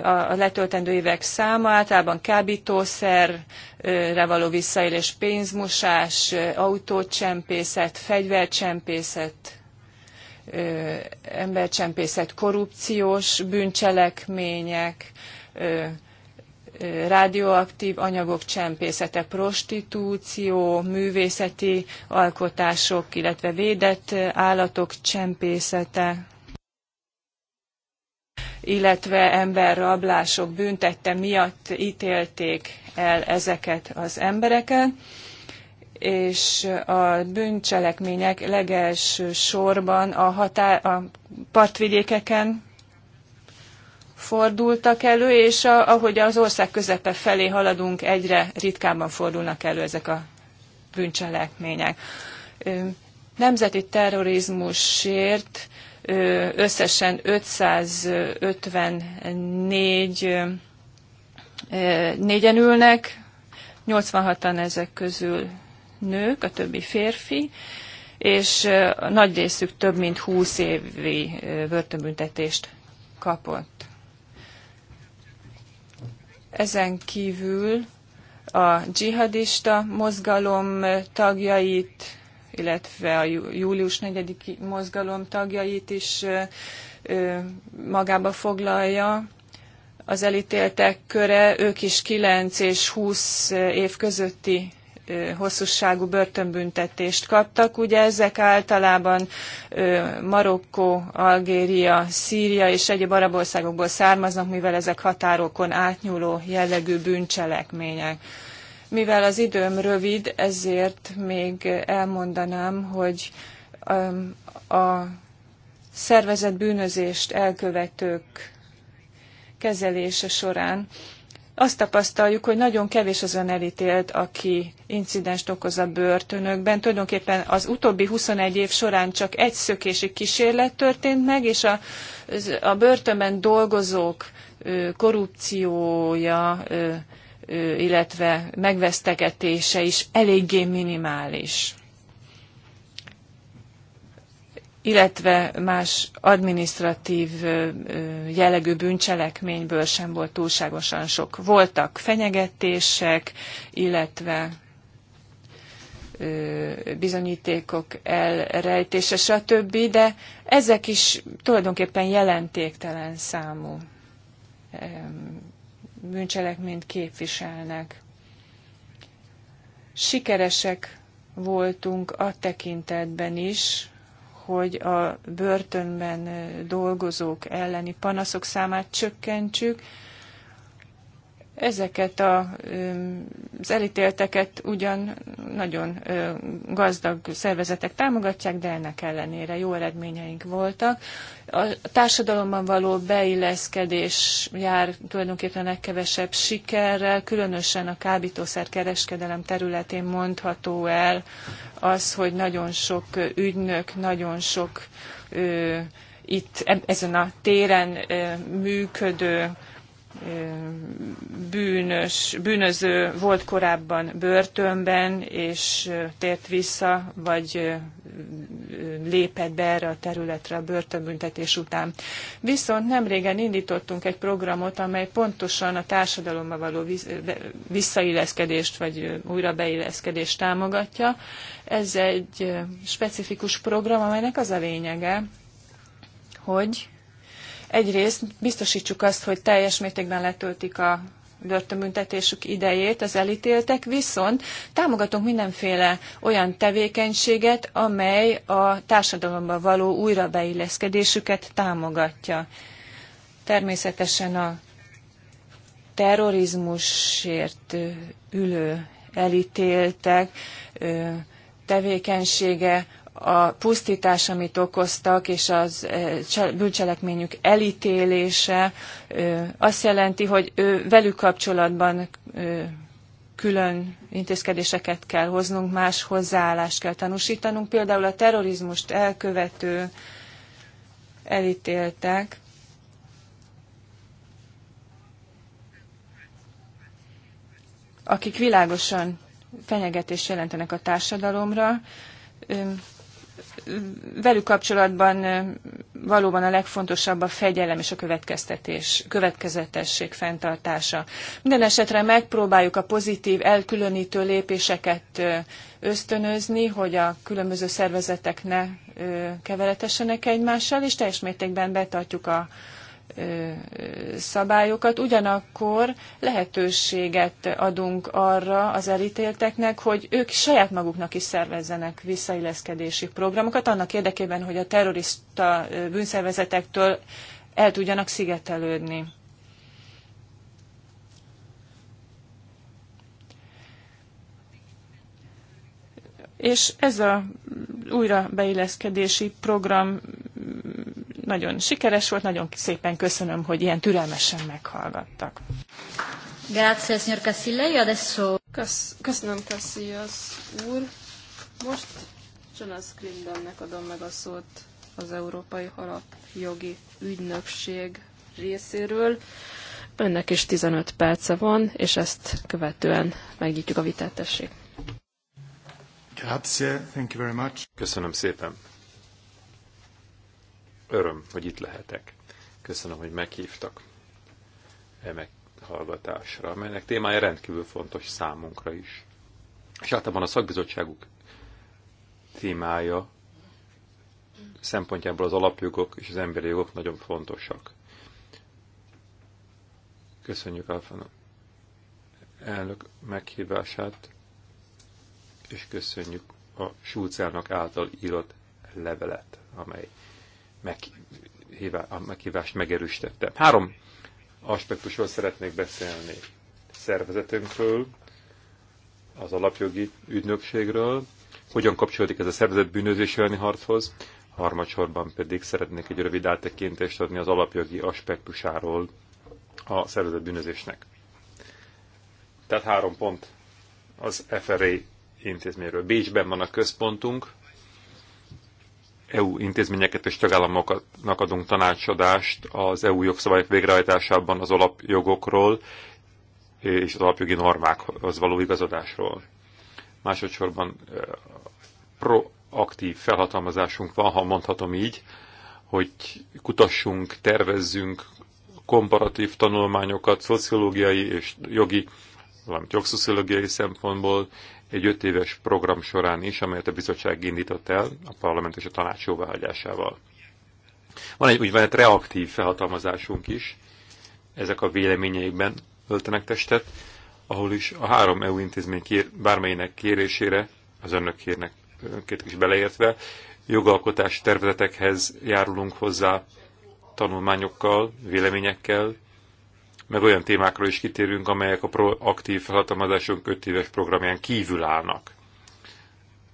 a letöltendő évek száma, általában kábítószerre való visszaélés, pénzmosás, autócsempészet, fegyvercsempészet, embercsempészet, korrupciós bűncselekmények, rádióaktív anyagok csempészete, prostitúció, művészeti alkotások, illetve védett állatok csempészete, illetve emberrablások büntette miatt ítélték el ezeket az embereket, és a bűncselekmények legelső sorban a, határ, a partvidékeken fordultak elő, és a, ahogy az ország közepe felé haladunk, egyre ritkábban fordulnak elő ezek a bűncselekmények. Nemzeti terrorizmusért összesen 554 négyen ülnek, 86-an ezek közül nők, a többi férfi, és nagy részük több mint 20 évi börtönbüntetést kapott. Ezen kívül a dzsihadista mozgalom tagjait, illetve a július 4 mozgalom tagjait is magába foglalja. Az elítéltek köre, ők is 9 és 20 év közötti hosszúságú börtönbüntetést kaptak. Ugye ezek általában Marokkó, Algéria, Szíria és egyéb arab országokból származnak, mivel ezek határokon átnyúló jellegű bűncselekmények. Mivel az időm rövid, ezért még elmondanám, hogy a szervezett bűnözést elkövetők kezelése során azt tapasztaljuk, hogy nagyon kevés az olyan elítélt, aki incidenst okoz a börtönökben. Tulajdonképpen az utóbbi 21 év során csak egy szökési kísérlet történt meg, és a, a börtönben dolgozók korrupciója, illetve megvesztegetése is eléggé minimális illetve más administratív jellegű bűncselekményből sem volt túlságosan sok. Voltak fenyegetések, illetve bizonyítékok elrejtése, stb., de ezek is tulajdonképpen jelentéktelen számú bűncselekményt képviselnek. Sikeresek voltunk a tekintetben is, hogy a börtönben dolgozók elleni panaszok számát csökkentsük, Ezeket a, az elítélteket ugyan nagyon gazdag szervezetek támogatják, de ennek ellenére jó eredményeink voltak. A társadalomban való beilleszkedés jár tulajdonképpen a legkevesebb sikerrel, különösen a kábítószer kereskedelem területén mondható el az, hogy nagyon sok ügynök, nagyon sok ö, itt e-, ezen a téren működő bűnös, bűnöző volt korábban börtönben, és tért vissza, vagy lépett be erre a területre a börtönbüntetés után. Viszont nemrégen indítottunk egy programot, amely pontosan a társadalomba való visszailleszkedést, vagy újrabeilleszkedést támogatja. Ez egy specifikus program, amelynek az a lényege, hogy Egyrészt biztosítsuk azt, hogy teljes mértékben letöltik a börtönbüntetésük idejét az elítéltek, viszont támogatunk mindenféle olyan tevékenységet, amely a társadalomba való újrabeilleszkedésüket támogatja. Természetesen a terrorizmusért ülő elítéltek tevékenysége a pusztítás, amit okoztak, és az eh, bűncselekményük elítélése azt jelenti, hogy velük kapcsolatban külön intézkedéseket kell hoznunk, más hozzáállást kell tanúsítanunk. Például a terrorizmust elkövető elítéltek, akik világosan fenyegetést jelentenek a társadalomra, velük kapcsolatban valóban a legfontosabb a fegyelem és a következtetés, következetesség fenntartása. Minden esetre megpróbáljuk a pozitív, elkülönítő lépéseket ösztönözni, hogy a különböző szervezetek ne keveretessenek egymással, és teljes mértékben betartjuk a szabályokat, ugyanakkor lehetőséget adunk arra az elítélteknek, hogy ők saját maguknak is szervezzenek visszailleszkedési programokat, annak érdekében, hogy a terrorista bűnszervezetektől el tudjanak szigetelődni. és ez a újra beilleszkedési program nagyon sikeres volt, nagyon szépen köszönöm, hogy ilyen türelmesen meghallgattak. Grazie, signor Cassillei. Adesso... Kösz, köszönöm, Cassillas úr. Most Jonas Grindemnek adom meg a szót az Európai Alapjogi Ügynökség részéről. Önnek is 15 perce van, és ezt követően megnyitjuk a vitát, tessék. Grazie, thank you very much. Köszönöm szépen. Öröm, hogy itt lehetek. Köszönöm, hogy meghívtak e meghallgatásra, melynek témája rendkívül fontos számunkra is. És általában a szakbizottságuk témája szempontjából az alapjogok és az emberi jogok nagyon fontosak. Köszönjük Alfano elnök meghívását és köszönjük a Sulcának által írott levelet, amely meghívá, a meghívást megerősítette. Három aspektusról szeretnék beszélni. Szervezetünkről, az alapjogi ügynökségről, hogyan kapcsolódik ez a szervezet bűnözés elleni harchoz, harmadsorban pedig szeretnék egy rövid áttekintést adni az alapjogi aspektusáról a szervezet bűnözésnek. Tehát három pont az FRA intézményről. Bécsben van a központunk, EU intézményeket és tagállamoknak adunk tanácsadást az EU jogszabályok végrehajtásában az alapjogokról és az alapjogi normákhoz való igazodásról. Másodszorban e, proaktív felhatalmazásunk van, ha mondhatom így, hogy kutassunk, tervezzünk komparatív tanulmányokat szociológiai és jogi, valamint jogszociológiai szempontból, egy öt éves program során is, amelyet a bizottság indított el a parlament és a tanács jóváhagyásával. Van egy úgynevezett reaktív felhatalmazásunk is, ezek a véleményeikben öltenek testet, ahol is a három EU intézmény kér, bármelyének kérésére, az önök kérnek, önöket is beleértve, jogalkotás tervezetekhez járulunk hozzá tanulmányokkal, véleményekkel, meg olyan témákra is kitérünk, amelyek a proaktív felhatalmazásunk 5 éves programján kívül állnak.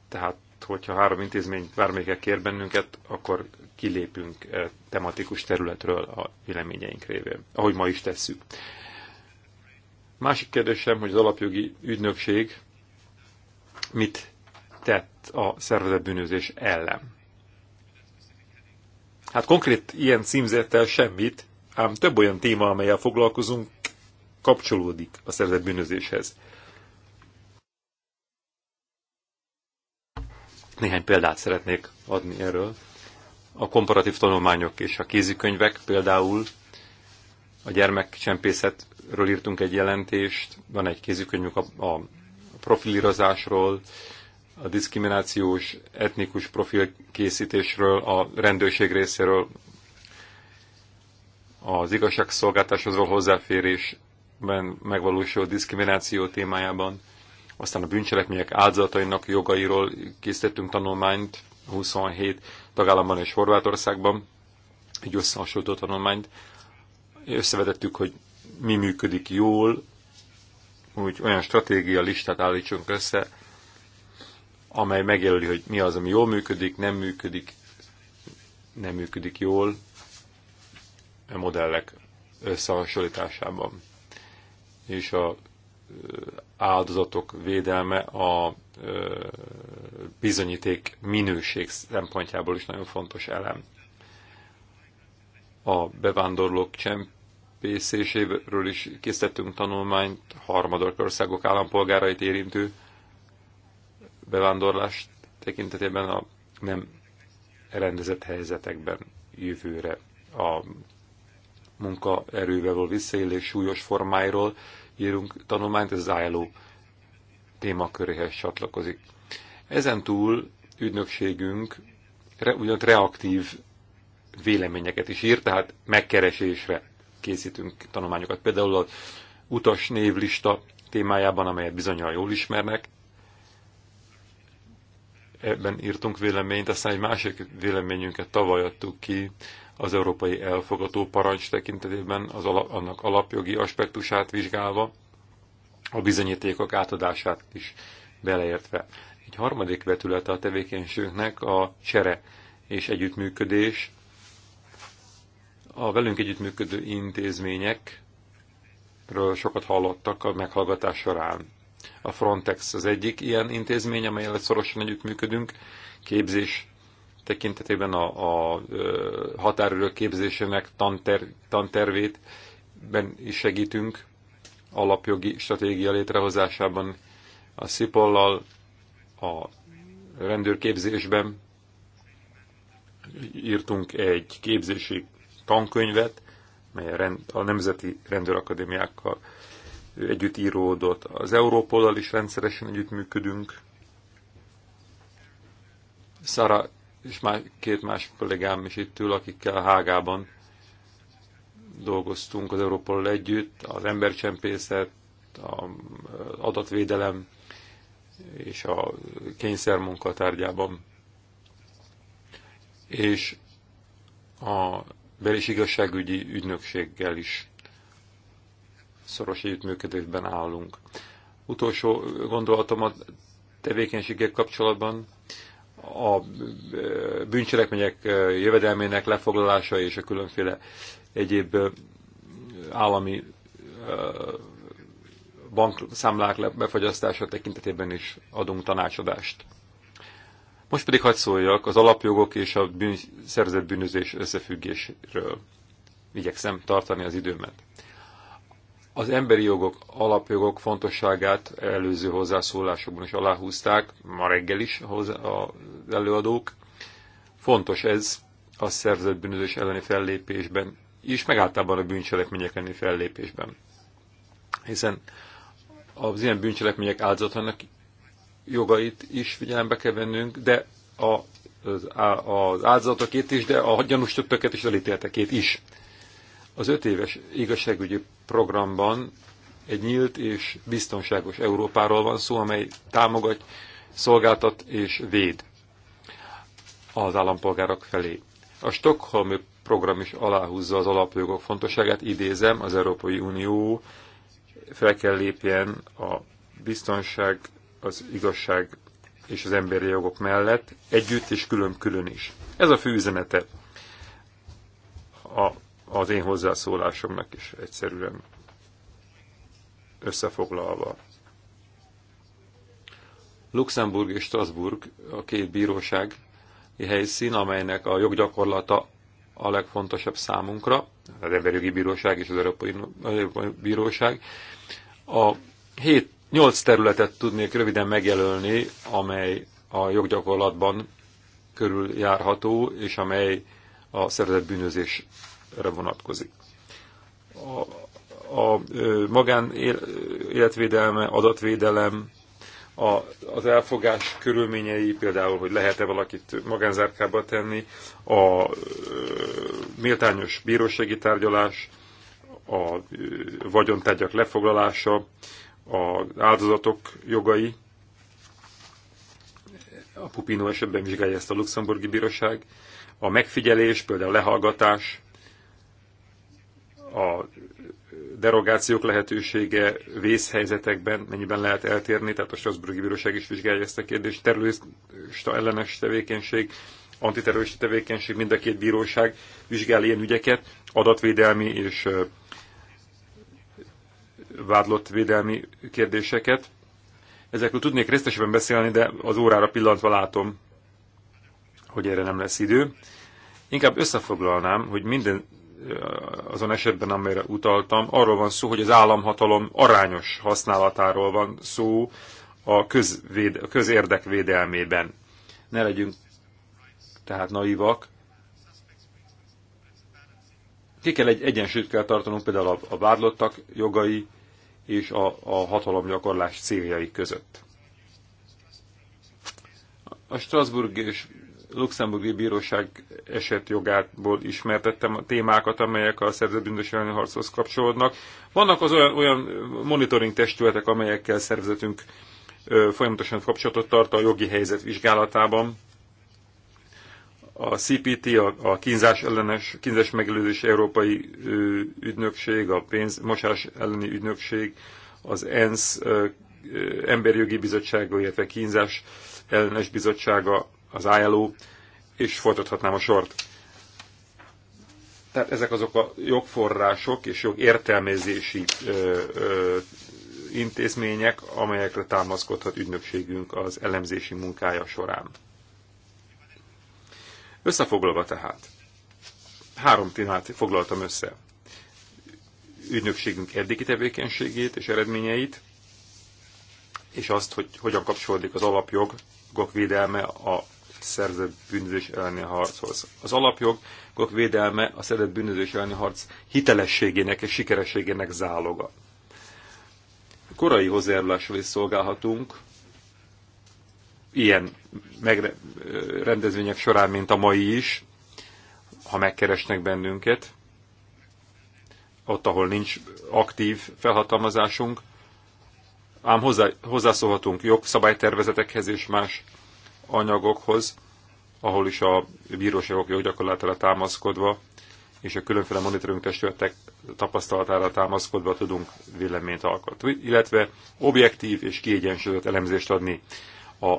Tehát, hogyha három intézmény bármelyikkel kér bennünket, akkor kilépünk e tematikus területről a véleményeink révén, ahogy ma is tesszük. Másik kérdésem, hogy az alapjogi ügynökség mit tett a szervezetbűnözés ellen? Hát konkrét ilyen címzettel semmit, ám több olyan téma, amelyel foglalkozunk, kapcsolódik a szerzett bűnözéshez. Néhány példát szeretnék adni erről. A komparatív tanulmányok és a kézikönyvek például a gyermekcsempészetről írtunk egy jelentést, van egy kézikönyvünk a, a profilírozásról, a diszkriminációs etnikus profilkészítésről, a rendőrség részéről, az igazságszolgáltáshoz való hozzáférésben megvalósuló diszkrimináció témájában, aztán a bűncselekmények áldozatainak jogairól készítettünk tanulmányt 27 tagállamban és Horvátországban, egy összehasonlító tanulmányt. Összevetettük, hogy mi működik jól, úgy olyan stratégia listát állítsunk össze, amely megjelöli, hogy mi az, ami jól működik, nem működik, nem működik jól, e modellek összehasonlításában. És a áldozatok védelme a bizonyíték minőség szempontjából is nagyon fontos elem. A bevándorlók csempészéséről is készítettünk tanulmányt, harmadik országok állampolgárait érintő bevándorlás tekintetében a nem rendezett helyzetekben jövőre a munkaerővel való visszaélés súlyos formáiról írunk tanulmányt, ez az ILO témaköréhez csatlakozik. Ezen túl ügynökségünk ugyan reaktív véleményeket is ír, tehát megkeresésre készítünk tanulmányokat. Például az utas névlista témájában, amelyet bizonyal jól ismernek, ebben írtunk véleményt, aztán egy másik véleményünket tavaly adtuk ki az európai elfogató parancs tekintetében az ala, annak alapjogi aspektusát vizsgálva, a bizonyítékok átadását is beleértve. Egy harmadik vetülete a tevékenységnek a csere és együttműködés. A velünk együttműködő intézményekről sokat hallottak a meghallgatás során. A Frontex az egyik ilyen intézmény, amelyet szorosan együttműködünk, képzés tekintetében a, a határőrök képzésének tanter, tantervét ben is segítünk, alapjogi stratégia létrehozásában, a Szipollal, a rendőrképzésben írtunk egy képzési tankönyvet, mely a, rend, a Nemzeti Rendőrakadémiákkal együtt íródott. Az Európollal is rendszeresen együttműködünk. Szara és már két más kollégám is itt ül, akikkel Hágában dolgoztunk az Európol együtt, az embercsempészet, az adatvédelem és a kényszermunka tárgyában. És a bel- és igazságügyi ügynökséggel is szoros együttműködésben állunk. Utolsó gondolatom a tevékenységek kapcsolatban a bűncselekmények jövedelmének lefoglalása és a különféle egyéb állami bankszámlák befagyasztása tekintetében is adunk tanácsadást. Most pedig hadd szóljak az alapjogok és a bűn, szerzett bűnözés összefüggésről. Igyekszem tartani az időmet. Az emberi jogok, alapjogok fontosságát előző hozzászólásokban is aláhúzták, ma reggel is az előadók. Fontos ez a szerzett bűnözés elleni fellépésben és megáltalában a bűncselekmények elleni fellépésben. Hiszen az ilyen bűncselekmények áldozatának jogait is figyelembe kell vennünk, de a, az, az áldozatokét is, de a gyanústöktöket és elítéltekét is az öt éves igazságügyi programban egy nyílt és biztonságos Európáról van szó, amely támogat, szolgáltat és véd az állampolgárok felé. A Stockholm program is aláhúzza az alapjogok fontosságát, idézem, az Európai Unió fel kell lépjen a biztonság, az igazság és az emberi jogok mellett, együtt és külön-külön is. Ez a fő üzenete a az én hozzászólásomnak is egyszerűen összefoglalva. Luxemburg és Strasbourg a két bíróság helyszín, amelynek a joggyakorlata a legfontosabb számunkra, az Emberjogi Bíróság és az Európai Bíróság. A 7 8 területet tudnék röviden megjelölni, amely a joggyakorlatban körüljárható, és amely a szervezett bűnözés vonatkozik. A, a magán életvédelme, adatvédelem, a, az elfogás körülményei, például, hogy lehet-e valakit magánzárkába tenni, a ö, méltányos bírósági tárgyalás, a vagyontárgyak lefoglalása, az áldozatok jogai, a Pupino esetben vizsgálja ezt a luxemburgi bíróság, a megfigyelés, például a lehallgatás, a derogációk lehetősége vészhelyzetekben mennyiben lehet eltérni, tehát a Strasburgi Bíróság is vizsgálja ezt a kérdést, terrorista ellenes tevékenység, antiterrorista tevékenység, mind a két bíróság vizsgál ilyen ügyeket, adatvédelmi és vádlottvédelmi kérdéseket. Ezekről tudnék részletesen beszélni, de az órára pillantva látom, hogy erre nem lesz idő. Inkább összefoglalnám, hogy minden azon esetben, amelyre utaltam, arról van szó, hogy az államhatalom arányos használatáról van szó a, közvéd, a közérdek védelmében. Ne legyünk tehát naivak. Ki kell egy egyensúlyt kell tartanunk például a, a vádlottak jogai és a, a hatalomgyakorlás céljai között. A Strasbourg és luxemburgi bíróság esetjogából ismertettem a témákat, amelyek a szervezetbűnös elleni harchoz kapcsolódnak. Vannak az olyan, olyan monitoring testületek, amelyekkel szervezetünk folyamatosan kapcsolatot tart a jogi helyzet vizsgálatában. A CPT, a, a kínzás ellenes, kínzás megelőzés európai ö, ügynökség, a pénzmosás elleni ügynökség, az ENSZ ö, emberjogi bizottsága, illetve kínzás ellenes bizottsága az ILO, és folytathatnám a sort. Tehát ezek azok a jogforrások és jogértelmezési ö, ö, intézmények, amelyekre támaszkodhat ügynökségünk az elemzési munkája során. Összefoglalva tehát, három témát foglaltam össze. Ügynökségünk eddigi tevékenységét és eredményeit, és azt, hogy hogyan kapcsolódik az alapjogok védelme a szerzett bűnözés elleni harchoz. Az alapjogok védelme a szerzett bűnözés elleni harc hitelességének és sikerességének záloga. Korai hozzájárulásról is szolgálhatunk, ilyen megre- rendezvények során, mint a mai is, ha megkeresnek bennünket, ott, ahol nincs aktív felhatalmazásunk, ám hozzá, hozzászólhatunk jogszabálytervezetekhez és más anyagokhoz, ahol is a bíróságok joggyakorlatára támaszkodva és a különféle monitoring testületek tapasztalatára támaszkodva tudunk véleményt alkotni, illetve objektív és kiegyensúlyozott elemzést adni a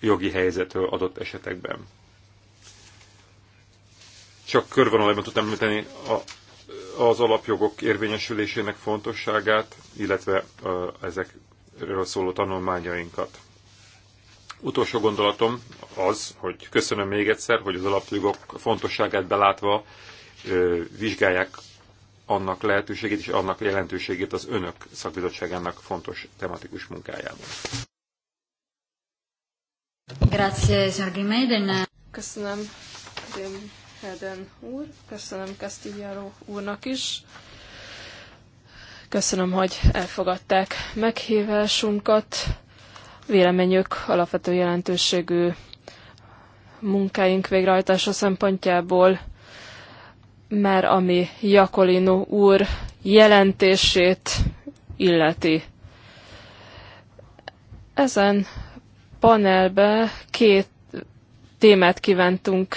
jogi helyzetről adott esetekben. Csak körvonalában tudtam említeni a, az alapjogok érvényesülésének fontosságát, illetve a, ezekről szóló tanulmányainkat. Utolsó gondolatom az, hogy köszönöm még egyszer, hogy az alapjogok fontosságát belátva vizsgálják annak lehetőségét és annak jelentőségét az önök szakbizottságának fontos tematikus munkájában. Köszönöm, Dém Heden úr. Köszönöm Castillaro úrnak is. Köszönöm, hogy elfogadták meghívásunkat. Véleményük alapvető jelentőségű munkáink végrehajtása szempontjából, mert ami Jakolino úr jelentését illeti. Ezen panelbe két témát kívántunk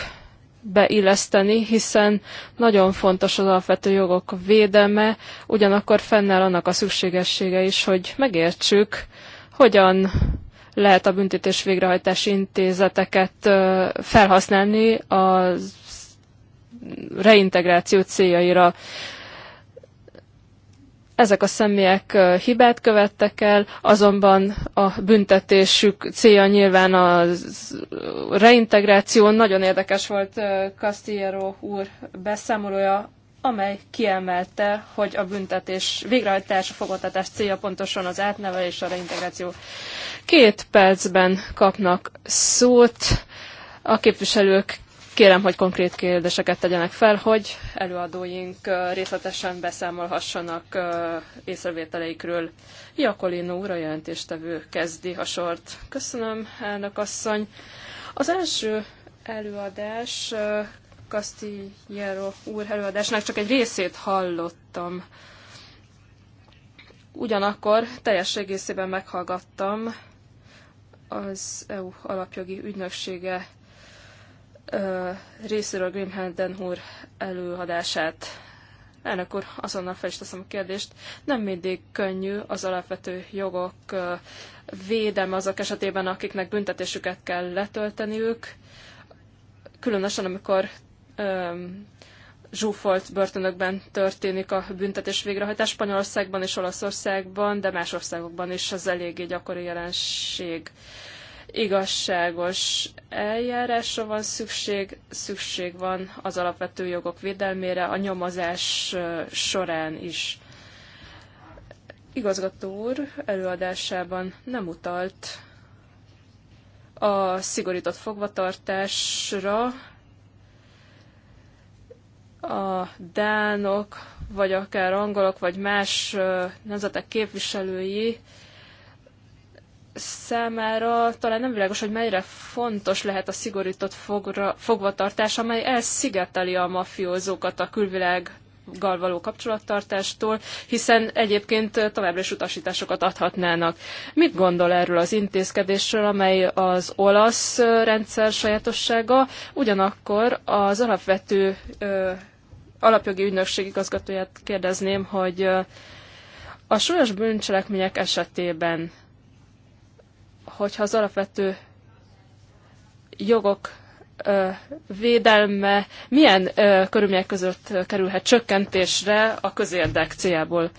beilleszteni, hiszen nagyon fontos az alapvető jogok védelme, ugyanakkor fennáll annak a szükségessége is, hogy megértsük, hogyan lehet a büntetés végrehajtási intézeteket felhasználni a reintegráció céljaira. Ezek a személyek hibát követtek el, azonban a büntetésük célja nyilván a reintegráció. Nagyon érdekes volt Castillero úr beszámolója amely kiemelte, hogy a büntetés végrehajtása, fogadtatás célja pontosan az átnevelés, a reintegráció. Két percben kapnak szót. A képviselők kérem, hogy konkrét kérdéseket tegyenek fel, hogy előadóink részletesen beszámolhassanak észrevételeikről. Iakolino úr, a jelentéstevő kezdi a sort. Köszönöm, elnök asszony. Az első előadás Castillero úr előadásának csak egy részét hallottam. Ugyanakkor teljes egészében meghallgattam az EU alapjogi ügynöksége részéről Grimhenden úr előadását. Elnök úr, azonnal fel is teszem a kérdést. Nem mindig könnyű az alapvető jogok védelme azok esetében, akiknek büntetésüket kell letölteniük, különösen amikor zsúfolt börtönökben történik a büntetés végrehajtás Spanyolországban és Olaszországban, de más országokban is az eléggé gyakori jelenség. Igazságos eljárásra van szükség, szükség van az alapvető jogok védelmére a nyomozás során is. Igazgató úr előadásában nem utalt a szigorított fogvatartásra, a dánok, vagy akár angolok, vagy más nemzetek képviselői számára talán nem világos, hogy mennyire fontos lehet a szigorított fogra, fogvatartás, amely elszigeteli a mafiózókat a külvilág gal való kapcsolattartástól, hiszen egyébként továbbra is utasításokat adhatnának. Mit gondol erről az intézkedésről, amely az olasz rendszer sajátossága, ugyanakkor az alapvető alapjogi ügynökség igazgatóját kérdezném, hogy a súlyos bűncselekmények esetében, hogyha az alapvető jogok védelme milyen körülmények között kerülhet csökkentésre a közérdek céljából.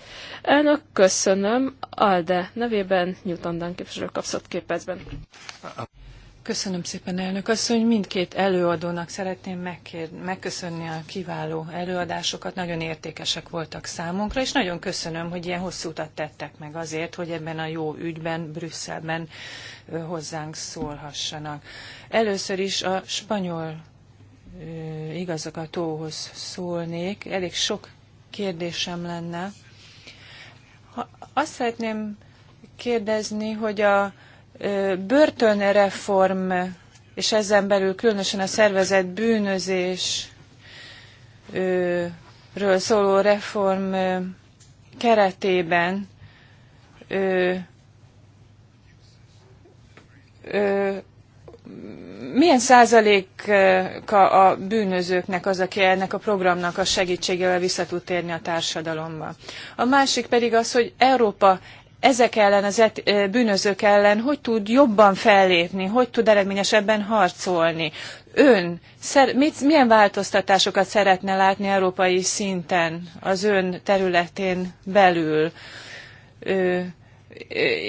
Elnök, köszönöm. Alde nevében Newton Dan képviselő kapszott képezben. Köszönöm szépen, elnök asszony. Mindkét előadónak szeretném megkér, megköszönni a kiváló előadásokat. Nagyon értékesek voltak számunkra, és nagyon köszönöm, hogy ilyen hosszú utat tettek meg azért, hogy ebben a jó ügyben, Brüsszelben hozzánk szólhassanak. Először is a spanyol igazgatóhoz szólnék. Elég sok kérdésem lenne. Ha azt szeretném kérdezni, hogy a börtönreform, és ezen belül különösen a szervezett bűnözésről szóló reform keretében milyen százaléka a bűnözőknek az, aki ennek a programnak a segítségével vissza tud térni a társadalomba? A másik pedig az, hogy Európa ezek ellen, az et, bűnözők ellen hogy tud jobban fellépni, hogy tud eredményesebben harcolni. Ön szer, mit, milyen változtatásokat szeretne látni európai szinten, az ön területén belül? Ö,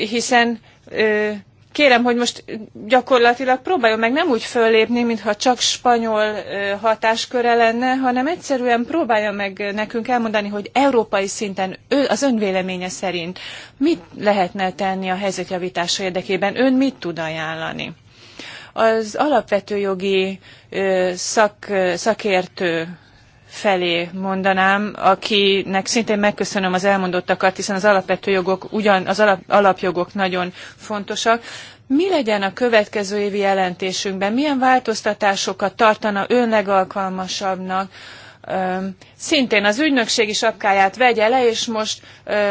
hiszen ö, kérem, hogy most gyakorlatilag próbáljon meg nem úgy föllépni, mintha csak spanyol hatásköre lenne, hanem egyszerűen próbálja meg nekünk elmondani, hogy európai szinten az önvéleménye szerint mit lehetne tenni a helyzetjavítása érdekében, ön mit tud ajánlani? Az alapvető jogi szak, szakértő felé mondanám, akinek szintén megköszönöm az elmondottakat, hiszen az alapvető jogok, ugyan az alap, alapjogok nagyon fontosak. Mi legyen a következő évi jelentésünkben? Milyen változtatásokat tartana önlegalkalmasabbnak? alkalmasabbnak? szintén az ügynökségi sapkáját vegye le, és most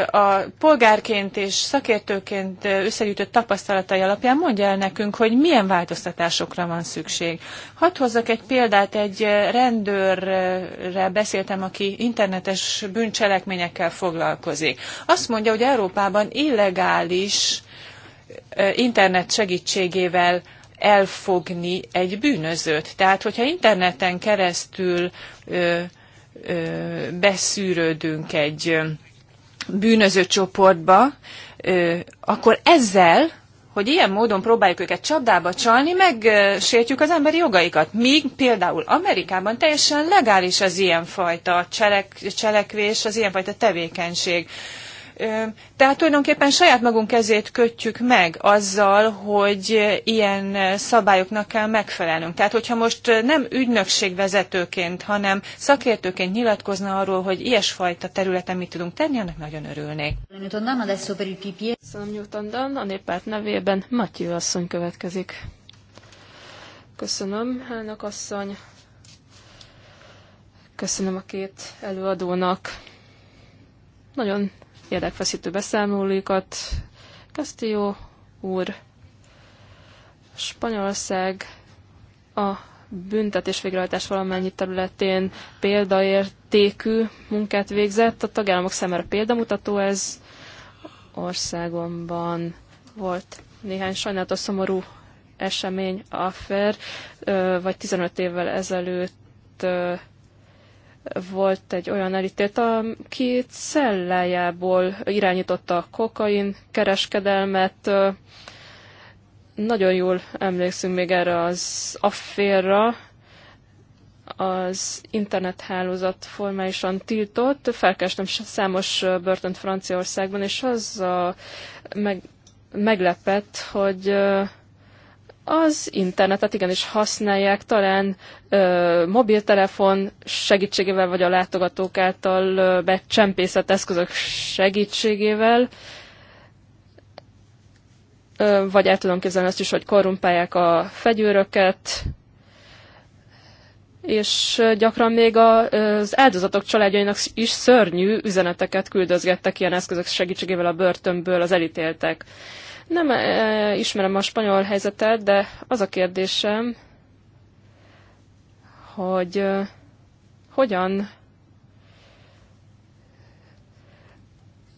a polgárként és szakértőként összegyűjtött tapasztalatai alapján mondja el nekünk, hogy milyen változtatásokra van szükség. Hadd hozzak egy példát, egy rendőrrel beszéltem, aki internetes bűncselekményekkel foglalkozik. Azt mondja, hogy Európában illegális internet segítségével elfogni egy bűnözőt. Tehát, hogyha interneten keresztül ö, ö, beszűrődünk egy bűnöző csoportba, ö, akkor ezzel, hogy ilyen módon próbáljuk őket csapdába csalni, megsértjük az emberi jogaikat. Míg például Amerikában teljesen legális az ilyenfajta cselek, cselekvés, az ilyenfajta tevékenység. Ö, tehát tulajdonképpen saját magunk kezét kötjük meg azzal, hogy ilyen szabályoknak kell megfelelnünk. Tehát, hogyha most nem ügynökségvezetőként, hanem szakértőként nyilatkozna arról, hogy ilyesfajta területen mit tudunk tenni, annak nagyon örülnék. Köszönöm Newton Dan, a néppárt nevében Matyő asszony következik. Köszönöm, elnök asszony. Köszönöm a két előadónak. Nagyon érdekfeszítő beszámolókat. Castillo úr, Spanyolország a büntetés végrehajtás valamennyi területén példaértékű munkát végzett. A tagállamok számára példamutató ez. Országomban volt néhány sajnálatos szomorú esemény, affair, vagy 15 évvel ezelőtt volt egy olyan elítélt, aki cellájából irányította a kokain kereskedelmet. Nagyon jól emlékszünk még erre az afférra, az internethálózat formálisan tiltott. Felkerestem számos börtönt Franciaországban, és az a meg, meglepett, hogy az internetet igenis használják, talán ö, mobiltelefon segítségével, vagy a látogatók által ö, becsempészett eszközök segítségével, ö, vagy el tudom képzelni azt is, hogy korrumpálják a fegyőröket, és gyakran még az áldozatok családjainak is szörnyű üzeneteket küldözgettek ilyen eszközök segítségével a börtönből az elítéltek. Nem e, ismerem a spanyol helyzetet, de az a kérdésem, hogy e, hogyan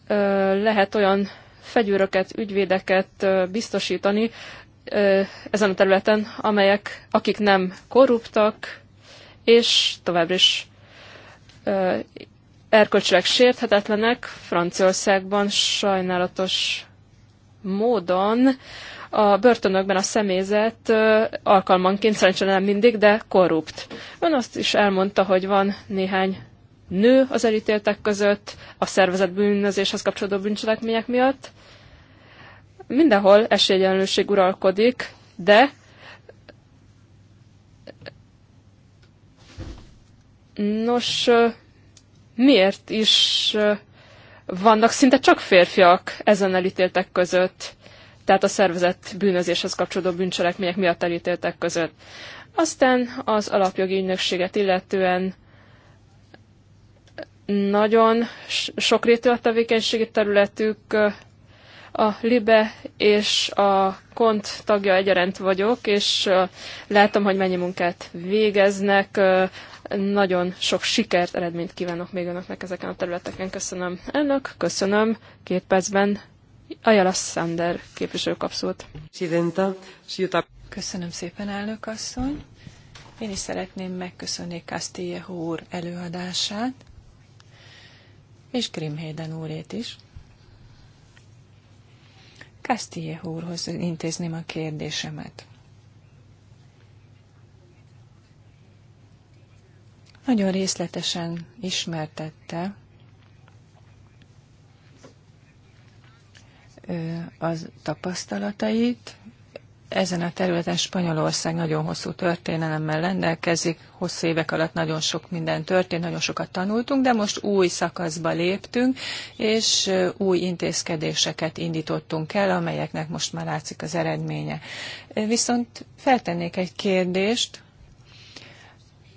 e, lehet olyan fegyőröket, ügyvédeket e, biztosítani e, ezen a területen, amelyek, akik nem korruptak, és továbbra is e, erkölcsileg sérthetetlenek. Franciaországban sajnálatos módon a börtönökben a személyzet alkalmanként szerencsére nem mindig, de korrupt. Ön azt is elmondta, hogy van néhány nő az elítéltek között a szervezet bűnözéshez kapcsolódó bűncselekmények miatt. Mindenhol esélyegyenlőség uralkodik, de nos, miért is vannak szinte csak férfiak ezen elítéltek között, tehát a szervezett bűnözéshez kapcsolódó bűncselekmények miatt elítéltek között. Aztán az alapjogi ügynökséget illetően nagyon sokrétű a tevékenységi területük, a LIBE és a KONT tagja egyaránt vagyok, és látom, hogy mennyi munkát végeznek. Nagyon sok sikert, eredményt kívánok még önöknek ezeken a területeken. Köszönöm ennek, köszönöm. Két percben Ajala Sander képviselő kapszót. Köszönöm szépen, elnök asszony. Én is szeretném megköszönni Castillejo úr előadását, és Grimhéden úrét is. Kastie úrhoz intézném a kérdésemet. Nagyon részletesen ismertette az tapasztalatait, ezen a területen Spanyolország nagyon hosszú történelemmel rendelkezik, hosszú évek alatt nagyon sok minden történt, nagyon sokat tanultunk, de most új szakaszba léptünk, és új intézkedéseket indítottunk el, amelyeknek most már látszik az eredménye. Viszont feltennék egy kérdést.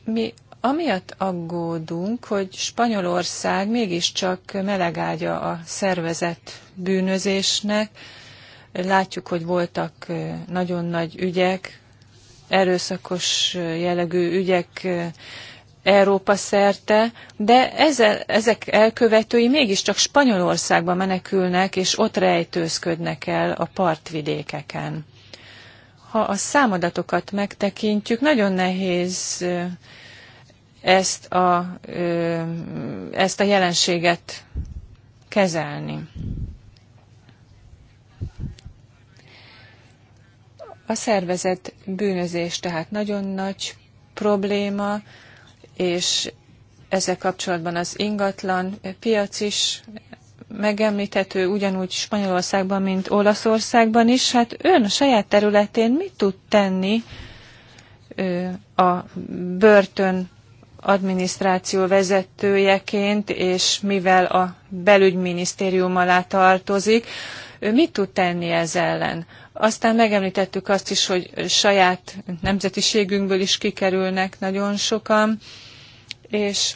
Mi amiatt aggódunk, hogy Spanyolország mégiscsak melegágya a szervezett bűnözésnek, Látjuk, hogy voltak nagyon nagy ügyek, erőszakos jellegű ügyek Európa szerte, de ezzel, ezek elkövetői mégiscsak Spanyolországba menekülnek, és ott rejtőzködnek el a partvidékeken. Ha a számadatokat megtekintjük, nagyon nehéz ezt a, ezt a jelenséget kezelni. A szervezet bűnözés tehát nagyon nagy probléma, és ezzel kapcsolatban az ingatlan piac is megemlíthető ugyanúgy Spanyolországban, mint Olaszországban is. Hát ön a saját területén mit tud tenni a börtön adminisztráció vezetőjeként, és mivel a belügyminisztérium alá tartozik, mit tud tenni ez ellen? Aztán megemlítettük azt is, hogy saját nemzetiségünkből is kikerülnek nagyon sokan, és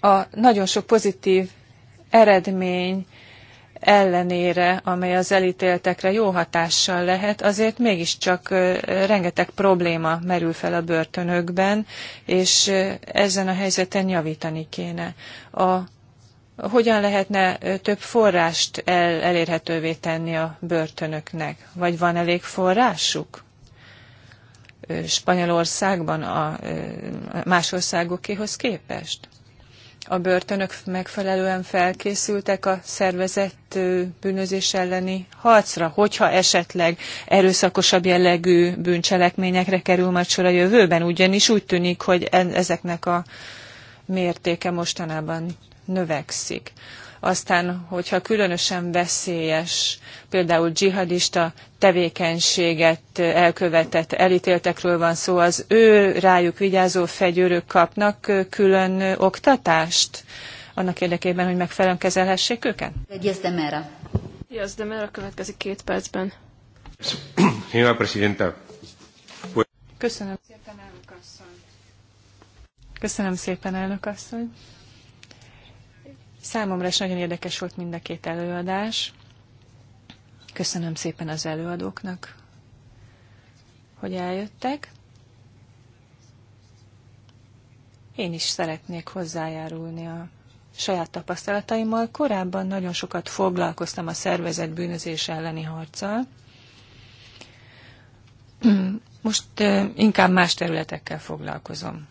a nagyon sok pozitív eredmény ellenére, amely az elítéltekre jó hatással lehet, azért mégiscsak rengeteg probléma merül fel a börtönökben, és ezen a helyzeten javítani kéne. A hogyan lehetne több forrást el, elérhetővé tenni a börtönöknek? Vagy van elég forrásuk? Spanyolországban a más országokéhoz képest? A börtönök megfelelően felkészültek a szervezett bűnözés elleni harcra, hogyha esetleg erőszakosabb jellegű bűncselekményekre kerül majd sor a jövőben, ugyanis úgy tűnik, hogy ezeknek a mértéke mostanában növekszik. Aztán, hogyha különösen veszélyes, például dzsihadista tevékenységet elkövetett elítéltekről van szó, az ő rájuk vigyázó fegyőrök kapnak külön oktatást annak érdekében, hogy megfelelően kezelhessék őket? Yes, de mera. Yes, de mera következik két percben. Señora Presidenta, Köszönöm szépen, elnök asszony. Köszönöm szépen, elnök asszony. Számomra is nagyon érdekes volt mind a két előadás. Köszönöm szépen az előadóknak, hogy eljöttek. Én is szeretnék hozzájárulni a saját tapasztalataimmal. Korábban nagyon sokat foglalkoztam a szervezet bűnözés elleni harccal. Most inkább más területekkel foglalkozom.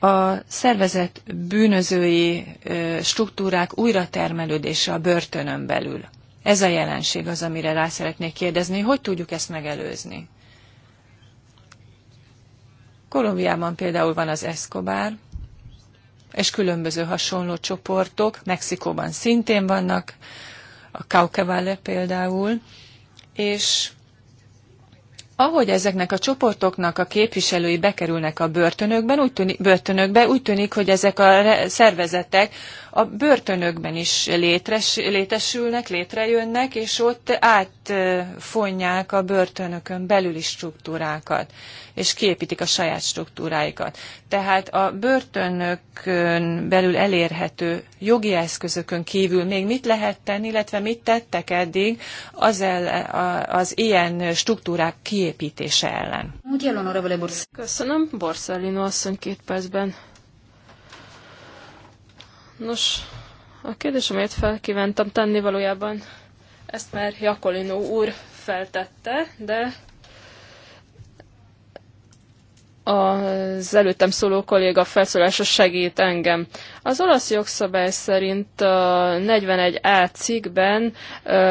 a szervezet bűnözői struktúrák újratermelődése a börtönön belül. Ez a jelenség az, amire rá szeretnék kérdezni, hogy tudjuk ezt megelőzni. Kolumbiában például van az Escobar, és különböző hasonló csoportok, Mexikóban szintén vannak, a Caucavale például, és ahogy ezeknek a csoportoknak a képviselői bekerülnek a börtönökben, úgy tűnik, börtönökbe, úgy tűnik, hogy ezek a szervezetek a börtönökben is létres, létesülnek, létrejönnek, és ott átfonják a börtönökön belüli struktúrákat, és kiépítik a saját struktúráikat. Tehát a börtönökön belül elérhető jogi eszközökön kívül még mit lehet tenni, illetve mit tettek eddig az, el, az ilyen struktúrák kiépítése ellen? Köszönöm, Borszellino asszony két percben. Nos, a kérdés, amelyet felkívántam tenni valójában, ezt már Jakolino úr feltette, de az előttem szóló kolléga felszólása segít engem. Az olasz jogszabály szerint a 41A cikkben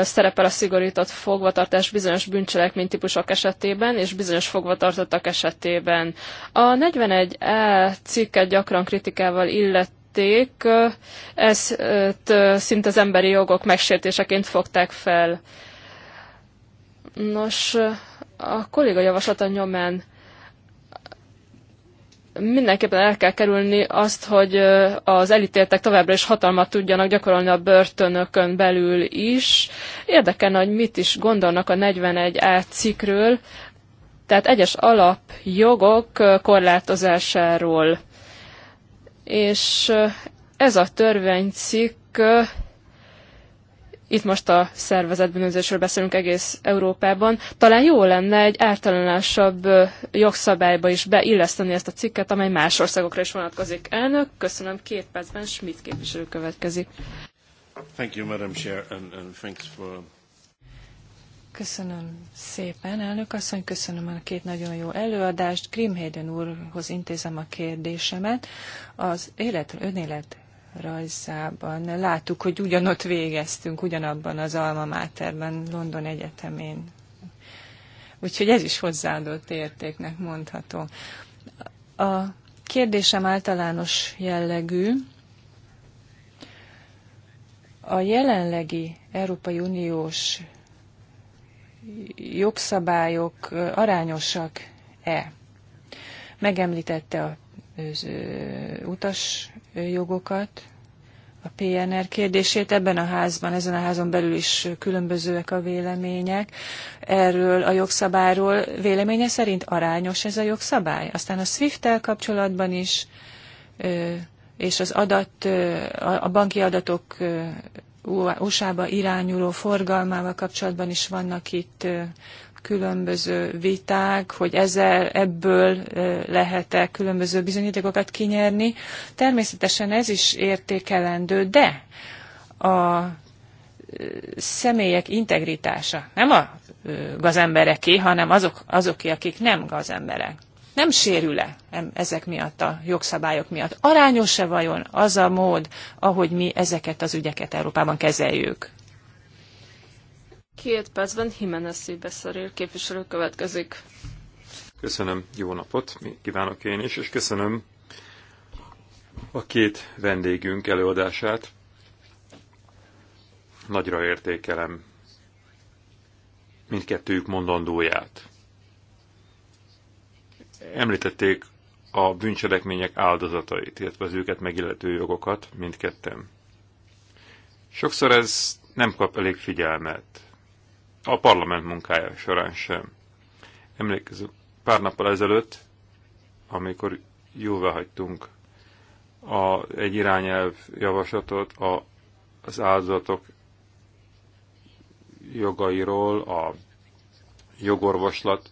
szerepel a szigorított fogvatartás bizonyos bűncselekmény típusok esetében és bizonyos fogvatartottak esetében. A 41A cikket gyakran kritikával illet tették, ezt szinte az emberi jogok megsértéseként fogták fel. Nos, a kolléga javaslata nyomán mindenképpen el kell kerülni azt, hogy az elítéltek továbbra is hatalmat tudjanak gyakorolni a börtönökön belül is. Érdekelne, hogy mit is gondolnak a 41A cikkről, tehát egyes alapjogok korlátozásáról és ez a törvénycikk, itt most a szervezetbűnözésről beszélünk egész Európában, talán jó lenne egy általánosabb jogszabályba is beilleszteni ezt a cikket, amely más országokra is vonatkozik. Elnök, köszönöm, két percben Schmidt képviselő következik. Thank you, Madam Chair, and, and thanks for Köszönöm szépen, elnök asszony, köszönöm a két nagyon jó előadást. Grimhéden úrhoz intézem a kérdésemet. Az élet, önélet rajzában láttuk, hogy ugyanott végeztünk, ugyanabban az Alma Materben, London Egyetemén. Úgyhogy ez is hozzáadott értéknek mondható. A kérdésem általános jellegű. A jelenlegi Európai Uniós jogszabályok arányosak-e. Megemlítette az utas jogokat, a PNR kérdését. Ebben a házban, ezen a házon belül is különbözőek a vélemények. Erről a jogszabályról véleménye szerint arányos ez a jogszabály. Aztán a SWIFT-tel kapcsolatban is, és az adat, a banki adatok USA-ba irányuló forgalmával kapcsolatban is vannak itt különböző viták, hogy ezzel, ebből lehet-e különböző bizonyítékokat kinyerni. Természetesen ez is értékelendő, de a személyek integritása nem a gazembereké, hanem azok, azoké, akik nem gazemberek nem sérül-e ezek miatt a jogszabályok miatt? Arányos-e vajon az a mód, ahogy mi ezeket az ügyeket Európában kezeljük? Két percben Jimenez Beszerér képviselő következik. Köszönöm, jó napot kívánok én is, és köszönöm a két vendégünk előadását. Nagyra értékelem mindkettőjük mondandóját. Említették a bűncselekmények áldozatait, illetve az őket megillető jogokat mindketten. Sokszor ez nem kap elég figyelmet. A parlament munkája során sem. Emlékezünk pár nappal ezelőtt, amikor jóvá hagytunk a, egy irányelv javaslatot a, az áldozatok jogairól, a jogorvoslat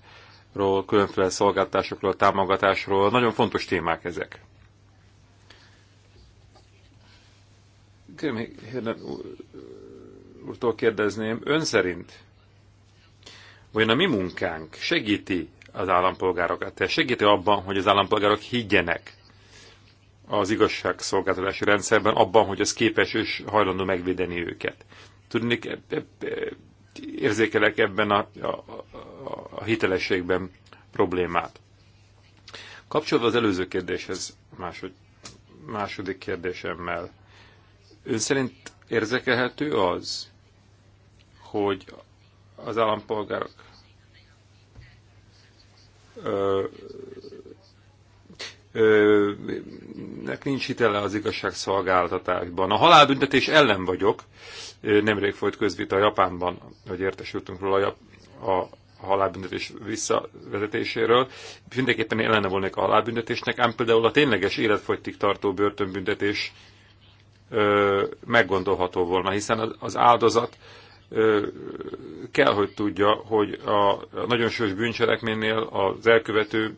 ról, különféle szolgáltatásokról, támogatásról. Nagyon fontos témák ezek. Hirden úrtól kérdezném, ön szerint vajon a mi munkánk segíti az állampolgárokat, tehát segíti abban, hogy az állampolgárok higgyenek az igazságszolgáltatási rendszerben, abban, hogy az képes és hajlandó megvédeni őket. Tudni e, e, e, érzékelek ebben a, a, a hitelességben problémát. Kapcsolva az előző kérdéshez, másod, második kérdésemmel, ön szerint érzekelhető az, hogy az állampolgárok ö, ö, nek nincs hitele az igazságszolgáltatásban. A halálbüntetés ellen vagyok. Nemrég folyt közvita Japánban, hogy értesültünk róla a, a a halálbüntetés visszavezetéséről. Mindenképpen ellene volnék a halálbüntetésnek, ám például a tényleges életfogytig tartó börtönbüntetés ö, meggondolható volna, hiszen az áldozat ö, kell, hogy tudja, hogy a, a nagyon sős bűncselekménynél az elkövető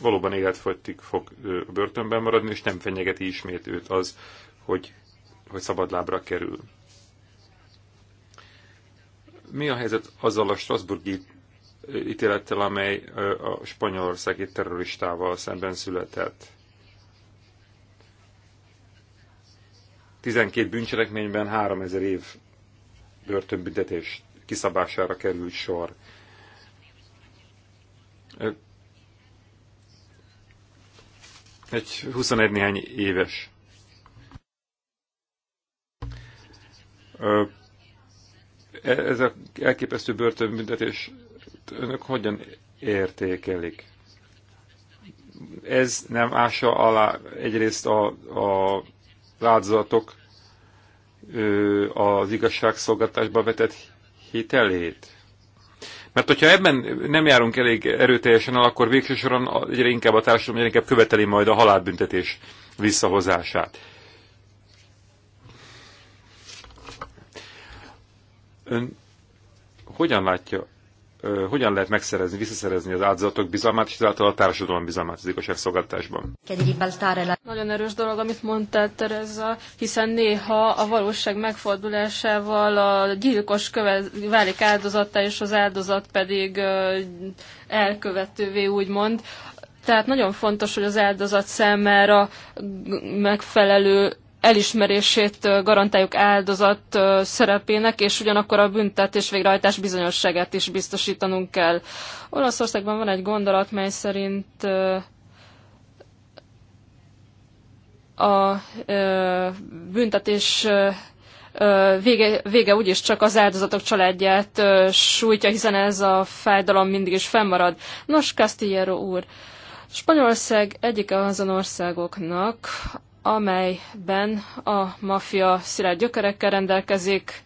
valóban életfogytig fog ö, börtönben maradni, és nem fenyegeti ismét őt az, hogy, hogy szabadlábra kerül mi a helyzet azzal a Strasburgi ítélettel, amely a spanyolországi terroristával szemben született. 12 bűncselekményben 3000 év börtönbüntetés kiszabására került sor. Egy 21 néhány éves e- ez az elképesztő börtönbüntetés önök hogyan értékelik? Ez nem ássa alá egyrészt a, a látszatok az igazságszolgatásba vetett hitelét? Mert hogyha ebben nem járunk elég erőteljesen el, akkor végső soron egyre inkább a társadalom egyre inkább követeli majd a halálbüntetés visszahozását. Ön hogyan látja hogyan lehet megszerezni, visszaszerezni az áldozatok bizalmát, és ezáltal a társadalom bizalmát az igazságszolgáltatásban. Nagyon erős dolog, amit mondtál, Tereza, hiszen néha a valóság megfordulásával a gyilkos köve, válik áldozattá, és az áldozat pedig elkövetővé, úgymond. Tehát nagyon fontos, hogy az áldozat számára megfelelő elismerését garantáljuk áldozat szerepének, és ugyanakkor a büntetés végrehajtás bizonyosságát is biztosítanunk kell. Olaszországban van egy gondolat, mely szerint a büntetés vége, vége úgyis csak az áldozatok családját sújtja, hiszen ez a fájdalom mindig is fennmarad. Nos, Castillero úr, Spanyolország egyik azon országoknak, amelyben a maffia szilárd gyökerekkel rendelkezik,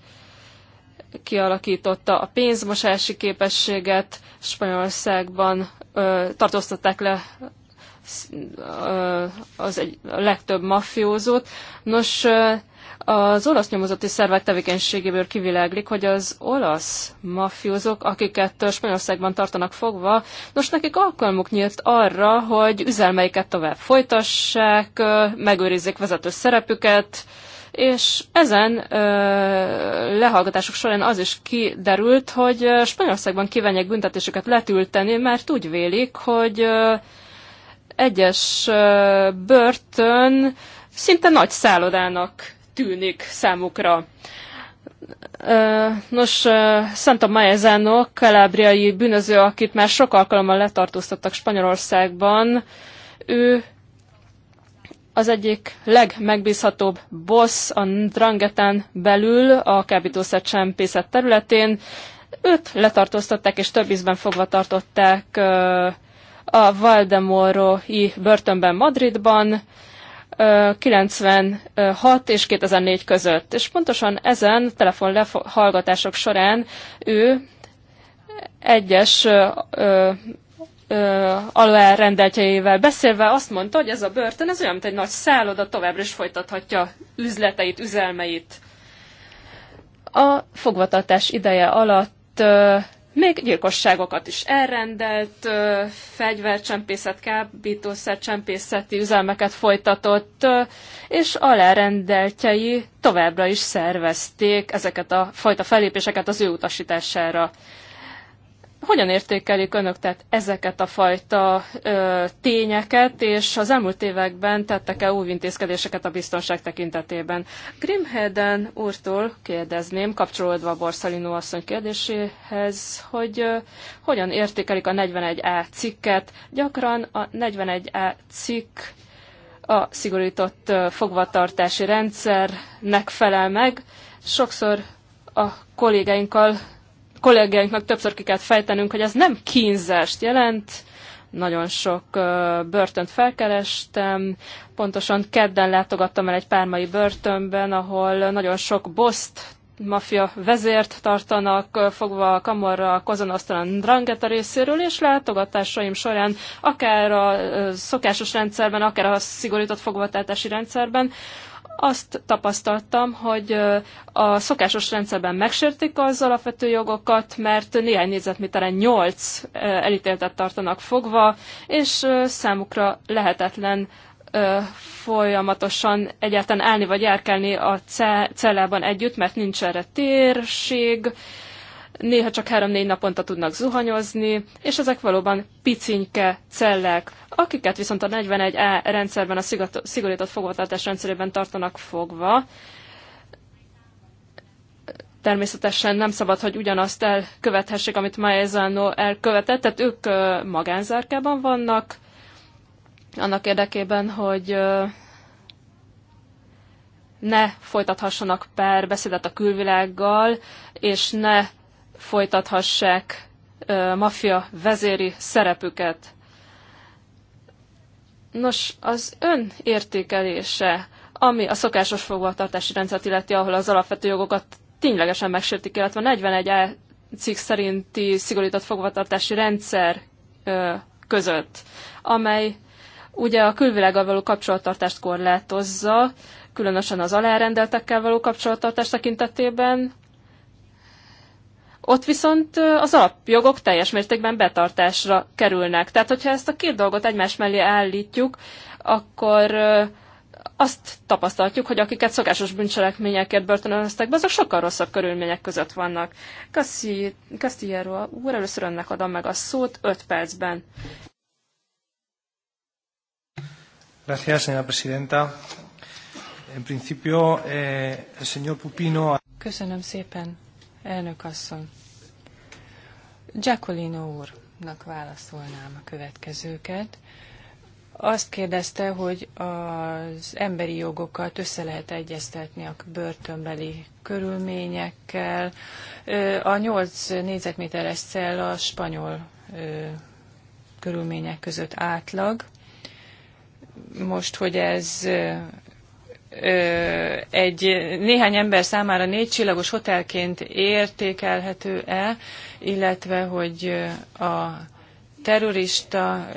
kialakította a pénzmosási képességet, Spanyolországban ö, tartóztatták le ö, az egy, a legtöbb mafiózót. Nos, ö, az olasz nyomozati szervek tevékenységéből kiviláglik, hogy az olasz mafiózók, akiket Spanyolországban tartanak fogva, nos, nekik alkalmuk nyílt arra, hogy üzelmeiket tovább folytassák, megőrizzék vezető szerepüket, és ezen ö, lehallgatások során az is kiderült, hogy Spanyolországban kívánják büntetésüket letülteni, mert úgy vélik, hogy ö, egyes ö, börtön szinte nagy szállodának tűnik számukra. Nos, Santa Maezano, kalábriai bűnöző, akit már sok alkalommal letartóztattak Spanyolországban, ő az egyik legmegbízhatóbb boss a Drangetán belül a kábítószer csempészet területén. Őt letartóztatták és több ízben fogva tartották a Valdemoro-i börtönben Madridban, 96 és 2004 között. És pontosan ezen telefonlehallgatások során ő egyes alulrendeltjeivel beszélve azt mondta, hogy ez a börtön, ez olyan, mint egy nagy szálloda, továbbra is folytathatja üzleteit, üzelmeit. A fogvatartás ideje alatt még gyilkosságokat is elrendelt, fegyvercsempészet, kábítószercsempészeti üzelmeket folytatott, és alárendeltjei továbbra is szervezték ezeket a fajta felépéseket az ő utasítására. Hogyan értékelik önök tehát ezeket a fajta ö, tényeket, és az elmúlt években tettek-e intézkedéseket a biztonság tekintetében? Grimheden úrtól kérdezném, kapcsolódva a Borszalino asszony kérdéséhez, hogy ö, hogyan értékelik a 41A cikket. Gyakran a 41A cikk a szigorított fogvatartási rendszernek felel meg. Sokszor a kollégáinkkal kollégáinknak többször ki kellett fejtenünk, hogy ez nem kínzást jelent, nagyon sok börtönt felkerestem. Pontosan kedden látogattam el egy pármai börtönben, ahol nagyon sok boszt mafia vezért tartanak fogva a kamorra, kozonasztalan drangeta részéről, és látogatásaim során akár a szokásos rendszerben, akár a szigorított fogvatáltási rendszerben azt tapasztaltam, hogy a szokásos rendszerben megsértik az alapvető jogokat, mert néhány négyzetméteren nyolc elítéltet tartanak fogva, és számukra lehetetlen folyamatosan egyáltalán állni vagy járkálni a cellában együtt, mert nincs erre térség, néha csak három-négy naponta tudnak zuhanyozni, és ezek valóban picinke cellek, akiket viszont a 41A rendszerben, a szigorított fogvatartás rendszerében tartanak fogva. Természetesen nem szabad, hogy ugyanazt elkövethessék, amit Maezano elkövetett, tehát ők magánzárkában vannak, annak érdekében, hogy ne folytathassanak párbeszédet a külvilággal, és ne folytathassák maffia vezéri szerepüket. Nos, az ön értékelése, ami a szokásos fogvatartási rendszert illeti, ahol az alapvető jogokat ténylegesen megsértik, illetve 41 A cikk szerinti szigorított fogvatartási rendszer között, amely ugye a külvilággal való kapcsolattartást korlátozza, különösen az alárendeltekkel való kapcsolattartás tekintetében, ott viszont az alapjogok teljes mértékben betartásra kerülnek. Tehát, hogyha ezt a két dolgot egymás mellé állítjuk, akkor azt tapasztaltjuk, hogy akiket szokásos bűncselekményekért börtönöztek be, azok sokkal rosszabb körülmények között vannak. Castillero úr, először önnek adom meg a szót 5 percben. Gracias, señora presidenta. En principio, eh, el señor Pupino... Köszönöm szépen, Elnök asszony. Giacolino úrnak válaszolnám a következőket. Azt kérdezte, hogy az emberi jogokat össze lehet egyeztetni a börtönbeli körülményekkel. A 8 négyzetméteres cell a spanyol körülmények között átlag. Most, hogy ez egy néhány ember számára négy csillagos hotelként értékelhető-e, illetve hogy a terrorista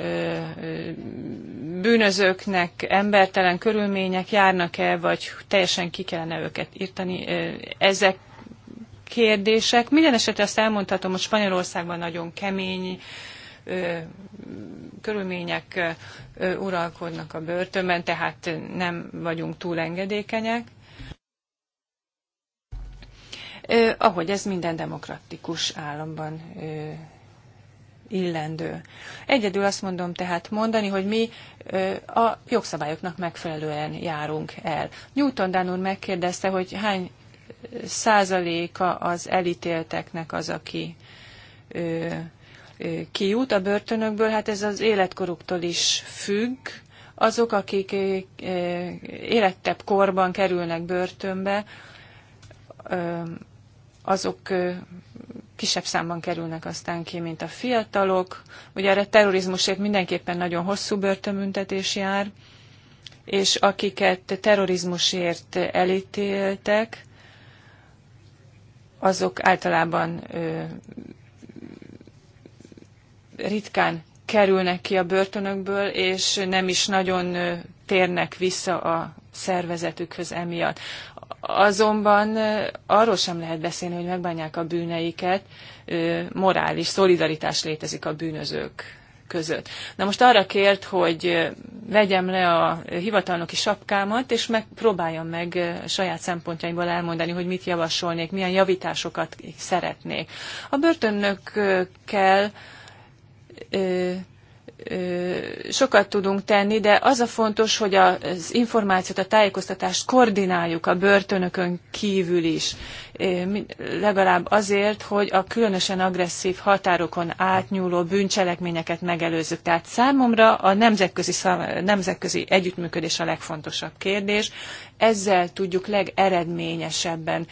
bűnözőknek embertelen körülmények járnak-e, vagy teljesen ki kellene őket írtani. Ezek kérdések. Minden esetre azt elmondhatom, hogy Spanyolországban nagyon kemény körülmények uralkodnak a börtönben, tehát nem vagyunk túl engedékenyek. Ahogy ez minden demokratikus államban illendő. Egyedül azt mondom tehát mondani, hogy mi a jogszabályoknak megfelelően járunk el. Newton Dan úr megkérdezte, hogy hány százaléka az elítélteknek az, aki kiút a börtönökből, hát ez az életkoruktól is függ. Azok, akik érettebb korban kerülnek börtönbe, azok kisebb számban kerülnek aztán ki, mint a fiatalok. Ugye erre terrorizmusért mindenképpen nagyon hosszú börtönbüntetés jár, és akiket terrorizmusért elítéltek, azok általában ritkán kerülnek ki a börtönökből, és nem is nagyon térnek vissza a szervezetükhöz emiatt. Azonban arról sem lehet beszélni, hogy megbánják a bűneiket, morális szolidaritás létezik a bűnözők között. Na most arra kért, hogy vegyem le a hivatalnoki sapkámat, és megpróbáljam meg saját szempontjaimból elmondani, hogy mit javasolnék, milyen javításokat szeretnék. A börtönökkel sokat tudunk tenni, de az a fontos, hogy az információt, a tájékoztatást koordináljuk a börtönökön kívül is. Legalább azért, hogy a különösen agresszív határokon átnyúló bűncselekményeket megelőzzük. Tehát számomra a nemzetközi, nemzetközi együttműködés a legfontosabb kérdés. Ezzel tudjuk legeredményesebben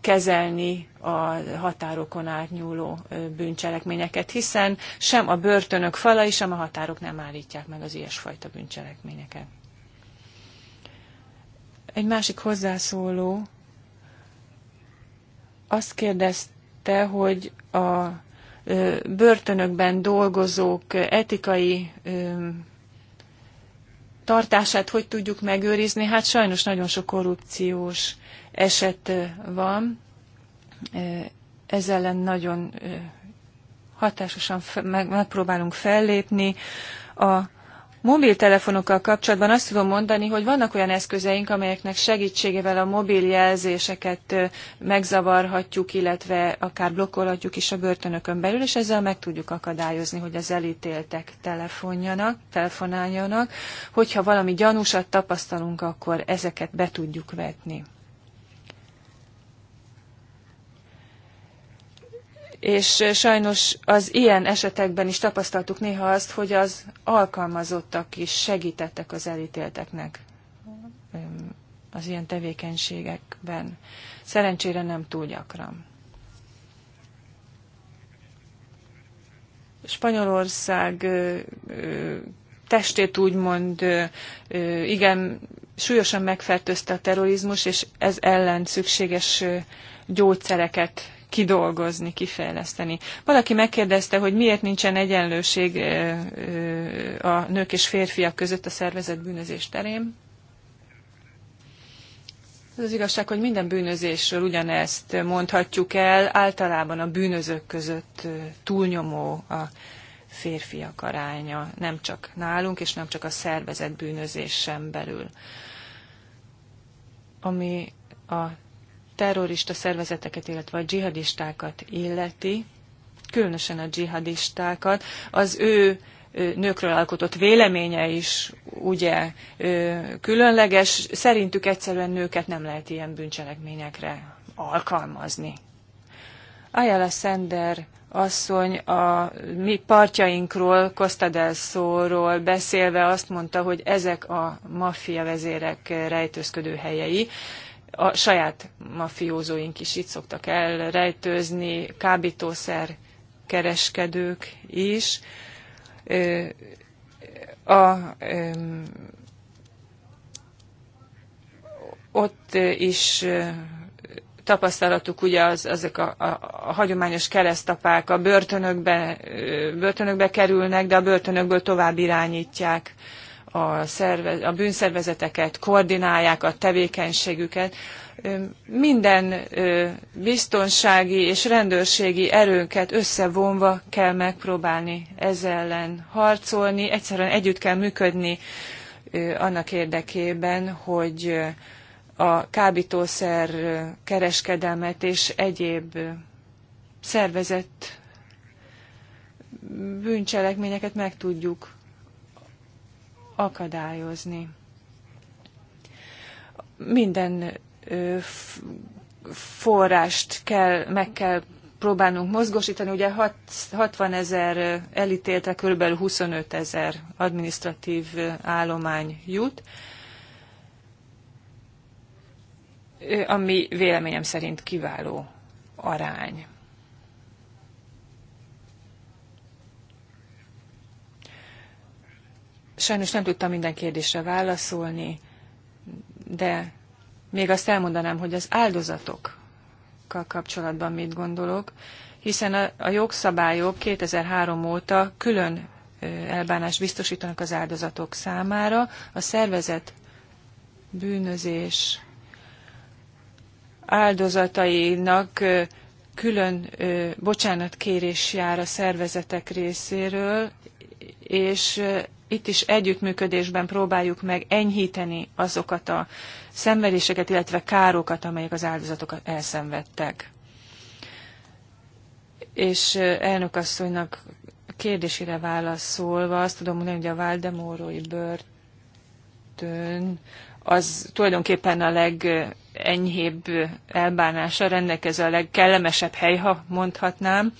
kezelni a határokon átnyúló bűncselekményeket, hiszen sem a börtönök falai, sem a határok nem állítják meg az ilyesfajta bűncselekményeket. Egy másik hozzászóló azt kérdezte, hogy a börtönökben dolgozók etikai tartását hogy tudjuk megőrizni. Hát sajnos nagyon sok korrupciós eset van. ezzel ellen nagyon hatásosan megpróbálunk fellépni. A mobiltelefonokkal kapcsolatban azt tudom mondani, hogy vannak olyan eszközeink, amelyeknek segítségével a mobil jelzéseket megzavarhatjuk, illetve akár blokkolhatjuk is a börtönökön belül, és ezzel meg tudjuk akadályozni, hogy az elítéltek telefonjanak, telefonáljanak. Hogyha valami gyanúsat tapasztalunk, akkor ezeket be tudjuk vetni. és sajnos az ilyen esetekben is tapasztaltuk néha azt, hogy az alkalmazottak is segítettek az elítélteknek az ilyen tevékenységekben. Szerencsére nem túl gyakran. Spanyolország testét úgymond igen súlyosan megfertőzte a terrorizmus, és ez ellen szükséges gyógyszereket kidolgozni, kifejleszteni. Valaki megkérdezte, hogy miért nincsen egyenlőség a nők és férfiak között a szervezett bűnözés terén. Az az igazság, hogy minden bűnözésről ugyanezt mondhatjuk el, általában a bűnözők között túlnyomó a férfiak aránya, nem csak nálunk, és nem csak a szervezett sem belül. Ami a terrorista szervezeteket, illetve a dzsihadistákat illeti, különösen a dzsihadistákat, az ő nőkről alkotott véleménye is ugye különleges. Szerintük egyszerűen nőket nem lehet ilyen bűncselekményekre alkalmazni. Ayala Sender asszony a mi partjainkról, Costa del Sorról beszélve azt mondta, hogy ezek a maffia vezérek rejtőzködő helyei a saját mafiózóink is itt szoktak elrejtőzni, kábítószer kereskedők is. A, ott is tapasztalatuk ugye az, azok a, a, a hagyományos keresztapák a börtönökbe, börtönökbe kerülnek, de a börtönökből tovább irányítják a, a bűnszervezeteket, koordinálják a tevékenységüket. Minden biztonsági és rendőrségi erőnket összevonva kell megpróbálni ezzel ellen harcolni, egyszerűen együtt kell működni annak érdekében, hogy a kábítószer kereskedelmet és egyéb szervezett bűncselekményeket meg tudjuk akadályozni. Minden forrást kell, meg kell próbálnunk mozgósítani. Ugye 60 ezer elítéltre kb. 25 ezer administratív állomány jut, ami véleményem szerint kiváló arány. Sajnos nem tudtam minden kérdésre válaszolni, de még azt elmondanám, hogy az áldozatokkal kapcsolatban mit gondolok, hiszen a, a jogszabályok 2003 óta külön elbánást biztosítanak az áldozatok számára. A szervezet bűnözés áldozatainak külön bocsánatkérés jár a szervezetek részéről, és itt is együttműködésben próbáljuk meg enyhíteni azokat a szenvedéseket, illetve károkat, amelyek az áldozatok elszenvedtek. És elnök asszonynak kérdésére válaszolva azt tudom mondani, hogy a Váldemórói börtön az tulajdonképpen a legenyhébb elbánása rendelkező, a legkellemesebb hely, ha mondhatnám.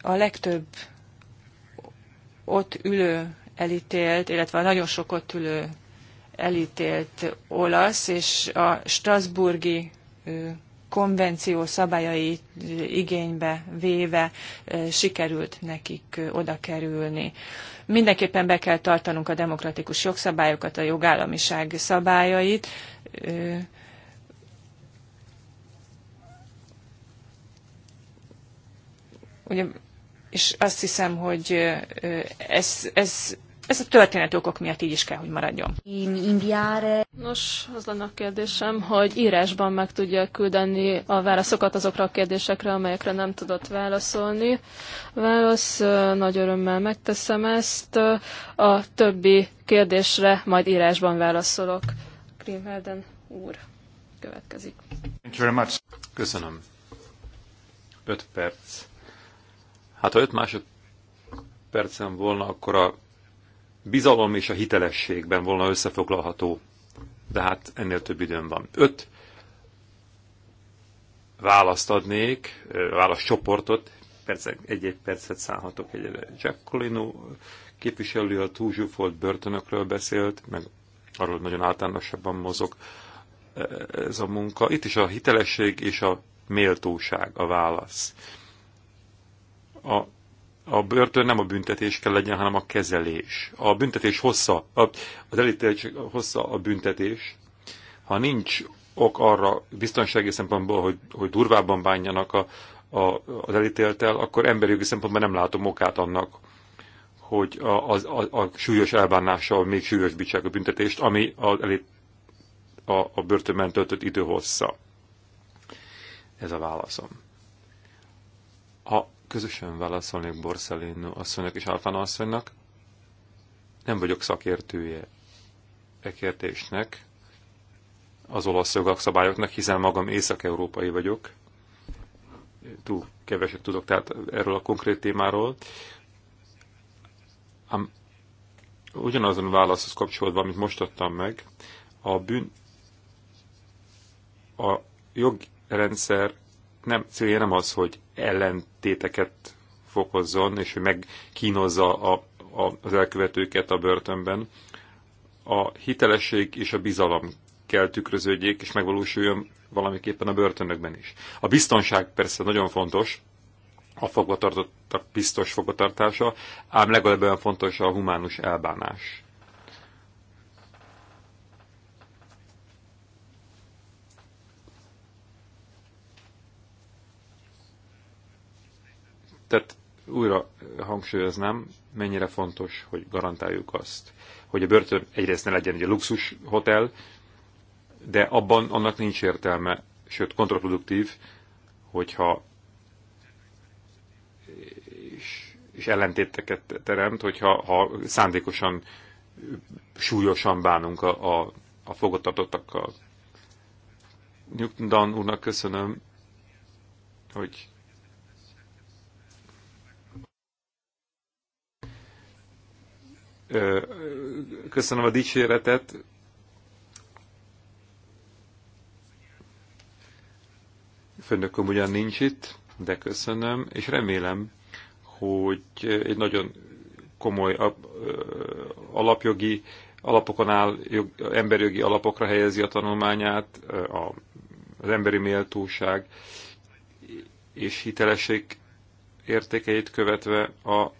A legtöbb ott ülő elítélt, illetve a nagyon sok ott ülő elítélt olasz, és a Strasburgi konvenció szabályait igénybe véve sikerült nekik oda kerülni. Mindenképpen be kell tartanunk a demokratikus jogszabályokat, a jogállamiság szabályait. Ugye és azt hiszem, hogy ez, ez, ez a történeti okok miatt így is kell, hogy maradjon. Nos, az lenne a kérdésem, hogy írásban meg tudja küldeni a válaszokat azokra a kérdésekre, amelyekre nem tudott válaszolni. Válasz, nagy örömmel megteszem ezt. A többi kérdésre majd írásban válaszolok. Grimhelden úr következik. Thank you very much. Köszönöm. 5 perc Hát ha 5 másodpercen volna, akkor a bizalom és a hitelességben volna összefoglalható, de hát ennél több időm van. 5 választ adnék, válaszcsoportot, percen, egy-egy percet szállhatok egyre. Jack Colino képviselő a túlzsúfolt börtönökről beszélt, meg arról nagyon általánosabban mozog ez a munka. Itt is a hitelesség és a méltóság a válasz a, a börtön nem a büntetés kell legyen, hanem a kezelés. A büntetés hossza, a, az elítélés hossza a büntetés. Ha nincs ok arra biztonsági szempontból, hogy, hogy durvábban bánjanak a, a, az elítéltel, akkor emberi jogi szempontból nem látom okát annak, hogy a, a, a, a súlyos elbánással még súlyos a büntetést, ami a, a, a börtönben töltött idő hossza. Ez a válaszom. Ha közösen válaszolnék Borszelino asszonynak és Alfán asszonynak. Nem vagyok szakértője e kérdésnek, az olasz szabályoknak hiszen magam észak-európai vagyok. Túl keveset tudok tehát erről a konkrét témáról. Ám ugyanazon válaszhoz kapcsolódva, amit most adtam meg, a bűn a jogrendszer nem, célja nem az, hogy ellentéteket fokozzon, és hogy megkínozza a, a, az elkövetőket a börtönben. A hitelesség és a bizalom kell tükröződjék, és megvalósuljon valamiképpen a börtönökben is. A biztonság persze nagyon fontos, a fogvatartottak biztos fogvatartása, ám legalább olyan fontos a humánus elbánás. Tehát újra hangsúlyoznám, mennyire fontos, hogy garantáljuk azt, hogy a börtön egyrészt ne legyen egy luxus hotel, de abban annak nincs értelme, sőt kontraproduktív, hogyha és, és ellentéteket teremt, hogyha ha szándékosan súlyosan bánunk a, a, a fogottatottakkal. Newton úrnak köszönöm, hogy Köszönöm a dicséretet. Főnököm ugyan nincs itt, de köszönöm, és remélem, hogy egy nagyon komoly alapjogi alapokon áll, jog, emberjogi alapokra helyezi a tanulmányát, a, az emberi méltóság és hitelesség értékeit követve a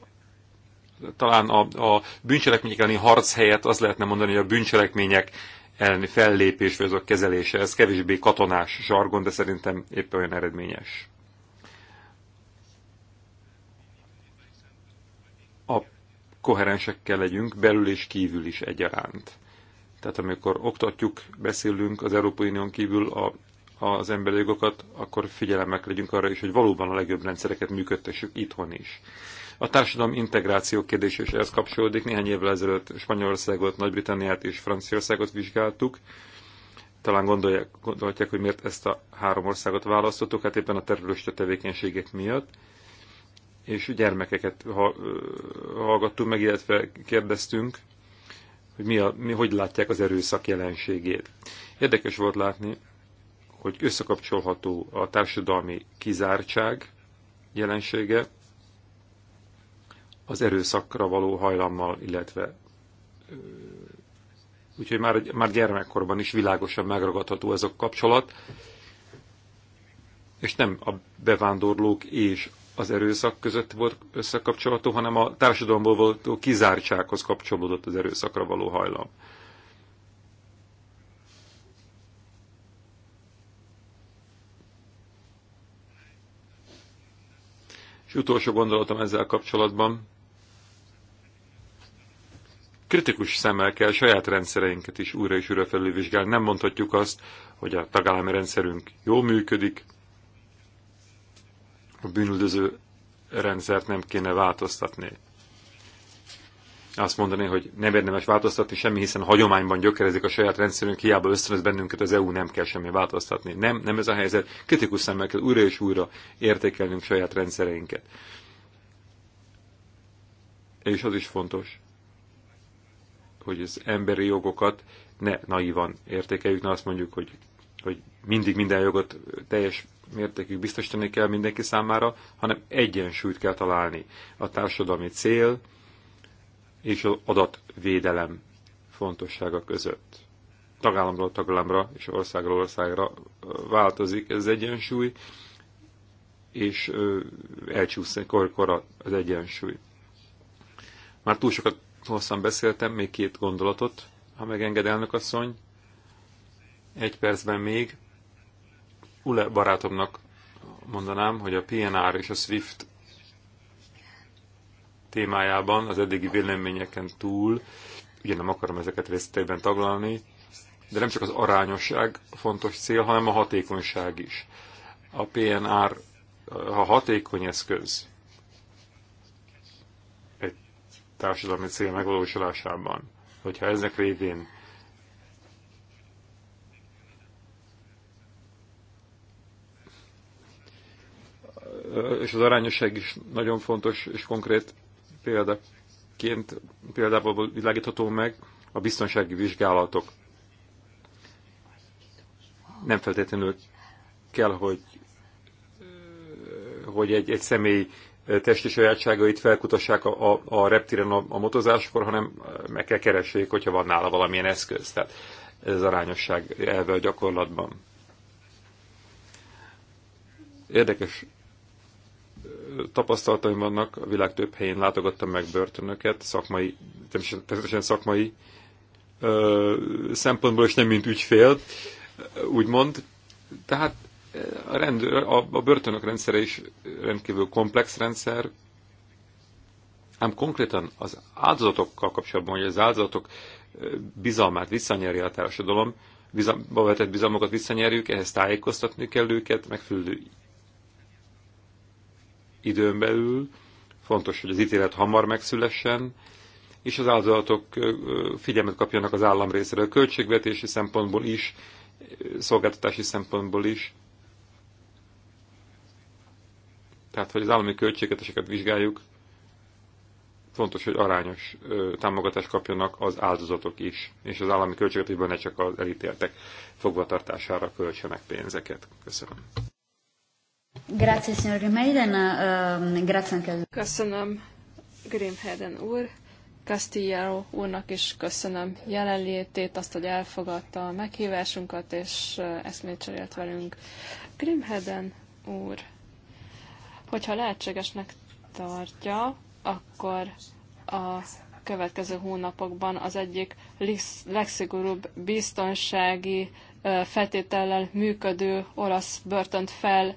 talán a, a bűncselekmények elleni harc helyett az lehetne mondani, hogy a bűncselekmények elleni fellépés vagy azok kezelése, ez kevésbé katonás zsargon, de szerintem éppen olyan eredményes. A koherensekkel legyünk belül és kívül is egyaránt. Tehát amikor oktatjuk, beszélünk az Európai Unión kívül a, az emberi jogokat, akkor figyelemek legyünk arra is, hogy valóban a legjobb rendszereket működtessük itthon is. A társadalom integráció kérdése is ehhez kapcsolódik. Néhány évvel ezelőtt Spanyolországot, Nagy-Britanniát és Franciaországot vizsgáltuk. Talán gondolják, gondolják, hogy miért ezt a három országot választottuk, hát éppen a terrorista tevékenységek miatt és gyermekeket hallgattunk meg, illetve kérdeztünk, hogy mi a, mi, hogy látják az erőszak jelenségét. Érdekes volt látni, hogy összekapcsolható a társadalmi kizártság jelensége az erőszakra való hajlammal, illetve úgyhogy már, már gyermekkorban is világosan megragadható ez a kapcsolat, és nem a bevándorlók és az erőszak között volt összekapcsolható, hanem a társadalomból volt kizártsághoz kapcsolódott az erőszakra való hajlam. És utolsó gondolatom ezzel kapcsolatban, kritikus szemmel kell saját rendszereinket is újra és újra felülvizsgálni. Nem mondhatjuk azt, hogy a tagállami rendszerünk jól működik, a bűnüldöző rendszert nem kéne változtatni. Azt mondani, hogy nem érdemes változtatni semmi, hiszen a hagyományban gyökerezik a saját rendszerünk, hiába ösztönöz bennünket, az EU nem kell semmi változtatni. Nem, nem ez a helyzet. Kritikus szemmel kell újra és újra értékelnünk saját rendszereinket. És az is fontos, hogy az emberi jogokat ne naivan értékeljük, ne azt mondjuk, hogy, hogy mindig minden jogot teljes mértékig biztosítani kell mindenki számára, hanem egyensúlyt kell találni. A társadalmi cél és az adatvédelem fontossága között. Tagállamról tagállamra és országról országra változik ez egyensúly, és elcsúszik kor, az egyensúly. Már túl sokat hosszan beszéltem, még két gondolatot, ha megenged elnök asszony. Egy percben még. Ule barátomnak mondanám, hogy a PNR és a SWIFT témájában az eddigi véleményeken túl, ugye nem akarom ezeket részletekben taglalni, de nem csak az arányosság fontos cél, hanem a hatékonyság is. A PNR, ha hatékony eszköz, társadalmi cél megvalósulásában. Hogyha ezek révén és az arányosság is nagyon fontos és konkrét példaként, példából világítható meg a biztonsági vizsgálatok. Nem feltétlenül kell, hogy hogy egy, egy személy testi sajátságait felkutassák a, a, a reptiren a, a motozáskor, hanem meg kell keressék, hogyha van nála valamilyen eszköz. Tehát ez az arányosság elve a gyakorlatban. Érdekes tapasztalataim vannak, a világ több helyén látogattam meg börtönöket, szakmai, természetesen szakmai ö, szempontból, és nem mint ügyfél, úgymond. Tehát a, rendőr, a, a börtönök rendszere is rendkívül komplex rendszer, ám konkrétan az áldozatokkal kapcsolatban, hogy az áldozatok bizalmát visszanyerje a társadalom, bizalma vetett bizalmokat visszanyerjük, ehhez tájékoztatni kell őket, megfelelő időn belül, fontos, hogy az ítélet hamar megszülessen, és az áldozatok figyelmet kapjanak az állam részéről, költségvetési szempontból is, szolgáltatási szempontból is, Tehát, hogy az állami költségeteseket vizsgáljuk, fontos, hogy arányos ö, támogatást kapjanak az áldozatok is, és az állami költségetésben ne csak az elítéltek fogvatartására költsenek pénzeket. Köszönöm. Grazie, signor Grimheden. grazie anche. Köszönöm, Grimheden úr. Castillo úrnak is köszönöm jelenlétét, azt, hogy elfogadta a meghívásunkat, és eszmét cserélt velünk. Grimheden úr. Hogyha lehetségesnek tartja, akkor a következő hónapokban az egyik legszigorúbb biztonsági feltétellel működő olasz börtönt fel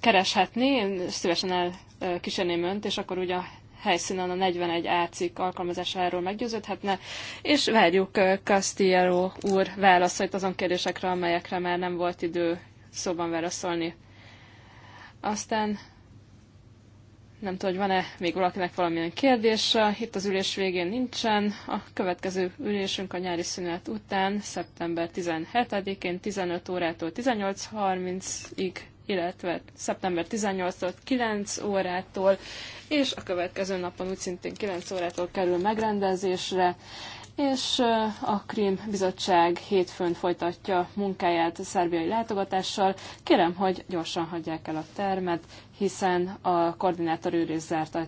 kereshetni. Én szívesen elkísérném önt, és akkor ugye a helyszínen a 41 ácik alkalmazásáról meggyőződhetne, és várjuk Castillo úr válaszait azon kérdésekre, amelyekre már nem volt idő szóban válaszolni. Aztán nem tudom, hogy van-e még valakinek valamilyen kérdése. Itt az ülés végén nincsen. A következő ülésünk a nyári szünet után, szeptember 17-én 15 órától 18.30-ig illetve szeptember 18-tól 9 órától, és a következő napon úgy szintén 9 órától kerül megrendezésre, és a Krím Bizottság hétfőn folytatja munkáját a szerbiai látogatással. Kérem, hogy gyorsan hagyják el a termet, hiszen a koordinátor őrész zárt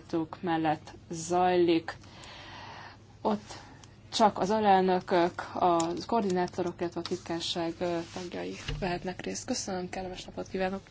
mellett zajlik. Ott csak az alelnökök, a koordinátorok, illetve a titkárság tagjai vehetnek részt. Köszönöm, kellemes napot kívánok!